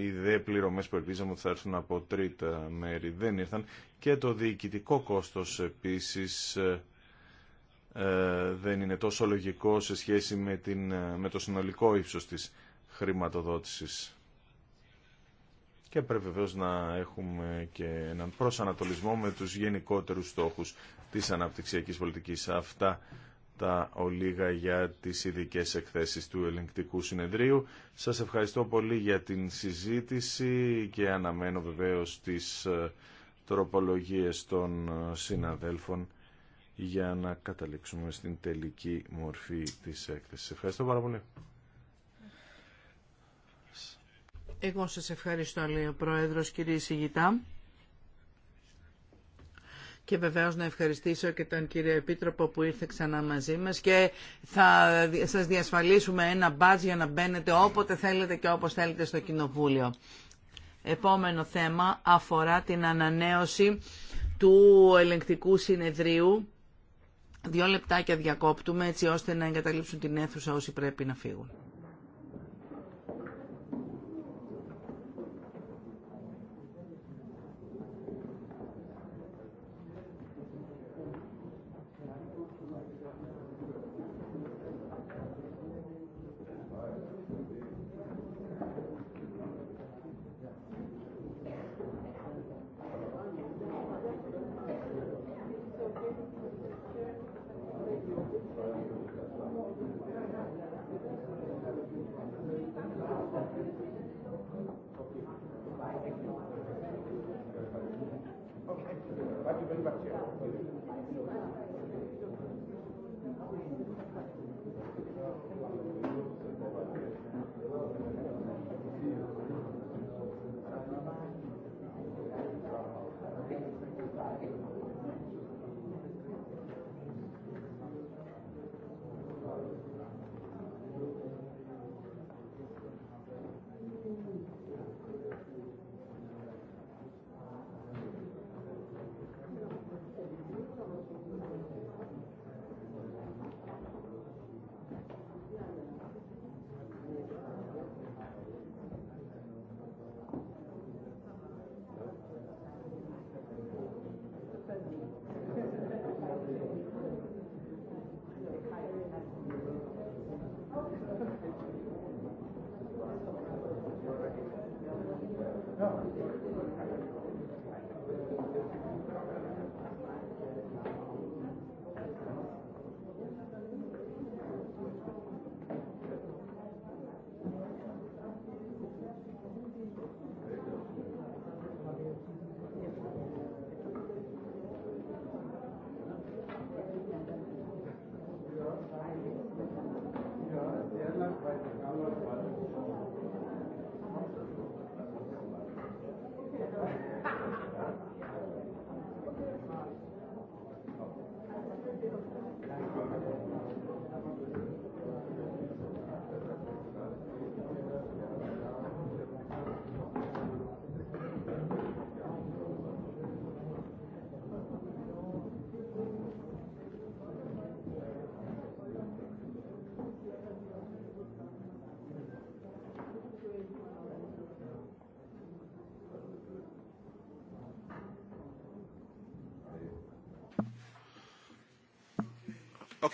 Οι δε πληρωμές που ελπίζαμε ότι θα έρθουν από τρίτα μέρη δεν ήρθαν και το διοικητικό κόστος επίσης ε, ε, δεν είναι τόσο λογικό σε σχέση με, την, με το συνολικό ύψος της χρηματοδότησης. Και πρέπει βεβαίω να έχουμε και έναν προσανατολισμό με τους γενικότερους στόχους της αναπτυξιακής πολιτικής. Αυτά τα ολίγα για τις ειδικέ εκθέσεις του ελεγκτικού συνεδρίου. Σας ευχαριστώ πολύ για την συζήτηση και αναμένω βεβαίως τις ε, τροπολογίες των ε, συναδέλφων για να καταλήξουμε στην τελική μορφή της έκθεσης. Ευχαριστώ πάρα πολύ. Εγώ σας ευχαριστώ, λέει ο Πρόεδρος, κύριε Σιγητά και βεβαίως να ευχαριστήσω και τον κύριο Επίτροπο που ήρθε ξανά μαζί μας και θα σας διασφαλίσουμε ένα μπάτζ για να μπαίνετε όποτε θέλετε και όπως θέλετε στο Κοινοβούλιο. Επόμενο θέμα αφορά την ανανέωση του ελεγκτικού συνεδρίου. Δύο λεπτάκια διακόπτουμε έτσι ώστε να εγκαταλείψουν την αίθουσα όσοι πρέπει να φύγουν.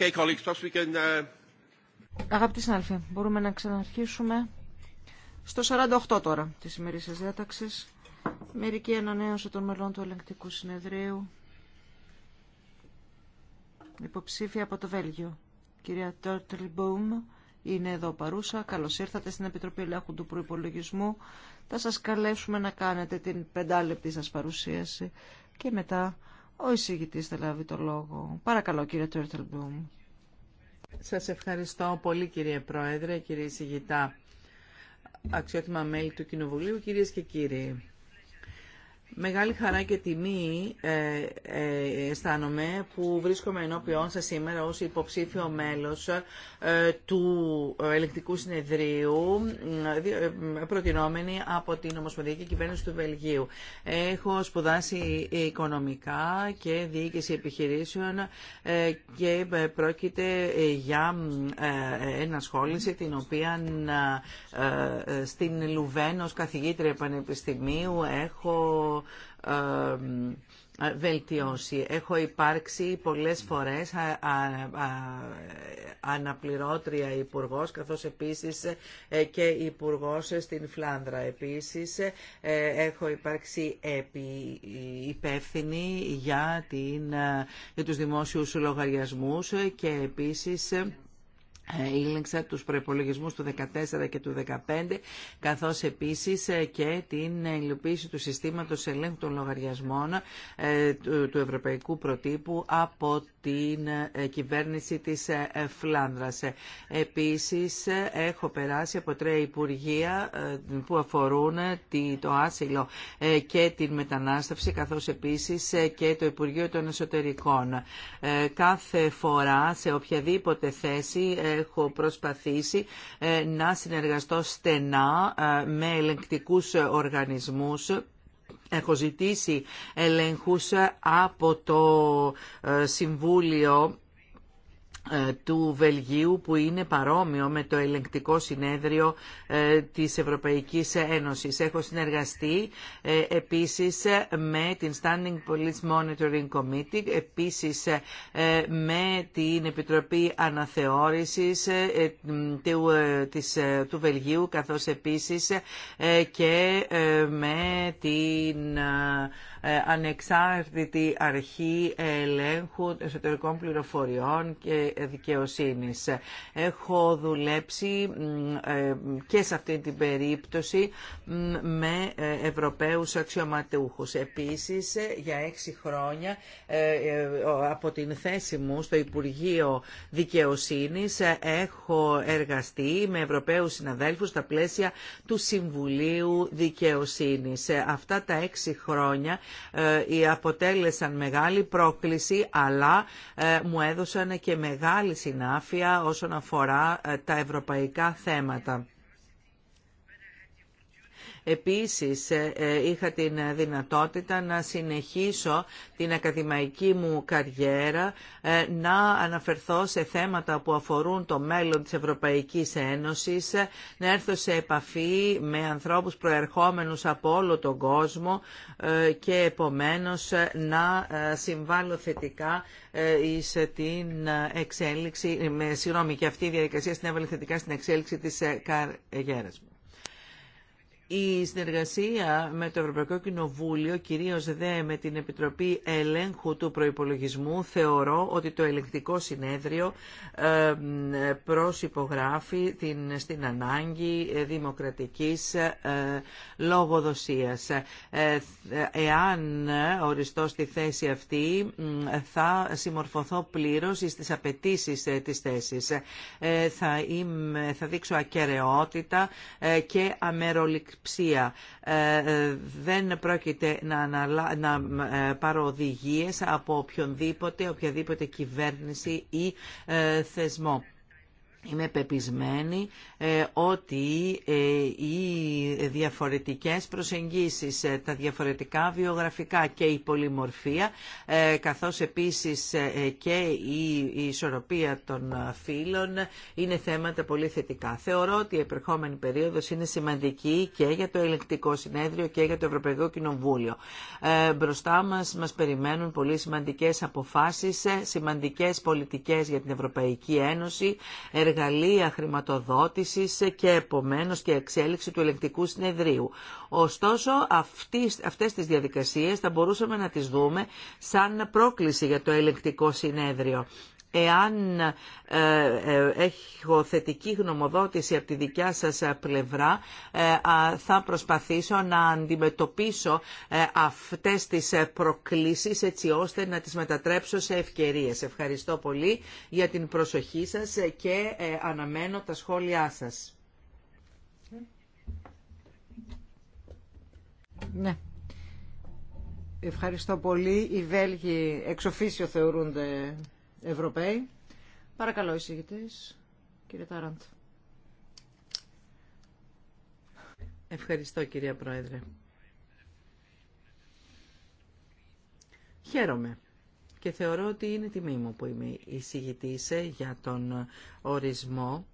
Okay, colleagues, we can... Uh, Αγαπητοί συνάδελφοι, μπορούμε να ξαναρχίσουμε στο 48 τώρα τη ημερήσια διάταξη. Μερική ανανέωση των μελών του ελεγκτικού συνεδρίου. Υποψήφια από το Βέλγιο. Κυρία Τόρτλμπουμ είναι εδώ παρούσα. Καλώς ήρθατε στην Επιτροπή Ελέγχου του Προϋπολογισμού. Θα σας καλέσουμε να κάνετε την πεντάλεπτη σα παρουσίαση και μετά ο εισηγητής θα λάβει το λόγο. Παρακαλώ κύριε Τέρτελμπλουμ. Σας ευχαριστώ πολύ κύριε Πρόεδρε, κύριε εισηγητά, αξιότιμα μέλη του Κοινοβουλίου, κυρίες και κύριοι. Μεγάλη χαρά και τιμή ε, ε, αισθάνομαι που βρίσκομαι ενώπιόν σας σήμερα ως υποψήφιο μέλος ε, του Ελεκτικού Συνεδρίου ε, ε, προτινόμενη από την Ομοσπονδιακή Κυβέρνηση του Βελγίου. Έχω σπουδάσει οικονομικά και διοίκηση επιχειρήσεων και πρόκειται για ενασχόληση την οποία στην Λουβέν ως καθηγήτρια πανεπιστημίου έχω ε, βελτιώσει. Έχω υπάρξει πολλές φορές αναπληρώτρια υπουργό, καθώς επίσης ε, και υπουργό στην Φλάνδρα. Επίσης ε, έχω υπάρξει επι, υπεύθυνη για, την, ε, για τους δημόσιους λογαριασμούς και επίσης Ήλεξα τους προϋπολογισμούς του 2014 και του 2015, καθώς επίσης ε, και την υλοποίηση του συστήματος ελέγχου των λογαριασμών ε, του Ευρωπαϊκού Προτύπου από την ε, κυβέρνηση της Φλάνδρας. Επίσης, έχω περάσει από τρία υπουργεία που αφορούν το άσυλο και την μετανάστευση, καθώς επίσης και το Υπουργείο των Εσωτερικών. Κάθε φορά, σε οποιαδήποτε θέση, έχω προσπαθήσει ε, να συνεργαστώ στενά ε, με ελεγκτικούς οργανισμούς Έχω ζητήσει ελέγχους από το ε, Συμβούλιο ε, του Βελγίου που είναι παρόμοιο με το ελεγκτικό συνέδριο ε, της Ευρωπαϊκής Ένωσης. Έχω συνεργαστεί ε, επίσης με την Standing Police Monitoring Committee, επίσης με την Επιτροπή Αναθεώρησης του Βελγίου, καθώς επίσης και με την ε, ανεξάρτητη αρχή ελέγχου εσωτερικών πληροφοριών και δικαιοσύνης. Έχω δουλέψει ε, και σε αυτή την περίπτωση με ε, Ευρωπαίους αξιωματούχους. Επίσης, για έξι χρόνια από την θέση μου στο Υπουργείο Δικαιοσύνης έχω εργαστεί με Ευρωπαίους συναδέλφους στα πλαίσια του Συμβουλίου Δικαιοσύνης. Αυτά τα έξι χρόνια η ε, αποτέλεσαν μεγάλη πρόκληση αλλά ε, μου έδωσαν και μεγάλη συνάφεια όσον αφορά ε, τα ευρωπαϊκά θέματα. Επίσης ε, ε, είχα την δυνατότητα να συνεχίσω την ακαδημαϊκή μου καριέρα, ε, να αναφερθώ σε θέματα που αφορούν το μέλλον της Ευρωπαϊκής Ένωσης, να έρθω σε επαφή με ανθρώπους προερχόμενους από όλο τον κόσμο και επομένως να συμβάλλω θετικά την εξέλιξη, με συγγνώμη και αυτή η διαδικασία θετικά στην εξέλιξη της καριέρας μου. Η συνεργασία με το Ευρωπαϊκό Κοινοβούλιο, κυρίως δε με την Επιτροπή Ελέγχου του Προϋπολογισμού, θεωρώ ότι το ελεγκτικό συνέδριο προσυπογράφει την, στην ανάγκη δημοκρατικής ε, λογοδοσίας. Ε, ε, εάν οριστώ στη θέση αυτή, θα συμμορφωθώ πλήρως στις απαιτήσει της θέσης. Θα, θα δείξω ακαιρεότητα και αμεροληκτικότητα ψία. Ε, ε, δεν πρόκειται να, να, να ε, πάρω οδηγίε από οποιονδήποτε, οποιαδήποτε κυβέρνηση ή θεσμό. Είμαι πεπισμένη ε, ότι ε, οι διαφορετικές προσεγγίσεις, ε, τα διαφορετικά βιογραφικά και η πολυμορφία, καθώς επίσης και η ισορροπία των φύλων είναι θέματα πολύ θετικά. Θεωρώ ότι η επερχόμενη περίοδος είναι σημαντική και για το Ελεκτικό Συνέδριο και για το Ευρωπαϊκό Κοινοβούλιο. Μπροστά μας μας περιμένουν πολύ σημαντικές αποφάσεις, σημαντικές πολιτικές για την Ευρωπαϊκή Ένωση, εργαλεία χρηματοδότηση, και επομένω και εξέλιξη του ελεγκτικού συνεδρίου. Ωστόσο αυτές τι διαδικασίε θα μπορούσαμε να τι δούμε σαν πρόκληση για το ελεγκτικό συνέδριο εάν ε, ε, έχω θετική γνωμοδότηση από τη δικιά σας ε, πλευρά θα προσπαθήσω να αντιμετωπίσω αυτές τις προκλήσεις έτσι ώστε να τις μετατρέψω σε ευκαιρίες. Ευχαριστώ πολύ για την προσοχή σας και αναμένω τα σχόλιά σας. Ναι. Ευχαριστώ πολύ. Οι Βέλγοι εξοφίσιο θεωρούνται Ευρωπαίοι. Παρακαλώ, εισηγητής, κύριε Τάραντ. Ευχαριστώ, κυρία Πρόεδρε. Χαίρομαι και θεωρώ ότι είναι τιμή μου που είμαι εισηγητής για τον ορισμό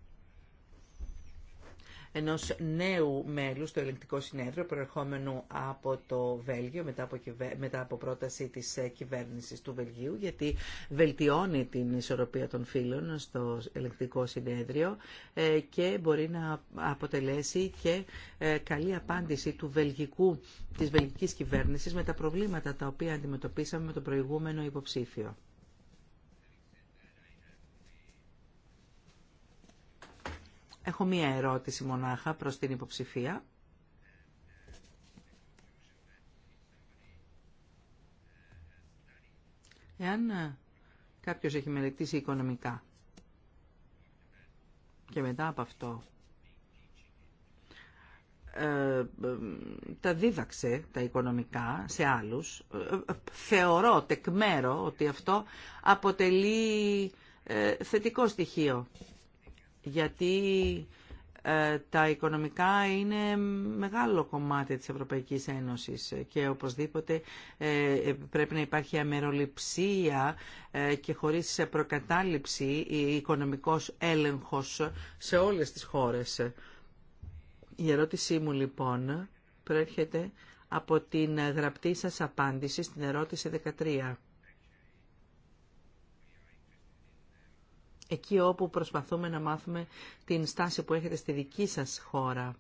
ενός νέου μέλου στο ελεγκτικό συνέδριο προερχόμενου από το Βέλγιο μετά από, μετά από πρόταση της ε, κυβέρνησης του Βελγίου γιατί βελτιώνει την ισορροπία των φίλων στο ελεγκτικό συνέδριο ε, και μπορεί να αποτελέσει και ε, καλή απάντηση του βελγικού, της βελγικής κυβέρνησης με τα προβλήματα τα οποία αντιμετωπίσαμε με το προηγούμενο υποψήφιο. Έχω μία ερώτηση μονάχα προς την υποψηφία. Εάν ε, κάποιος έχει μελετήσει οικονομικά και μετά από αυτό ε, ε, τα δίδαξε τα οικονομικά σε άλλους, θεωρώ τεκμέρο ότι αυτό αποτελεί θετικό στοιχείο γιατί ε, τα οικονομικά είναι μεγάλο κομμάτι της Ευρωπαϊκής Ένωσης και οπωσδήποτε ε, ε, πρέπει να υπάρχει αμεροληψία και χωρίς προκατάληψη οικονομικός έλεγχος σε όλες τις χώρες. Η ερώτησή μου λοιπόν προέρχεται από την γραπτή σας απάντηση στην ερώτηση 13. εκεί όπου προσπαθούμε να μάθουμε την στάση που έχετε στη δική σας χώρα.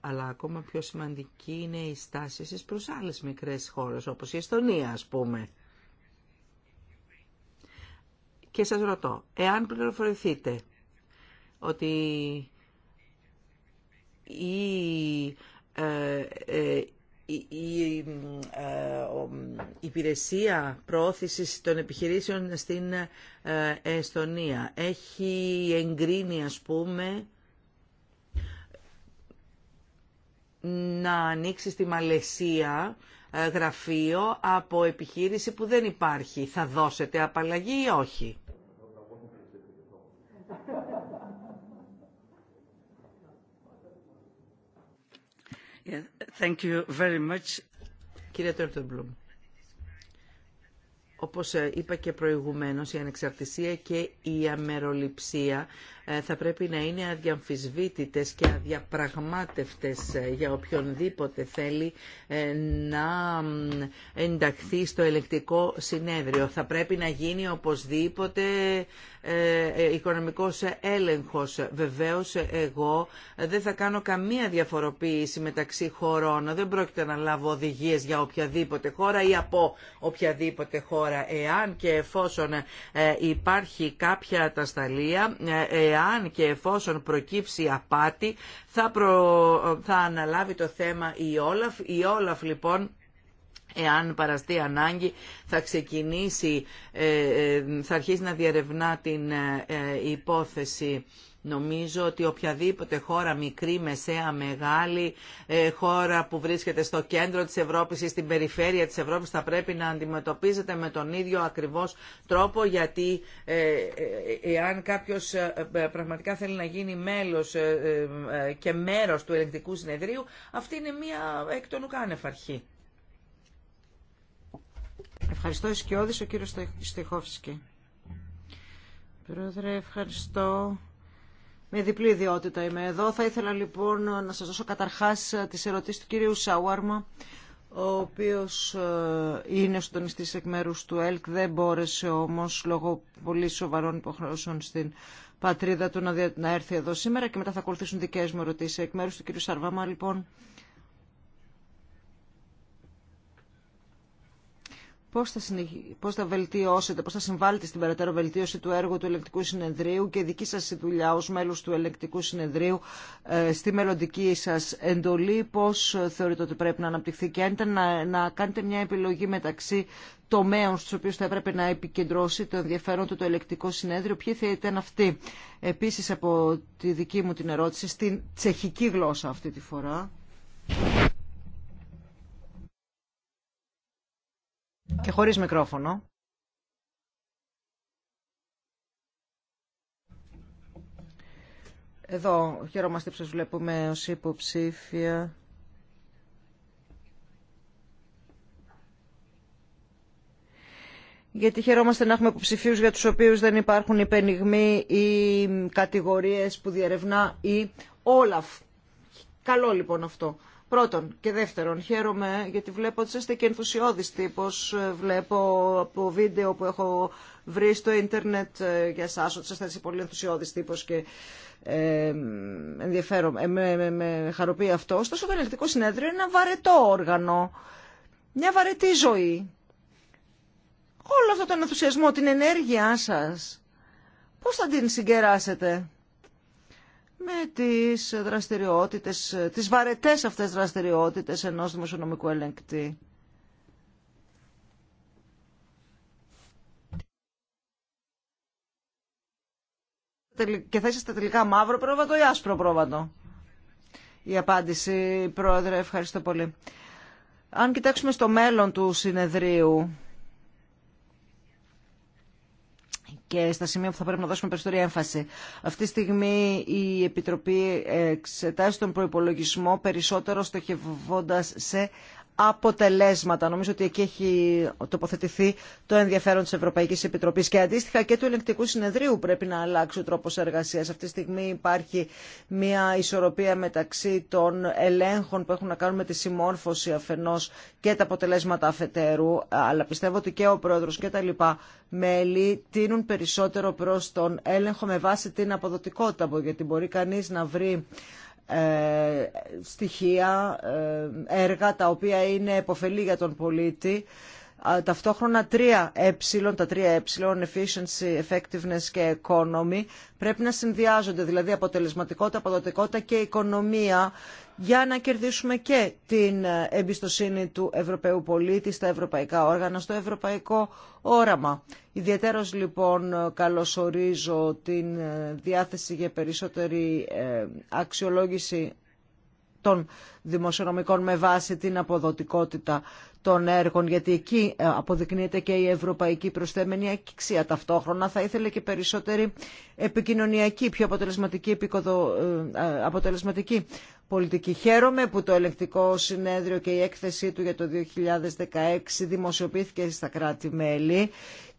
Αλλά ακόμα πιο σημαντική είναι η στάση σας προς άλλες μικρές χώρες, όπως η Εστονία ας πούμε. Και σας ρωτώ, εάν πληροφορηθείτε ότι η ε, ε, ε, η υπηρεσία πρόθεσης των επιχειρήσεων στην ε, Εστονία έχει εγκρίνει ας πούμε να ανοίξει στη Μαλαισία ε, γραφείο από επιχείρηση που δεν υπάρχει. Θα δώσετε απαλλαγή ή όχι. Κύριε όπως ε, είπα και προηγουμένως, η ανεξαρτησία και η αμεροληψία ε, θα πρέπει να είναι αδιαμφισβήτητες και αδιαπραγμάτευτες ε, για οποιονδήποτε θέλει ε, να ενταχθεί στο ελεκτικό συνέδριο. Θα πρέπει να γίνει οπωσδήποτε οικονομικός έλεγχος. Βεβαίως εγώ δεν θα κάνω καμία διαφοροποίηση μεταξύ χωρών. Δεν πρόκειται να λάβω οδηγίες για οποιαδήποτε χώρα ή από οποιαδήποτε χώρα. Εάν και εφόσον υπάρχει κάποια ατασταλία, εάν και εφόσον προκύψει απάτη θα, θα αναλάβει το θέμα η Όλαφ. Η Όλαφ λοιπόν εάν παραστεί ανάγκη θα ξεκινήσει, ε, ε, θα αρχίσει να διαρευνά την ε, υπόθεση Νομίζω ότι οποιαδήποτε χώρα, μικρή, μεσαία, μεγάλη, ε, χώρα που βρίσκεται στο κέντρο της Ευρώπης ή στην περιφέρεια της Ευρώπης θα πρέπει να αντιμετωπίζεται με τον ίδιο ακριβώς τρόπο γιατί αν ε, ε, κάποιος πραγματικά θέλει να γίνει μέλος και μέρος του ελεγκτικού συνεδρίου αυτή είναι μία εκ των ουκάνευ αρχή. Ευχαριστώ ο κύριος Στοιχόφσκι. Πρόεδρε, ευχαριστώ με διπλή ιδιότητα είμαι εδώ. Θα ήθελα λοιπόν να σας δώσω καταρχάς ε, τις ερωτήσεις του κυρίου Σάουαρμα, ο οποίος ε, είναι συντονιστής εκ μέρους του ΕΛΚ, δεν μπόρεσε όμως λόγω πολύ σοβαρών υποχρεώσεων στην πατρίδα του να έρθει εδώ σήμερα και μετά θα ακολουθήσουν δικές μου ερωτήσεις εκ μέρους του κυρίου Σαρβάμα λοιπόν. πώς θα, συνεχί... πώς θα βελτιώσετε, πώς θα συμβάλλετε στην περαιτέρω βελτίωση του έργου του Ελεκτικού Συνεδρίου και δική σας δουλειά ως μέλος του Ελεκτικού Συνεδρίου ε, στη μελλοντική σας εντολή, πώς θεωρείτε ότι πρέπει να αναπτυχθεί και αν ήταν να, να κάνετε μια επιλογή μεταξύ τομέων στους οποίους θα έπρεπε να επικεντρώσει το ενδιαφέρον του το Ελεκτικό Συνέδριο, ποιοι θα ήταν αυτοί. Επίσης από τη δική μου την ερώτηση, στην τσεχική γλώσσα αυτή τη φορά. Και χωρίς μικρόφωνο. Εδώ χαιρόμαστε που σας βλέπουμε ως υποψήφια. γιατί χαιρόμαστε να έχουμε υποψηφίους για τους οποίους δεν υπάρχουν υπενιγμοί ή κατηγορίες που διερευνά ή όλαφ. Καλό λοιπόν αυτό. Πρώτον και δεύτερον, χαίρομαι γιατί βλέπω ότι είστε και ενθουσιώδης τύπος. Βλέπω από βίντεο που έχω βρει στο ίντερνετ ε, για εσάς ότι είστε πολύ ενθουσιώδης τύπος και ε, ενδιαφέρομαι, ε, με, χαροποιεί αυτό. Ωστόσο το ελεκτικό συνέδριο είναι ένα βαρετό όργανο, μια βαρετή ζωή. Όλο αυτό τον ενθουσιασμό, την ενέργειά σας, πώς θα την συγκεράσετε με τις δραστηριότητες, τις βαρετές αυτές δραστηριότητες ενός δημοσιονομικού ελεγκτή. Και θα είσαστε τελικά μαύρο πρόβατο ή άσπρο πρόβατο. Η απάντηση, Πρόεδρε, ευχαριστώ πολύ. Αν κοιτάξουμε στο μέλλον του συνεδρίου, και στα σημεία που θα πρέπει να δώσουμε περισσότερη έμφαση. Αυτή τη στιγμή η Επιτροπή εξετάζει τον προπολογισμό περισσότερο στοχευόντας σε αποτελέσματα. Νομίζω ότι εκεί έχει τοποθετηθεί το ενδιαφέρον της Ευρωπαϊκής Επιτροπής και αντίστοιχα και του ελεγκτικού συνεδρίου πρέπει να αλλάξει ο τρόπος εργασίας. Αυτή τη στιγμή υπάρχει μια ισορροπία μεταξύ των ελέγχων που έχουν να κάνουν με τη συμμόρφωση αφενός και τα αποτελέσματα αφετέρου, αλλά πιστεύω ότι και ο Πρόεδρος και τα λοιπά μέλη τίνουν περισσότερο προς τον έλεγχο με βάση την αποδοτικότητα, γιατί μπορεί κανείς να βρει ε, στοιχεία, ε, έργα τα οποία είναι επωφελή για τον πολίτη. Ταυτόχρονα τρία τα τρία ε, efficiency, effectiveness και economy, πρέπει να συνδυάζονται, δηλαδή αποτελεσματικότητα, αποδοτικότητα και οικονομία για να κερδίσουμε και την ε, εμπιστοσύνη του Ευρωπαίου πολίτη στα ευρωπαϊκά όργανα, στο ευρωπαϊκό όραμα. Ιδιαίτερος λοιπόν καλωσορίζω την ε, διάθεση για περισσότερη ε, αξιολόγηση των δημοσιονομικών με βάση την αποδοτικότητα των έργων, γιατί εκεί ε, αποδεικνύεται και η ευρωπαϊκή προσθέμενη αξία. Ταυτόχρονα θα ήθελε και περισσότερη επικοινωνιακή, πιο αποτελεσματική, επικοδο... Ε, ε, αποτελεσματική πολιτική. Χαίρομαι που το ελεκτικό συνέδριο και η έκθεσή του για το 2016 δημοσιοποιήθηκε στα κράτη-μέλη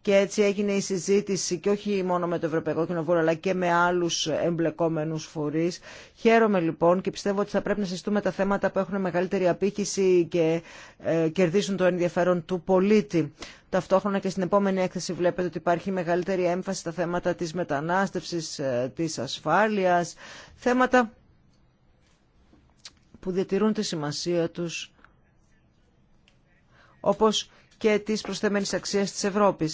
και έτσι έγινε η συζήτηση και όχι μόνο με το Ευρωπαϊκό Κοινοβούλιο αλλά και με άλλους εμπλεκόμενους φορείς. Χαίρομαι λοιπόν και πιστεύω ότι θα πρέπει να συζητούμε τα θέματα που έχουν μεγαλύτερη απήχηση και ε, κερδίσουν το ενδιαφέρον του πολίτη. Ταυτόχρονα και στην επόμενη έκθεση βλέπετε ότι υπάρχει μεγαλύτερη έμφαση στα θέματα της μετανάστευσης, ε, της ασφάλειας, θέματα που διατηρούν τη σημασία τους όπως και τη προσθέμενη αξία τη Ευρώπη.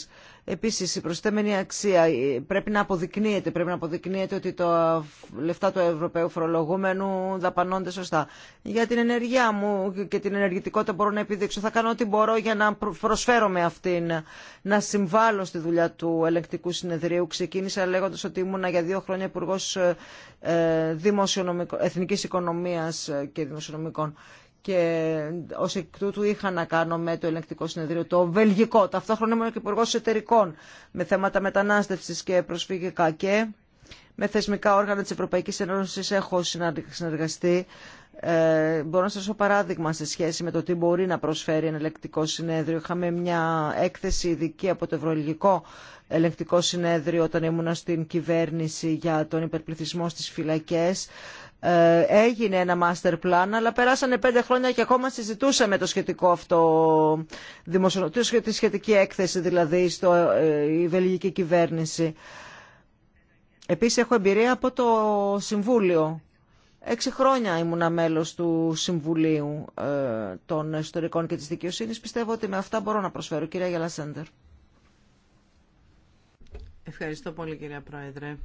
Επίση, η προσθέμενη αξία ε, πρέπει να αποδεικνύεται, πρέπει να αποδεικνύεται ότι τα λεφτά του Ευρωπαίου φορολογούμενου δαπανώνται σωστά. Για την ενεργειά μου και την ενεργητικότητα μπορώ να επιδείξω. Θα κάνω ό,τι μπορώ για να προσφέρω με αυτήν, να συμβάλλω στη δουλειά του ελεγκτικού συνεδρίου. Ξεκίνησα λέγοντα ότι ήμουνα για δύο χρόνια υπουργό ε, ε, Εθνικής Οικονομίας και Δημοσιονομικών και ω εκ τούτου είχα να κάνω με το ελεγκτικό συνεδρίο το βελγικό. Ταυτόχρονα ήμουν και υπουργό εταιρικών με θέματα μετανάστευση και προσφυγικά και με θεσμικά όργανα τη Ευρωπαϊκή Ένωση έχω συνεργαστεί. Ε, μπορώ να σα δώσω παράδειγμα σε σχέση με το τι μπορεί να προσφέρει ένα ελεκτικό συνέδριο. Είχαμε μια έκθεση ειδική από το Ευρωελγικό Ελεκτικό Συνέδριο όταν ήμουν στην κυβέρνηση για τον υπερπληθυσμό στι φυλακέ. Ε, έγινε ένα master plan, αλλά περάσανε πέντε χρόνια και ακόμα συζητούσαμε το σχετικό αυτό, τη σχετική έκθεση δηλαδή, στο, ε, η βελγική κυβέρνηση. Επίσης έχω εμπειρία από το Συμβούλιο. Έξι χρόνια ήμουνα μέλος του Συμβουλίου ε, των Ιστορικών και της Δικαιοσύνης. Πιστεύω ότι με αυτά μπορώ να προσφέρω. Κυρία Γελασέντερ. Ευχαριστώ πολύ κυρία Πρόεδρε.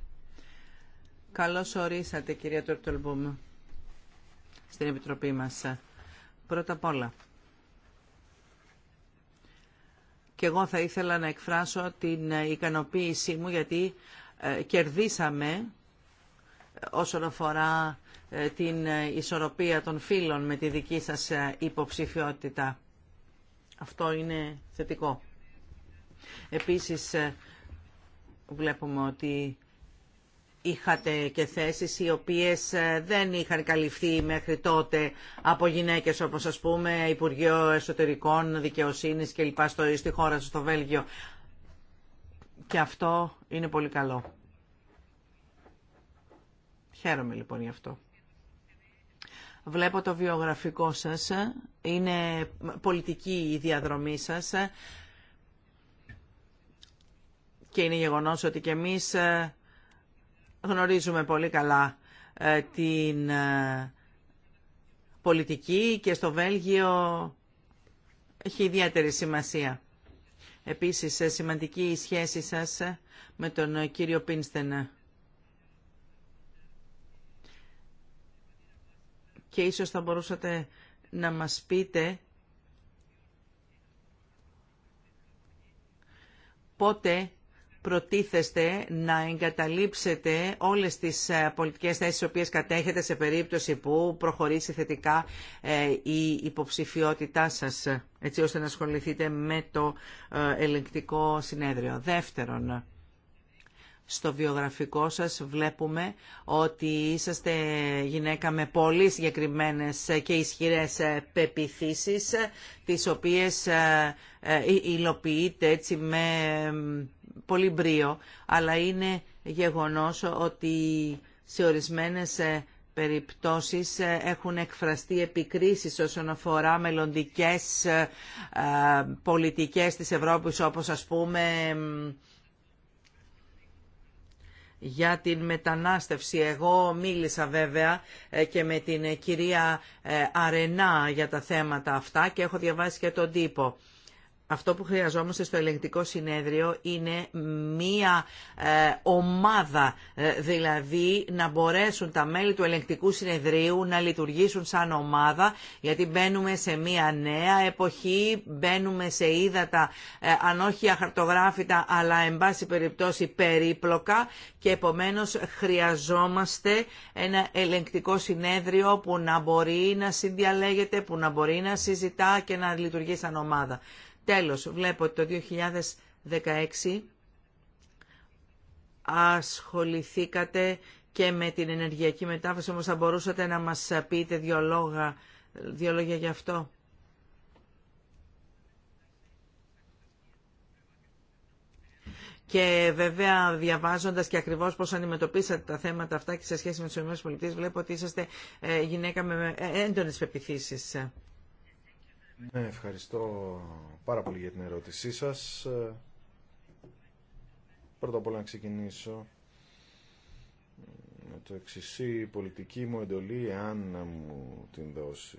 Καλώς ορίσατε κυρία Τουρτολμπούμ στην Επιτροπή μας. Πρώτα απ' όλα. Και εγώ θα ήθελα να εκφράσω την ικανοποίησή μου γιατί ε, κερδίσαμε ε, όσον αφορά ε, την ισορροπία των φίλων με τη δική σας υποψηφιότητα. Αυτό είναι θετικό. Επίσης βλέπουμε ότι είχατε και θέσεις οι οποίες ε, δεν είχαν καλυφθεί μέχρι τότε από γυναίκες όπως ας πούμε Υπουργείο Εσωτερικών Δικαιοσύνης και λοιπά στη χώρα σας στο Βέλγιο. Και αυτό είναι πολύ καλό. Χαίρομαι λοιπόν γι' αυτό. Βλέπω το βιογραφικό σας, είναι πολιτική η διαδρομή σας και είναι γεγονός ότι και εμείς ε, Γνωρίζουμε πολύ καλά ε, την ε, πολιτική και στο Βέλγιο έχει ιδιαίτερη σημασία. Επίσης, ε, σημαντική η σχέση σας με τον κύριο Πίνστεν. Και ίσως θα μπορούσατε να μας πείτε πότε προτίθεστε να εγκαταλείψετε όλες τις ε, πολιτικές θέσεις οι οποίες κατέχετε σε περίπτωση που προχωρήσει θετικά ε, η υποψηφιότητά σας, ε, έτσι ώστε να ασχοληθείτε με το ελεγκτικό συνέδριο. Δεύτερον, στο βιογραφικό σας βλέπουμε ότι είσαστε γυναίκα με πολύ συγκεκριμένες και ισχυρές ε, πεπιθήσεις, τις οποίες ε, ε, υλοποιείτε έτσι με πολύ μπρίο, αλλά είναι γεγονός ότι σε ορισμένες περιπτώσεις έχουν εκφραστεί επικρίσεις όσον αφορά μελλοντικές πολιτικές της Ευρώπης, όπως ας πούμε για την μετανάστευση. Εγώ μίλησα βέβαια ε, και με την ε, κυρία ε, Αρενά για τα θέματα αυτά και έχω διαβάσει και τον τύπο αυτό που χρειαζόμαστε στο ελεγκτικό συνέδριο είναι μία ε, ομάδα, ε, δηλαδή να μπορέσουν τα μέλη του ελεγκτικού συνεδρίου να λειτουργήσουν σαν ομάδα, γιατί μπαίνουμε σε μία νέα εποχή, μπαίνουμε σε ύδατα, ε, αν όχι αχαρτογράφητα, αλλά εν πάση περιπτώσει περίπλοκα και επομένως χρειαζόμαστε ένα ελεγκτικό συνέδριο που να μπορεί να συνδιαλέγεται, που να μπορεί να συζητά και να λειτουργεί σαν ομάδα. Τέλος, βλέπω ότι το 2016 ασχοληθήκατε και με την ενεργειακή μετάβαση, όμως θα μπορούσατε να μας πείτε δύο, δύο λόγια γι' αυτό. Και βέβαια, διαβάζοντα και ακριβώ πώ αντιμετωπίσατε τα θέματα αυτά και σε σχέση με τι ΗΠΑ, βλέπω ότι είσαστε ε, γυναίκα με έντονε πεπιθήσει. Ναι, ευχαριστώ πάρα πολύ για την ερώτησή σας. Πρώτα απ' όλα να ξεκινήσω με το εξισή πολιτική μου εντολή, να μου την δώσει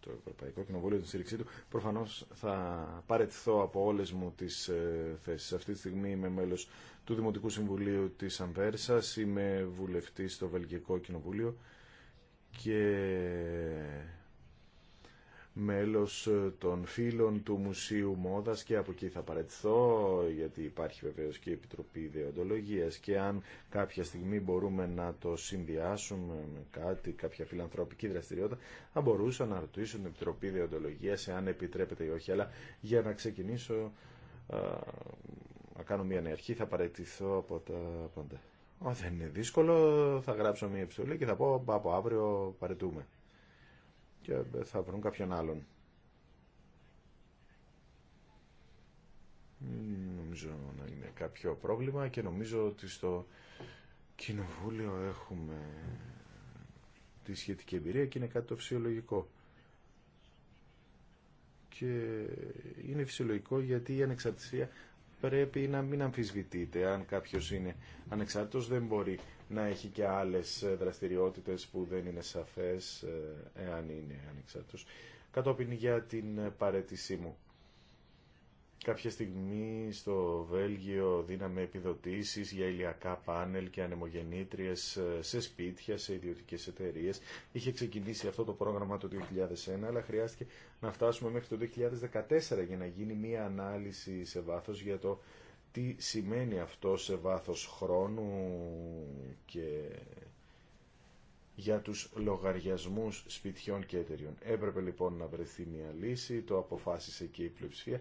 το Ευρωπαϊκό Κοινοβούλιο την στήριξή του, προφανώς θα παρετηθώ από όλες μου τις ε, θέσεις. Αυτή τη στιγμή είμαι μέλος του Δημοτικού Συμβουλίου της Αμβέρσας, είμαι βουλευτής στο Βελγικό Κοινοβούλιο και μέλος ε, των φίλων του Μουσείου Μόδας και από εκεί θα παρετηθώ γιατί υπάρχει βεβαίως και η Επιτροπή Ιδεοντολογίας και αν κάποια στιγμή μπορούμε να το συνδυάσουμε με κάτι, κάποια φιλανθρωπική δραστηριότητα θα μπορούσα να ρωτήσω την Επιτροπή Ιδεοντολογίας εάν επιτρέπεται ή όχι αλλά για να ξεκινήσω να κάνω μια νέα αρχή θα παρετηθώ από τα πάντα. Ό, δεν είναι δύσκολο, θα γράψω μια επιστολή και θα πω από αύριο παρετούμε και θα βρουν κάποιον άλλον. Νομίζω να είναι κάποιο πρόβλημα και νομίζω ότι στο κοινοβούλιο έχουμε τη σχετική εμπειρία και είναι κάτι το φυσιολογικό. Και είναι φυσιολογικό γιατί η ανεξαρτησία πρέπει να μην αμφισβητείται. Αν κάποιος είναι ανεξάρτητος δεν μπορεί να έχει και άλλες ε, δραστηριότητες που δεν είναι σαφές ε, εάν είναι ανεξάρτητος κατόπιν για την παρέτησή μου. Κάποια στιγμή στο Βέλγιο δίναμε επιδοτήσεις για ηλιακά πάνελ και ανεμογεννήτριες ε, σε σπίτια, σε ιδιωτικές εταιρείες. Είχε ξεκινήσει αυτό το πρόγραμμα το 2001, αλλά χρειάστηκε να φτάσουμε μέχρι το 2014 για να γίνει μία ανάλυση σε βάθος για το τι σημαίνει αυτό σε βάθος χρόνου και για τους λογαριασμούς σπιτιών και εταιριών. Έπρεπε λοιπόν να βρεθεί μια λύση, το αποφάσισε και η πλειοψηφία.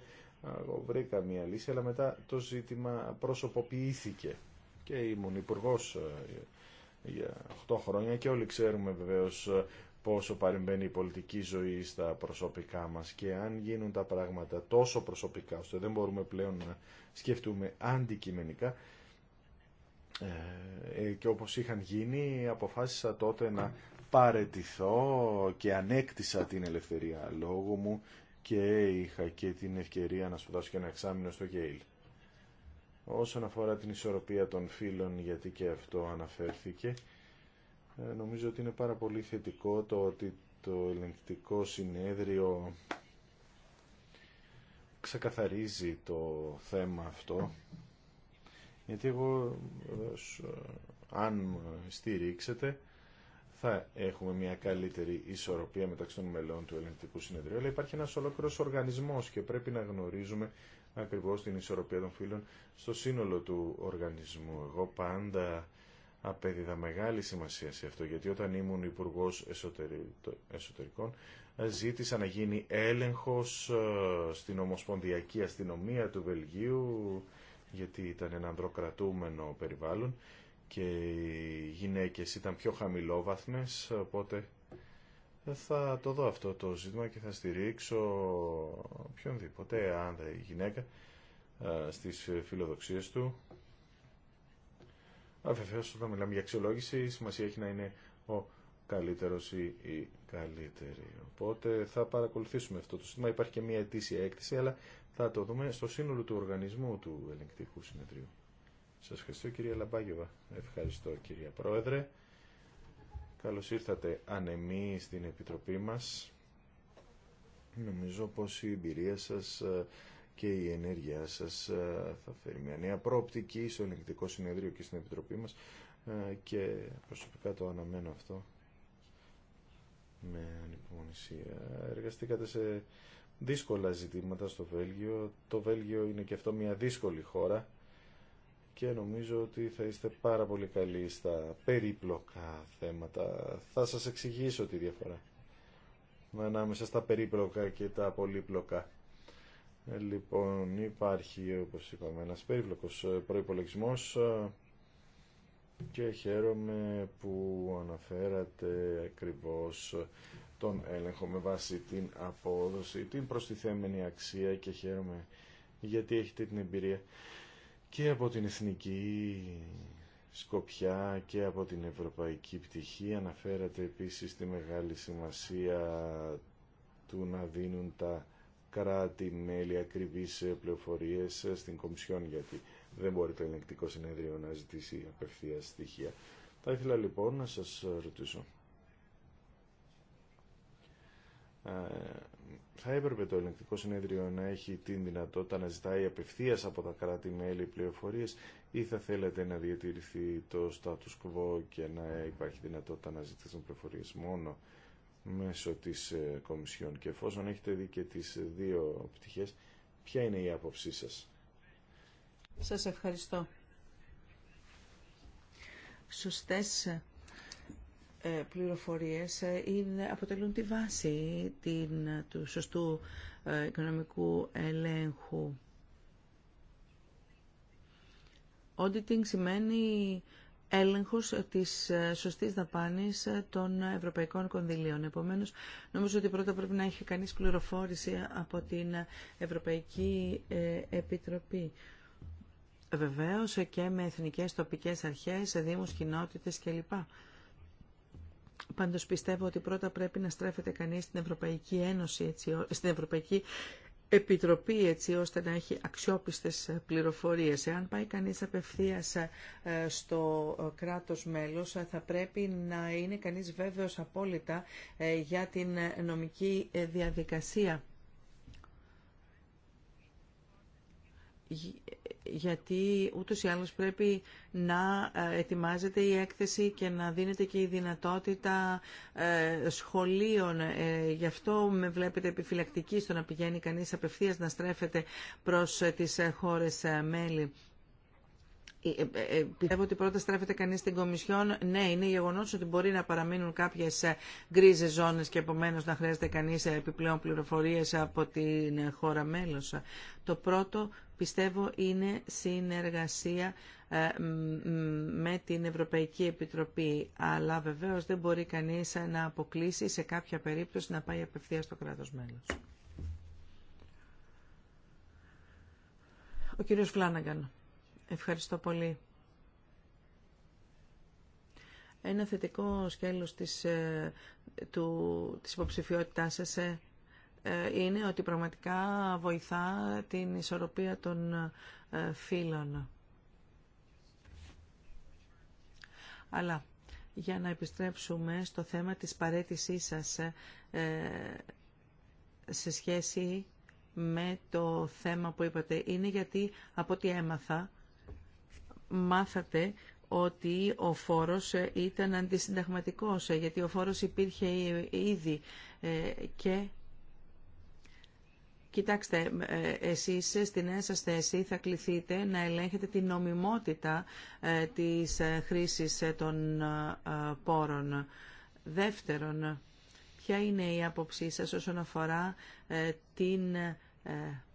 βρήκα μια λύση, αλλά μετά το ζήτημα προσωποποιήθηκε και ήμουν υπουργό ε, για 8 χρόνια και όλοι ξέρουμε βεβαίως πόσο παρεμβαίνει η πολιτική ζωή στα προσωπικά μας και αν γίνουν τα πράγματα τόσο προσωπικά ώστε δεν μπορούμε πλέον να σκεφτούμε αντικειμενικά ε, και όπως είχαν γίνει αποφάσισα τότε να παρετηθώ και ανέκτησα την ελευθερία λόγου μου και είχα και την ευκαιρία να σπουδάσω και ένα εξάμεινο στο Γέιλ. Όσον αφορά την ισορροπία των φίλων, γιατί και αυτό αναφέρθηκε, ε, νομίζω ότι είναι πάρα πολύ θετικό το ότι το ελεγκτικό συνέδριο ξεκαθαρίζει το θέμα αυτό γιατί εγώ ε, αν στηρίξετε θα έχουμε μια καλύτερη ισορροπία μεταξύ των μελών του ελεγκτικού συνεδρίου αλλά υπάρχει ένας ολόκληρος οργανισμός και πρέπει να γνωρίζουμε ακριβώς την ισορροπία των φίλων στο σύνολο του οργανισμού. Εγώ πάντα απέδιδα μεγάλη σημασία σε αυτό, γιατί όταν ήμουν υπουργό Εσωτερικών ε, ζήτησα να γίνει έλεγχος ε, στην Ομοσπονδιακή Αστυνομία του Βελγίου, γιατί ήταν ένα ανδροκρατούμενο περιβάλλον και οι γυναίκες ήταν πιο χαμηλόβαθμες, οπότε ε, θα το δω αυτό το ζήτημα και θα στηρίξω οποιονδήποτε άνδρα ή γυναίκα στις φιλοδοξίες του Βεβαίω, όταν μιλάμε για αξιολόγηση, η σημασία έχει να είναι ο καλύτερο ή η καλύτερη. Οπότε θα παρακολουθήσουμε αυτό το σύστημα. Υπάρχει και μια ετήσια έκθεση, αλλά θα το δούμε στο σύνολο του οργανισμού του ελεγκτικού συνεδρίου. Σας ευχαριστώ κυρία Λαμπάγεβα. Ευχαριστώ κυρία Πρόεδρε. Καλώς ήρθατε ανεμή στην Επιτροπή μα. Νομίζω πω η εμπειρία σα. Ε, και η ενέργειά σας ε, θα φέρει μια νέα προοπτική στο ελεγκτικό συνεδρίο και στην Επιτροπή μας ε, και προσωπικά το αναμένω αυτό με ανυπομονησία. Εργαστήκατε σε δύσκολα ζητήματα στο Βέλγιο. Το Βέλγιο είναι και αυτό μια δύσκολη χώρα και νομίζω ότι θα είστε πάρα πολύ καλοί στα περίπλοκα θέματα. Θα σας εξηγήσω τη διαφορά ανάμεσα στα περίπλοκα και τα πολύπλοκα. Ε, λοιπόν, υπάρχει, όπως είπαμε, ένας περίπλοκος ε, προϋπολογισμός ε, και χαίρομαι που αναφέρατε ακριβώς τον έλεγχο με βάση την απόδοση, την προστιθέμενη αξία και χαίρομαι γιατί έχετε την εμπειρία και από την εθνική σκοπιά και από την ευρωπαϊκή πτυχή. Αναφέρατε επίσης τη μεγάλη σημασία του να δίνουν τα κράτη-μέλη ακριβή πληροφορίε στην Κομισιόν γιατί δεν μπορεί το ελεγκτικό συνέδριο να ζητήσει απευθεία στοιχεία. Θα ήθελα λοιπόν να σα ρωτήσω. Ε, θα έπρεπε το ελεγκτικό συνέδριο να έχει την δυνατότητα να ζητάει απευθεία από τα κράτη-μέλη πληροφορίε. ή θα θέλετε να διατηρηθεί το status quo και να υπάρχει δυνατότητα να ζητήσουν πληροφορίε μόνο μέσω της ε, Κομισιόν και εφόσον έχετε δει και τις δύο πτυχές, ποια είναι η άποψή σας. Σας ευχαριστώ. Σωστές ε, πληροφορίες ε, είναι, αποτελούν τη βάση την, του σωστού οικονομικού ελέγχου. Auditing σημαίνει έλεγχους της ε, σωστής δαπάνης ε, των ευρωπαϊκών κονδυλίων. Επομένως, νομίζω ότι πρώτα πρέπει να έχει κανείς πληροφόρηση από την Ευρωπαϊκή ε, Επιτροπή. Βεβαίως και με εθνικές τοπικές αρχές, δήμους, κοινότητες κλπ. Πάντως πιστεύω ότι πρώτα πρέπει να στρέφεται κανείς στην Ευρωπαϊκή Ένωση, έτσι, στην Ευρωπαϊκή Επιτροπή έτσι ώστε να έχει αξιόπιστες πληροφορίες. Εάν πάει κανείς απευθείας ε, στο ε, κράτος μέλος ε, θα πρέπει να είναι κανείς βέβαιος απόλυτα για την νομική διαδικασία γιατί ούτως ή άλλως πρέπει να ε, ετοιμάζεται η έκθεση και να δίνεται και η δυνατότητα ε, σχολείων. Ε, γι' αυτό με βλέπετε επιφυλακτική στο να πηγαίνει κανείς απευθείας να στρέφεται προς τις χώρες μέλη. Πιστεύω ότι πρώτα στρέφεται κανείς στην Κομισιόν. Ναι, είναι γεγονός ότι μπορεί να παραμείνουν κάποιες γκρίζες ζώνες και επομένως να χρειάζεται κανείς επιπλέον πληροφορίες από την χώρα μέλος. Το πρώτο πιστεύω είναι συνεργασία ε, με την Ευρωπαϊκή Επιτροπή. Αλλά βεβαίως δεν μπορεί κανείς να αποκλείσει σε κάποια περίπτωση να πάει απευθεία στο κράτος μέλος. Ο κύριος Φλάναγκαν. Ευχαριστώ πολύ. Ένα θετικό σκέλος της, ε, του, της υποψηφιότητάς σας ε, ε, είναι ότι πραγματικά βοηθά την ισορροπία των ε, φύλων. Αλλά για να επιστρέψουμε στο θέμα της παρέτησής σας ε, σε σχέση με το θέμα που είπατε. Είναι γιατί από ό,τι έμαθα, μάθατε ότι ο φόρος ήταν αντισυνταγματικός, γιατί ο φόρος υπήρχε ήδη και Κοιτάξτε, ε, εσείς στη νέα σας θέση θα κληθείτε να ελέγχετε την νομιμότητα ε, της ε, χρήσης των πόρων. Δεύτερον, ποια είναι η άποψή σας όσον αφορά την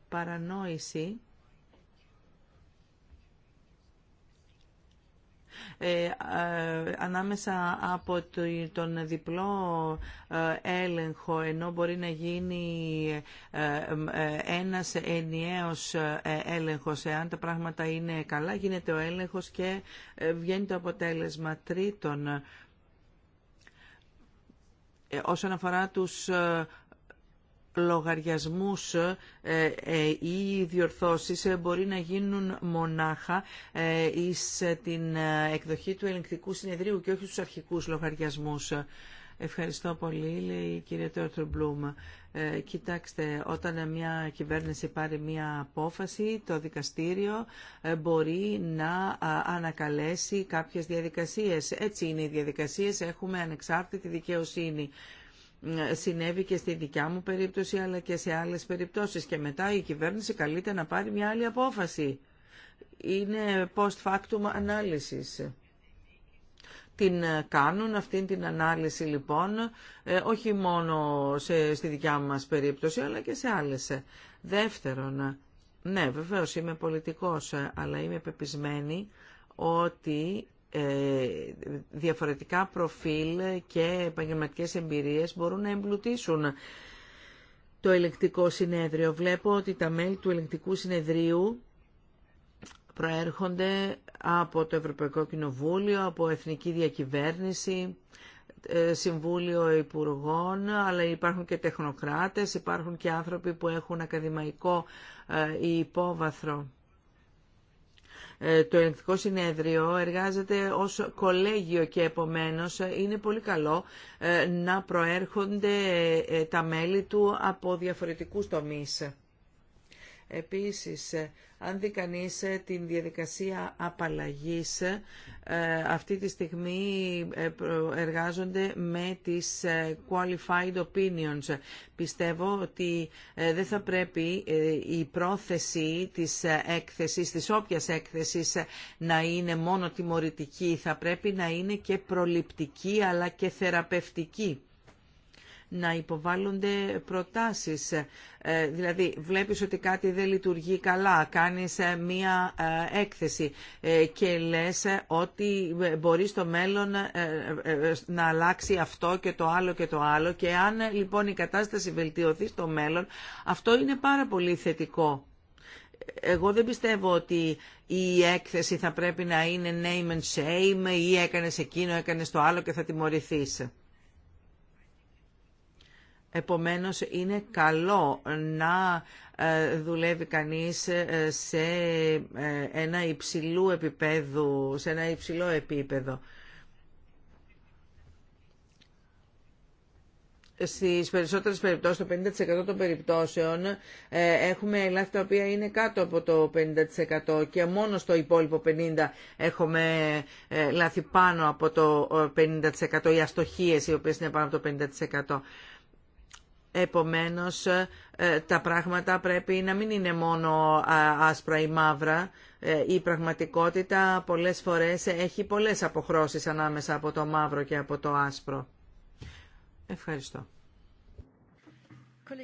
παρανόηση Ε, ε, ανάμεσα από τον διπλό ε, έλεγχο ενώ μπορεί να γίνει ένας ενιαίος έλεγχος εάν τα πράγματα είναι καλά γίνεται ο έλεγχος και βγαίνει το αποτέλεσμα τρίτον όσον αφορά τους λογαριασμούς ή ε, ε, διορθώσεις ε, μπορεί να γίνουν μονάχα σε την εκδοχή του ελεγκτικού συνεδρίου και όχι στους αρχικούς λογαριασμούς. Ευχαριστώ πολύ, λέει η κυρία Μπλουμ. κοιτάξτε, όταν μια κυβέρνηση πάρει μια απόφαση, το δικαστήριο μπορεί να ανακαλέσει κάποιες διαδικασίες. Έτσι είναι οι διαδικασίες, έχουμε ανεξάρτητη δικαιοσύνη συνέβη και στη δικιά μου περίπτωση αλλά και σε άλλες περιπτώσεις και μετά η κυβέρνηση καλείται να πάρει μια άλλη απόφαση. Είναι post factum ανάλυσης. Την κάνουν αυτήν την ανάλυση λοιπόν, ε, όχι μόνο στη δικιά μας περίπτωση αλλά και σε άλλες. Δεύτερον, ναι βεβαίως είμαι πολιτικός ε, αλλά είμαι πεπισμένη ότι ε, διαφορετικά προφίλ και επαγγελματικέ εμπειρίες μπορούν να εμπλουτίσουν το ελεκτικό συνέδριο. Βλέπω ότι τα μέλη του ελεκτικού συνεδρίου προέρχονται από το Ευρωπαϊκό Κοινοβούλιο, από Εθνική Διακυβέρνηση, ε, Συμβούλιο Υπουργών, αλλά υπάρχουν και τεχνοκράτες, υπάρχουν και άνθρωποι που έχουν ακαδημαϊκό ε, υπόβαθρο. Ε, το Ελληνικό Συνέδριο εργάζεται ως κολέγιο και επομένως είναι πολύ καλό ε, να προέρχονται ε, τα μέλη του από διαφορετικούς τομείς. Επίσης, ε, αν δει κανείς ε, την διαδικασία απαλλαγής, ε, αυτή τη στιγμή εργάζονται με τις qualified opinions. Πιστεύω ότι δεν θα πρέπει η πρόθεση της έκθεσης, της όποιας έκθεσης, να είναι μόνο τιμωρητική. Θα πρέπει να είναι και προληπτική αλλά και θεραπευτική να υποβάλλονται προτάσεις. Ε, δηλαδή βλέπεις ότι κάτι δεν λειτουργεί καλά, κάνεις ε, μία ε, έκθεση και λες ότι μπορεί στο μέλλον να αλλάξει αυτό και το άλλο και το άλλο και αν λοιπόν η κατάσταση βελτιωθεί στο μέλλον, αυτό είναι πάρα πολύ θετικό. Εγώ δεν πιστεύω ότι η έκθεση θα πρέπει να είναι name and shame ή έκανες εκείνο, έκανες το άλλο και θα τιμωρηθείς. Επομένως είναι καλό να ε, δουλεύει κανείς ε, σε ε, ένα υψηλό επίπεδο, σε ένα υψηλό επίπεδο. στις περισσότερες περιπτώσεις, το 50% των περιπτώσεων, έχουμε ελάχιστα τα οποία είναι κάτω από το 50% και μόνο στο υπόλοιπο 50% έχουμε λάθη πάνω από το 50% οι αστοχίες οι οποίες είναι πάνω από το 50%. Επομένως, ε, τα πράγματα πρέπει να μην είναι μόνο άσπρα ή μαύρα. Ε, η πραγματικότητα πολλές φορές έχει πολλές αποχρώσεις ανάμεσα από το μαύρο και από το άσπρο. Ευχαριστώ. Ο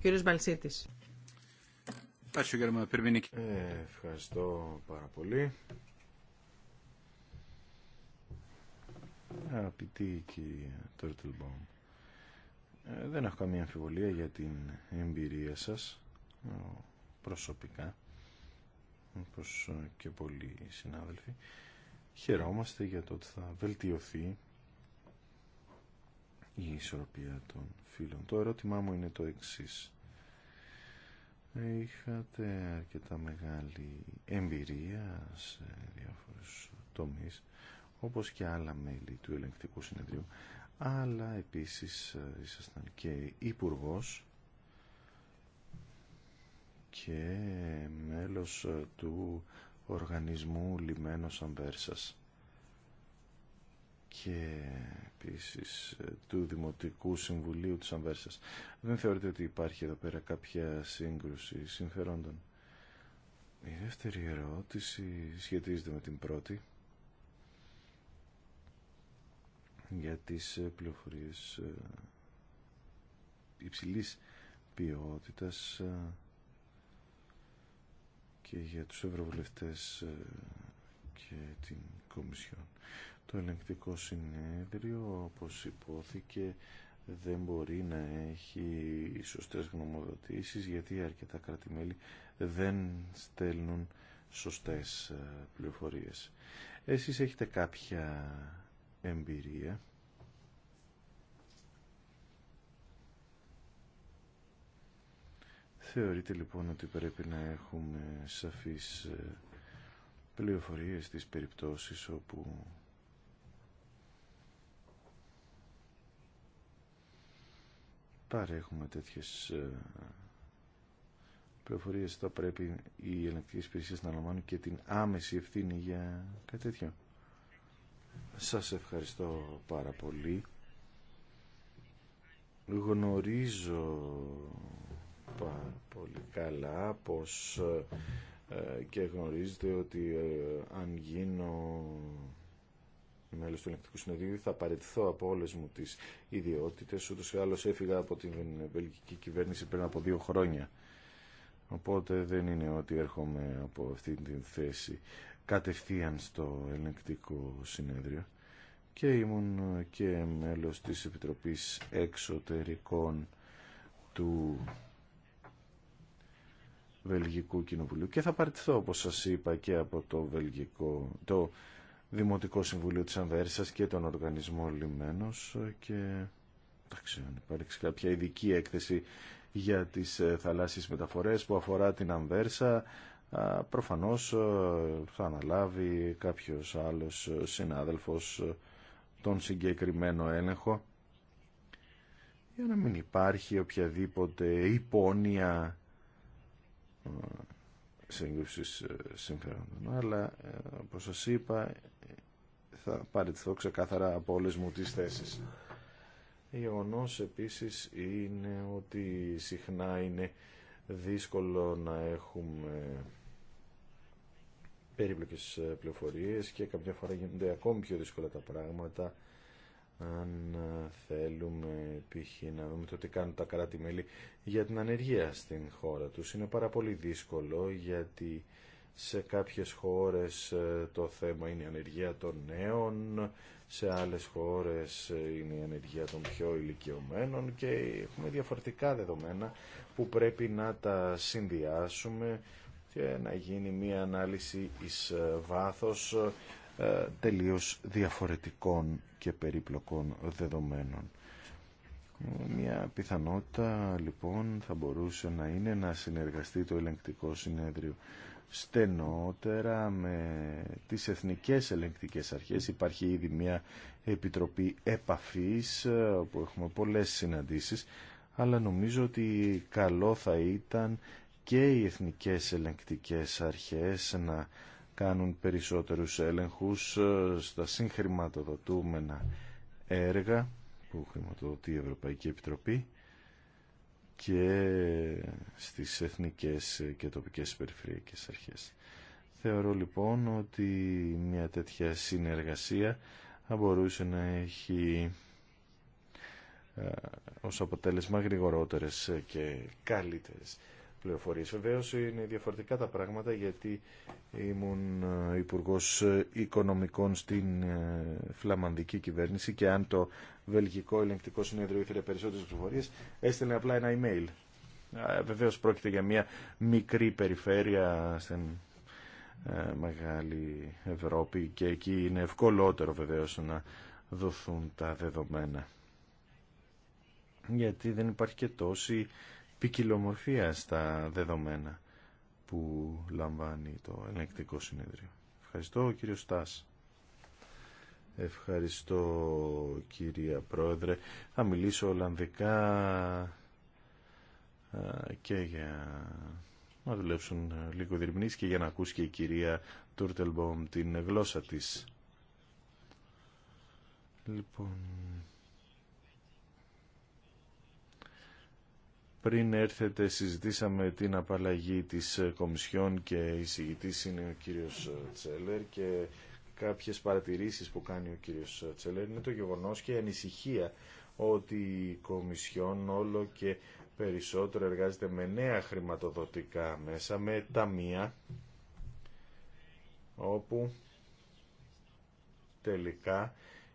κύριος Μπαλσίτης. Ε, ευχαριστώ πάρα πολύ. Αγαπητή κυρία Bomb. Ε, δεν έχω καμία αμφιβολία για την εμπειρία σας προσωπικά όπως ε, και πολλοί συνάδελφοι χαιρόμαστε για το ότι θα βελτιωθεί η ισορροπία των φίλων. Το ερώτημά μου είναι το εξής. Είχατε αρκετά μεγάλη εμπειρία σε διάφορους τομείς, όπως και άλλα μέλη του ελεγκτικού συνεδρίου αλλά επίσης ε, ήσασταν και υπουργό και μέλος ε, του οργανισμού Λιμένος Αμβέρσας και επίσης ε, του Δημοτικού Συμβουλίου της Αμβέρσας. Δεν θεωρείτε ότι υπάρχει εδώ πέρα κάποια σύγκρουση συμφερόντων. Η δεύτερη ερώτηση σχετίζεται με την πρώτη. για τις ε, πληροφορίες ε, υψηλής ποιότητας ε, και για τους ευρωβουλευτές και την Κομισιόν. Το ελεγκτικό συνέδριο, όπως υπόθηκε, δεν μπορεί να έχει σωστές γνωμοδοτήσεις γιατί αρκετά κράτη-μέλη δεν στέλνουν σωστές πληροφορίες. Εσείς έχετε κάποια εμπειρία Θεωρείται λοιπόν ότι πρέπει να έχουμε σαφείς ε, πληροφορίες στις περιπτώσεις όπου παρέχουμε τέτοιες ε, πληροφορίες θα πρέπει οι ελεγκτικές υπηρεσίες να λαμβάνουν και την άμεση ευθύνη για κάτι τέτοιο. Σας ευχαριστώ πάρα πολύ. Γνωρίζω πάρα πολύ καλά πως ε, και γνωρίζετε ότι ε, αν γίνω μέλος του Ελεκτικού Συνεδρίου, θα παραιτηθώ από όλες μου τις ιδιότητες ούτως ή άλλως έφυγα από την βελγική κυβέρνηση πριν από δύο χρόνια. Οπότε δεν είναι ότι έρχομαι από αυτή την θέση κατευθείαν στο ελεγκτικό συνέδριο και ήμουν και μέλος της Επιτροπής Εξωτερικών του Βελγικού Κοινοβουλίου και θα παρτιθώ όπως σας είπα και από το, Βελγικό, το Δημοτικό Συμβουλίο της Ανδέρσας και τον Οργανισμό Λιμένος και εντάξει, αν υπάρξει κάποια ειδική έκθεση για τις ε, θαλάσσιες μεταφορές που αφορά την Ανδέρσα προφανώς ε, θα αναλάβει κάποιος άλλος συνάδελφος ε, τον συγκεκριμένο έλεγχο για να μην υπάρχει οποιαδήποτε υπόνοια ε, σύγκρουση συμφέροντων. Αλλά, όπως σας είπα, θα παραιτηθώ ξεκάθαρα από όλες μου τις θέσεις. Γεγονό επίσης είναι ότι συχνά είναι δύσκολο να έχουμε περίπλοκες ε, πληροφορίες και κάποια φορά γίνονται ακόμη πιο δύσκολα τα πράγματα αν ε, θέλουμε π.χ. να δούμε το τι κάνουν τα κράτη-μέλη για την ανεργία στην χώρα τους. Είναι πάρα πολύ δύσκολο γιατί σε κάποιες χώρες ε, το θέμα είναι η ανεργία των νέων, σε άλλες χώρες είναι η ανεργία των πιο ηλικιωμένων και έχουμε διαφορετικά δεδομένα που πρέπει να τα συνδυάσουμε και να γίνει μία ανάλυση εις ε, βάθος ε, τελείως διαφορετικών και περίπλοκων δεδομένων. Μια πιθανότητα λοιπόν θα μπορούσε να είναι να συνεργαστεί το ελεγκτικό συνέδριο στενότερα με τις εθνικές ελεγκτικές αρχές. Υπάρχει ήδη μια επιτροπή επαφής ε, όπου έχουμε πολλές συναντήσεις αλλά νομίζω ότι καλό θα ήταν και οι εθνικές ελεγκτικές αρχές να κάνουν περισσότερους έλεγχους ε, στα συγχρηματοδοτούμενα έργα που χρηματοδοτεί η Ευρωπαϊκή Επιτροπή και στις εθνικές και τοπικές περιφερειακές αρχές. Θεωρώ λοιπόν ότι μια τέτοια συνεργασία θα μπορούσε να έχει ε, ως αποτέλεσμα γρηγορότερες και καλύτερες πληροφορίες. Βεβαίως είναι διαφορετικά τα πράγματα γιατί ήμουν ε, υπουργό Οικονομικών στην ε, φλαμανδική κυβέρνηση και αν το Βελγικό Ελεγκτικό Συνέδριο ήθελε περισσότερες πληροφορίες έστελνε απλά ένα email. Βεβαίως πρόκειται για μια μικρή περιφέρεια στην ε, μεγάλη Ευρώπη και εκεί είναι ευκολότερο βεβαίω να δοθούν τα δεδομένα. Γιατί δεν υπάρχει και τόση ποικιλομορφία στα δεδομένα που λαμβάνει το ελεγκτικό συνέδριο. Ευχαριστώ κύριο Στάς. Ευχαριστώ κυρία Πρόεδρε. Θα μιλήσω Ολλανδικά και για να δουλέψουν λίγο διερμηνείς και για να ακούσει και η κυρία Τούρτελμπομ την γλώσσα της. Λοιπόν, Πριν έρθετε συζητήσαμε την απαλλαγή της Κομισιόν και η είναι ο κύριος Τσέλερ και κάποιες παρατηρήσεις που κάνει ο κύριος Τσέλερ είναι το γεγονός και η ανησυχία ότι η Κομισιόν όλο και περισσότερο εργάζεται με νέα χρηματοδοτικά μέσα, με ταμεία όπου τελικά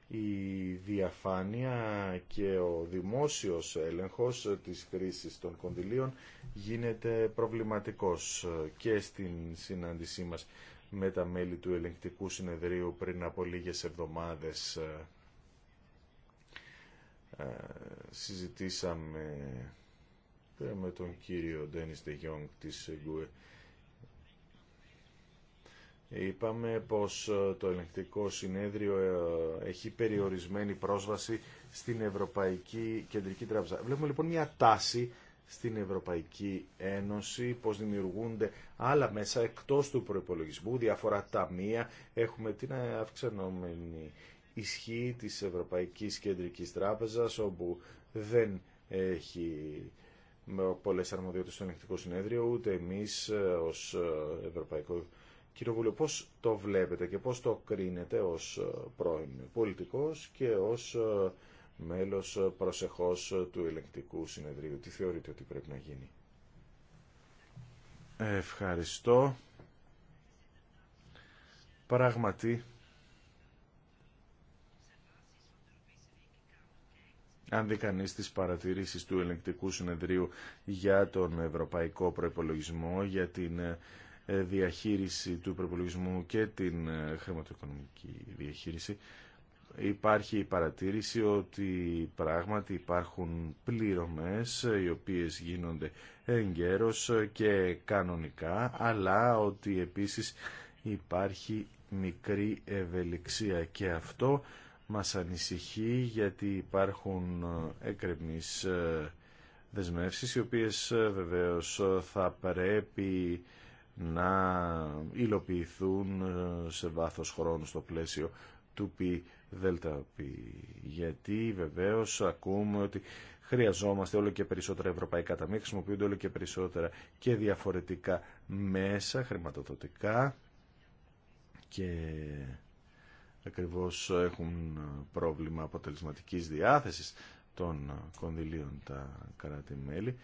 η διαφάνεια και ο δημόσιος έλεγχος της χρήσης των κονδυλίων γίνεται προβληματικός και στην συνάντησή μας με τα μέλη του ελεγκτικού συνεδρίου πριν από λίγες εβδομάδες ε, συζητήσαμε με τον κύριο Ντένις Ντεγιόγκ της ΓΚΟΕ Είπαμε πως ε, το ελεγκτικό συνέδριο ε, έχει περιορισμένη πρόσβαση στην Ευρωπαϊκή Κεντρική Τράπεζα. Βλέπουμε λοιπόν μια τάση στην Ευρωπαϊκή Ένωση, πως δημιουργούνται άλλα μέσα εκτός του προϋπολογισμού, διάφορα ταμεία, έχουμε την αυξανόμενη ισχύ της Ευρωπαϊκής Κεντρικής Τράπεζας, όπου δεν έχει ε, πολλές αρμοδιότητες στο ελεγκτικό συνέδριο, ούτε εμείς ως Ευρωπαϊκό Βούλιο, πώς το βλέπετε και πώς το κρίνετε ως ε, πρώην πολιτικός και ως ε, μέλος ε, προσεχώς του ελεκτικού συνεδρίου. Τι θεωρείτε ότι πρέπει να γίνει. Ευχαριστώ. Πράγματι, αν δει κανείς τις παρατηρήσεις του ελεγκτικού συνεδρίου για τον ευρωπαϊκό προϋπολογισμό, για την ε, διαχείριση του προπολογισμού και την ε, χρηματοοικονομική διαχείριση υπάρχει η παρατήρηση ότι πράγματι υπάρχουν πληρωμές ε, οι οποίες γίνονται εγκαίρως και κανονικά αλλά ότι επίσης υπάρχει μικρή ευελιξία και αυτό μας ανησυχεί γιατί υπάρχουν εκρεμείς δεσμεύσεις οι οποίες βεβαίως θα πρέπει να υλοποιηθούν ε, σε βάθος χρόνου στο πλαίσιο του πι δέλτα Γιατί βεβαίως ακούμε ότι χρειαζόμαστε όλο και περισσότερα ευρωπαϊκά ταμεία, χρησιμοποιούνται όλο και περισσότερα και διαφορετικά μέσα χρηματοδοτικά και ακριβώς έχουν πρόβλημα αποτελεσματικής διάθεσης των κονδυλίων τα κράτη-μέλη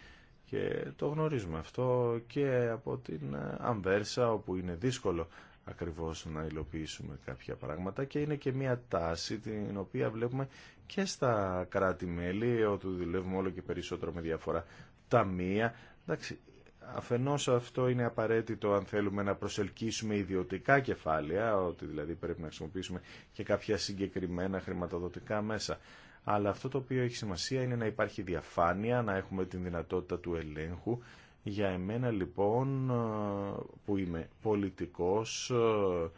και το γνωρίζουμε αυτό και από την Αμβέρσα, όπου είναι δύσκολο ακριβώς να υλοποιήσουμε κάποια πράγματα και είναι και μια τάση την οποία βλέπουμε και στα κράτη-μέλη, ότι δουλεύουμε όλο και περισσότερο με διαφορά ταμεία. Εντάξει, αφενός αυτό είναι απαραίτητο αν θέλουμε να προσελκύσουμε ιδιωτικά κεφάλαια, ότι δηλαδή πρέπει να χρησιμοποιήσουμε και κάποια συγκεκριμένα χρηματοδοτικά μέσα αλλά αυτό το οποίο έχει σημασία είναι να υπάρχει διαφάνεια, να έχουμε την δυνατότητα του ελέγχου. Για εμένα λοιπόν ε, που είμαι πολιτικός ε,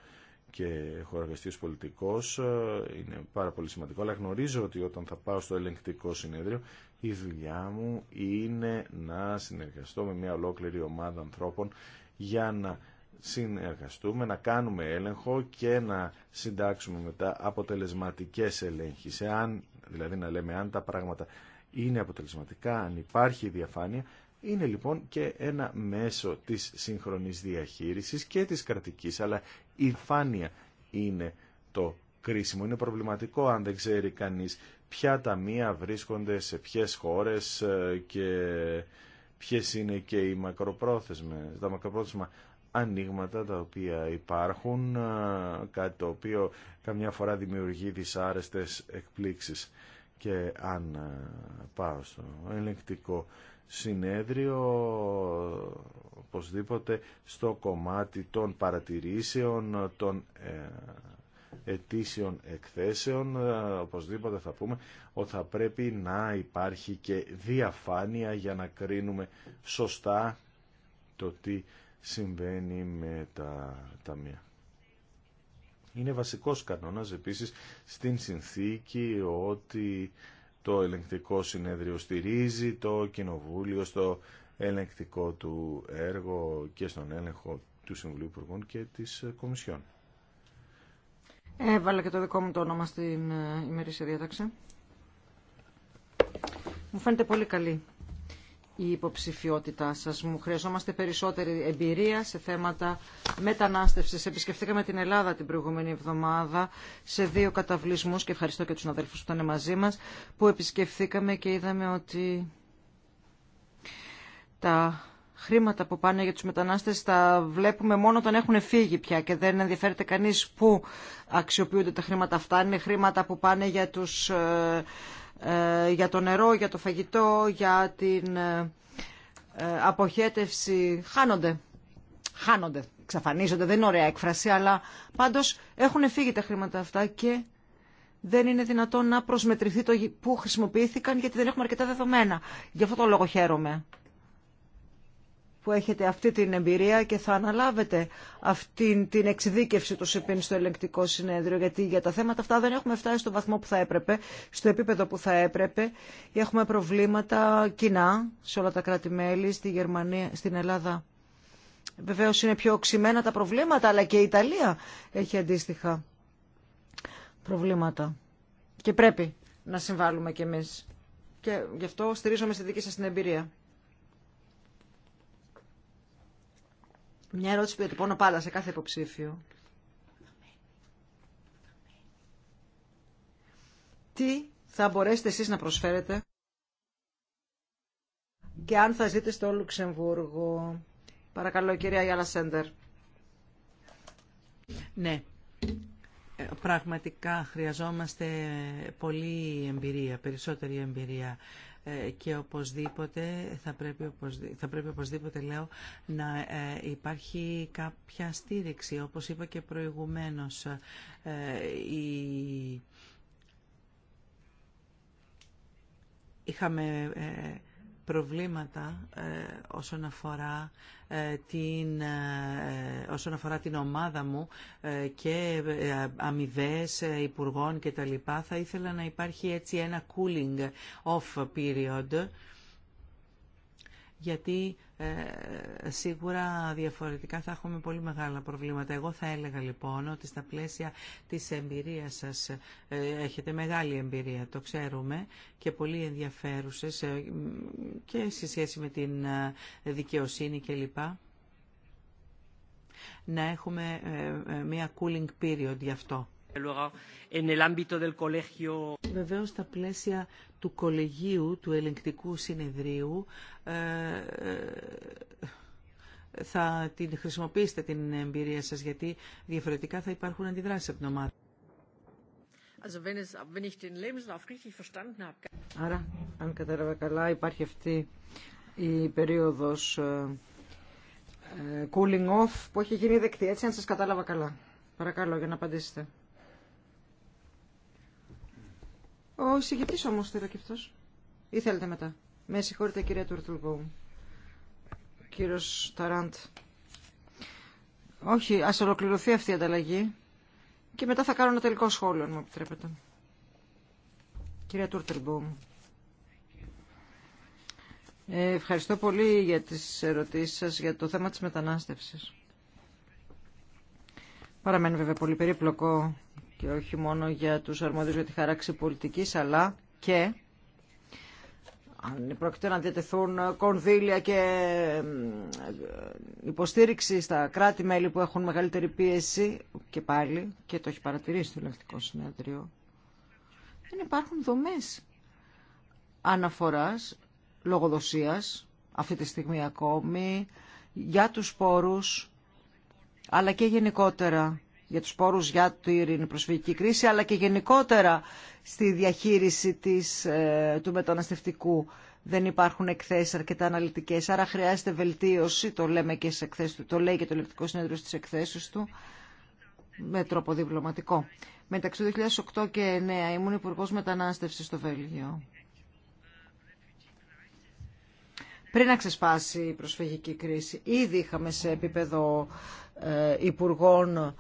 και έχω εργαστεί πολιτικός ε, είναι πάρα πολύ σημαντικό, αλλά γνωρίζω ότι όταν θα πάω στο ελεγκτικό συνέδριο η δουλειά μου είναι να συνεργαστώ με μια ολόκληρη ομάδα ανθρώπων για να συνεργαστούμε, να κάνουμε έλεγχο και να συντάξουμε μετά αποτελεσματικές ελέγχεις. Δηλαδή να λέμε αν τα πράγματα είναι αποτελεσματικά, αν υπάρχει διαφάνεια, είναι λοιπόν και ένα μέσο της σύγχρονης διαχείρισης και της κρατικής, αλλά η φάνεια είναι το κρίσιμο. Είναι προβληματικό αν δεν ξέρει κανείς ποια ταμεία βρίσκονται σε ποιες χώρες ε, και ποιες είναι και οι μακροπρόθεσμες, τα μακροπρόθεσμα ανοίγματα τα οποία υπάρχουν, κάτι το οποίο καμιά φορά δημιουργεί δυσάρεστες εκπλήξεις. Και αν πάω στο ελεγκτικό συνέδριο, οπωσδήποτε στο κομμάτι των παρατηρήσεων, των ε, ετήσιων εκθέσεων οπωσδήποτε θα πούμε ότι θα πρέπει να υπάρχει και διαφάνεια για να κρίνουμε σωστά το τι συμβαίνει με τα ταμεία. Είναι βασικός κανόνας επίσης στην συνθήκη ότι το ελεγκτικό συνέδριο στηρίζει το κοινοβούλιο στο ελεγκτικό του έργο και στον έλεγχο του Συμβουλίου Υπουργών και της Κομισιόν. Έβαλα και το δικό μου το όνομα στην ε, ημερήσια διάταξη. Μου φαίνεται πολύ καλή η υποψηφιότητά σας μου. Χρειαζόμαστε περισσότερη εμπειρία σε θέματα μετανάστευσης. Επισκεφτήκαμε την Ελλάδα την προηγούμενη εβδομάδα σε δύο καταβλισμούς και ευχαριστώ και τους αδέλφους που ήταν μαζί μας που επισκεφθήκαμε και είδαμε ότι τα χρήματα που πάνε για τους μετανάστες τα βλέπουμε μόνο όταν έχουν φύγει πια και δεν ενδιαφέρεται κανείς πού αξιοποιούνται τα χρήματα αυτά. Είναι χρήματα που πάνε για τους ε, ε, για το νερό, για το φαγητό, για την ε, ε, αποχέτευση χάνονται. Χάνονται, Ξαφανίζονται, δεν είναι ωραία έκφραση, αλλά πάντως έχουν φύγει τα χρήματα αυτά και δεν είναι δυνατόν να προσμετρηθεί το που χρησιμοποιήθηκαν γιατί δεν έχουμε αρκετά δεδομένα. Γι' αυτό το λόγο χαίρομαι που έχετε αυτή την εμπειρία και θα αναλάβετε αυτή την εξειδίκευση του ΣΥΠΗΝ στο ελεγκτικό συνέδριο, γιατί για τα θέματα αυτά δεν έχουμε φτάσει στο βαθμό που θα έπρεπε, στο επίπεδο που θα έπρεπε. Έχουμε προβλήματα κοινά σε όλα τα κράτη-μέλη, στη Γερμανία, στην Ελλάδα. Βεβαίω είναι πιο οξυμένα τα προβλήματα, αλλά και η Ιταλία έχει αντίστοιχα προβλήματα. Και πρέπει να συμβάλλουμε κι εμείς. Και γι' αυτό στηρίζομαι στη δική σας την εμπειρία. Μια ερώτηση που διατυπώνω πάντα σε κάθε υποψήφιο. Τι θα μπορέσετε εσείς να προσφέρετε και αν θα ζείτε στο Λουξεμβούργο. Παρακαλώ κυρία Γιάλα Σέντερ. Ναι, ε, πραγματικά χρειαζόμαστε πολύ εμπειρία, περισσότερη εμπειρία. Ε, και οπωσδήποτε θα πρέπει, θα πρέπει οπωσδήποτε λέω να ε, υπάρχει κάποια στήριξη όπως είπα και προηγουμένως ε, είχαμε προβλήματα ε, όσον αφορά ε, την, ε, όσον αφορά την ομάδα μου και αμοιβέ υπουργών και τα λοιπά, θα ήθελα να υπάρχει έτσι ένα cooling off period, γιατί ε, σίγουρα διαφορετικά θα έχουμε πολύ μεγάλα προβλήματα. Εγώ θα έλεγα λοιπόν ότι στα πλαίσια της εμπειρίας σας ε, έχετε μεγάλη εμπειρία, το ξέρουμε, και πολύ ενδιαφέρουσες ε, και σε σχέση με την δικαιοσύνη κλπ να έχουμε μια cooling period γι' αυτό. Βεβαίω στα πλαίσια του κολεγίου του ελεγκτικού συνεδρίου ε, ε, θα την χρησιμοποιήσετε την εμπειρία σας γιατί διαφορετικά θα υπάρχουν αντιδράσεις από την ομάδα. Άρα, αν κατάλαβα καλά, υπάρχει αυτή η περίοδος ε, cooling off που έχει γίνει δεκτή. Έτσι, αν σας κατάλαβα καλά. Παρακαλώ, για να απαντήσετε. Ο εισηγητής όμως μετά. Με συγχωρείτε και αυτός. Ή θέλετε μετά. Με συγχωρείτε κυρία Τουρτουργού. Κύριος Ταράντ. Όχι, ας ολοκληρωθεί αυτή η ανταλλαγή. Και μετά θα κάνω ένα τελικό σχόλιο, αν μου επιτρέπετε. Κυρία Τούρτελμπομ. Ε, ευχαριστώ πολύ για τις ερωτήσεις σας για το θέμα της μετανάστευσης. Παραμένει βέβαια πολύ περίπλοκο και όχι μόνο για τους αρμόδιους για τη χαράξη πολιτικής, αλλά και αν πρόκειται να διατεθούν κονδύλια και υποστήριξη στα κράτη-μέλη που έχουν μεγαλύτερη πίεση και πάλι, και το έχει παρατηρήσει το Ελεκτικό Συνέδριο, δεν υπάρχουν δομές αναφοράς, λογοδοσίας, αυτή τη στιγμή ακόμη, για τους πόρους, αλλά και γενικότερα για τους πόρους για την προσφυγική κρίση, αλλά και γενικότερα στη διαχείριση της, ε, του μεταναστευτικού. Δεν υπάρχουν εκθέσεις αρκετά αναλυτικέ. άρα χρειάζεται βελτίωση, το, λέμε και σε εκθέσεις, το λέει και το Λεπτικό Συνέδριο στι εκθέσεις του, με τρόπο διπλωματικό. Μεταξύ 2008 και 2009 ήμουν υπουργό Μετανάστευση στο Βέλγιο. Πριν να ξεσπάσει η προσφυγική κρίση, ήδη είχαμε σε επίπεδο ε, υπουργών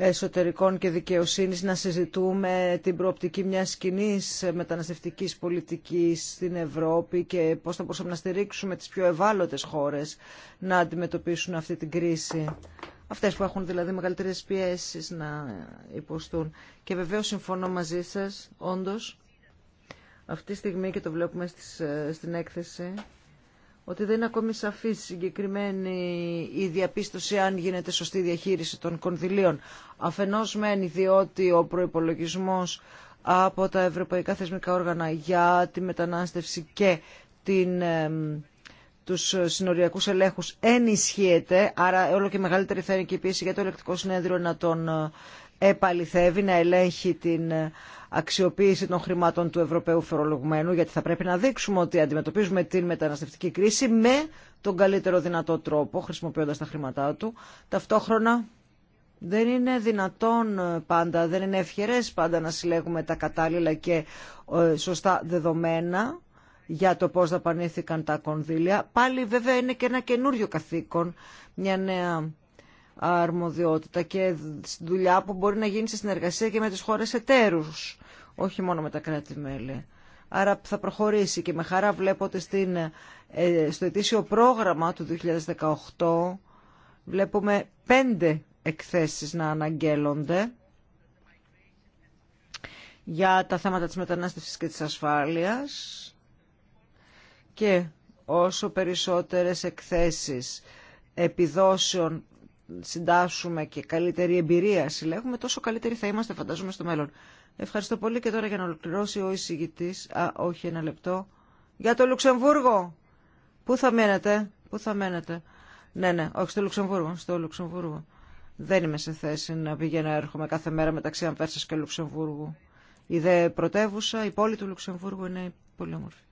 Εσωτερικών και Δικαιοσύνης να συζητούμε την προοπτική μιας κοινή μεταναστευτικής πολιτικής στην Ευρώπη και πώς θα μπορούσαμε να στηρίξουμε τις πιο ευάλωτες χώρες να αντιμετωπίσουν αυτή την κρίση. Αυτές που έχουν δηλαδή μεγαλύτερες πιέσεις να υποστούν. Και βεβαίως συμφωνώ μαζί σας, όντως, αυτή τη στιγμή και το βλέπουμε ε, στην έκθεση ότι δεν είναι ακόμη σαφή συγκεκριμένη η διαπίστωση αν γίνεται σωστή διαχείριση των κονδυλίων. Αφενός μένει διότι ο προϋπολογισμός από τα ευρωπαϊκά θεσμικά όργανα για τη μετανάστευση και την, ε, τους συνοριακούς ελέγχους ενισχύεται, άρα όλο και μεγαλύτερη θα είναι και η πίεση για το ελεκτικό συνέδριο να τον επαληθεύει, να ελέγχει την αξιοποίηση των χρημάτων του Ευρωπαίου φορολογουμένου, γιατί θα πρέπει να δείξουμε ότι αντιμετωπίζουμε την μεταναστευτική κρίση με τον καλύτερο δυνατό τρόπο, χρησιμοποιώντας τα χρήματά του. Ταυτόχρονα δεν είναι δυνατόν πάντα, δεν είναι ευχερές πάντα να συλλέγουμε τα κατάλληλα και ε, σωστά δεδομένα για το πώς δαπανήθηκαν τα κονδύλια. Πάλι βέβαια είναι και ένα καινούριο καθήκον, μια νέα αρμοδιότητα και δουλειά που μπορεί να γίνει σε συνεργασία και με τις χώρες εταίρους, όχι μόνο με τα κράτη-μέλη. Άρα θα προχωρήσει και με χαρά βλέπω ότι στην, ε, στο ετήσιο πρόγραμμα του 2018 βλέπουμε πέντε εκθέσεις να αναγγέλλονται για τα θέματα της μετανάστευσης και της ασφάλειας και όσο περισσότερες εκθέσεις επιδόσεων συντάσσουμε και καλύτερη εμπειρία συλλέγουμε, τόσο καλύτεροι θα είμαστε φαντάζομαι στο μέλλον. Ευχαριστώ πολύ και τώρα για να ολοκληρώσει ο εισηγητή. Α, όχι, ένα λεπτό. Για το Λουξεμβούργο. Πού θα μένετε, πού θα μένετε. Ναι, ναι, όχι στο Λουξεμβούργο, στο Λουξεμβούργο. Δεν είμαι σε θέση να πηγαίνω έρχομαι κάθε μέρα μεταξύ Αμβέρσα και Λουξεμβούργου. Η δε πρωτεύουσα, η πόλη του Λουξεμβούργου είναι πολύ όμορφη.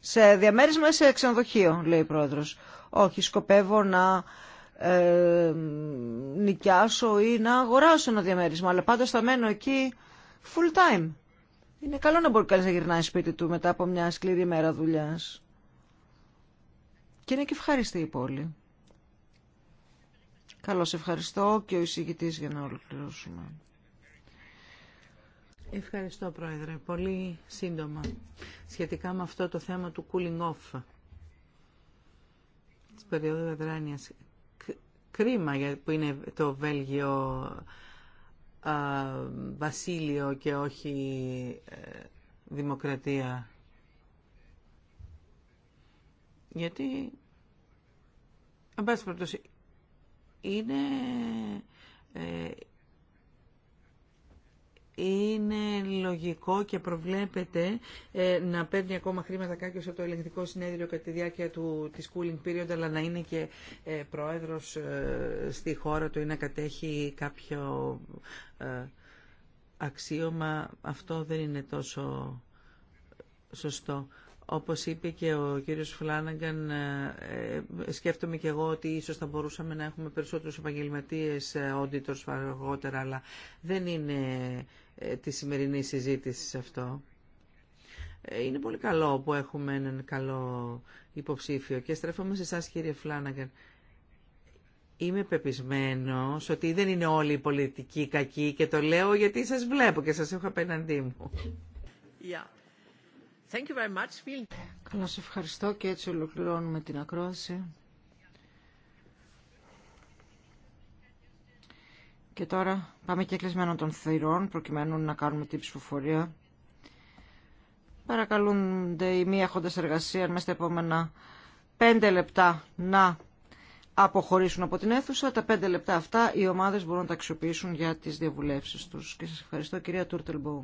Σε διαμέρισμα σε ξενοδοχείο, λέει η Όχι, σκοπεύω να ε, νοικιάσω ή να αγοράσω ένα διαμέρισμα. Αλλά πάντα θα μένω εκεί full time. Είναι καλό να μπορεί κανείς να γυρνάει σπίτι του μετά από μια σκληρή μέρα δουλειά. Και είναι και ευχαριστή η πόλη. Καλώς ευχαριστώ και ο εισηγητή για να ολοκληρώσουμε. Ευχαριστώ Πρόεδρε. Πολύ σύντομα σχετικά με αυτό το θέμα του cooling off της περίοδου Κρίμα που είναι το Βέλγιο βασίλειο και όχι ε, δημοκρατία. Γιατί, αν είναι ε, είναι λογικό και προβλέπεται ε, να παίρνει ακόμα χρήματα κάποιος από το ελεγκτικό συνέδριο κατά τη διάρκεια του, της cooling period, αλλά να είναι και ε, πρόεδρος ε, στη χώρα του ή να κατέχει κάποιο αξίωμα. Αυτό δεν είναι τόσο σωστό όπως είπε και ο κύριος Φλάνναγκαν, σκέφτομαι και εγώ ότι ίσως θα μπορούσαμε να έχουμε περισσότερους επαγγελματίες auditors αργότερα, αλλά δεν είναι ε, τη σημερινή συζήτηση σε αυτό. Ε, είναι πολύ καλό που έχουμε έναν καλό υποψήφιο και στρέφομαι σε εσά κύριε Φλάναγκαν. Είμαι πεπισμένος ότι δεν είναι όλοι οι πολιτικοί κακοί και το λέω γιατί σας βλέπω και σας έχω απέναντί μου. Yeah. Thank ευχαριστώ και έτσι ολοκληρώνουμε την ακρόαση. Και τώρα πάμε και κλεισμένο των θηρών προκειμένου να κάνουμε την ψηφοφορία. Παρακαλούνται οι μία έχοντες εργασία μέσα στα επόμενα πέντε λεπτά να αποχωρήσουν από την αίθουσα. Τα πέντε λεπτά αυτά οι ομάδες μπορούν να τα αξιοποιήσουν για τις διαβουλεύσεις τους. Και σας ευχαριστώ κυρία Τούρτελμπο.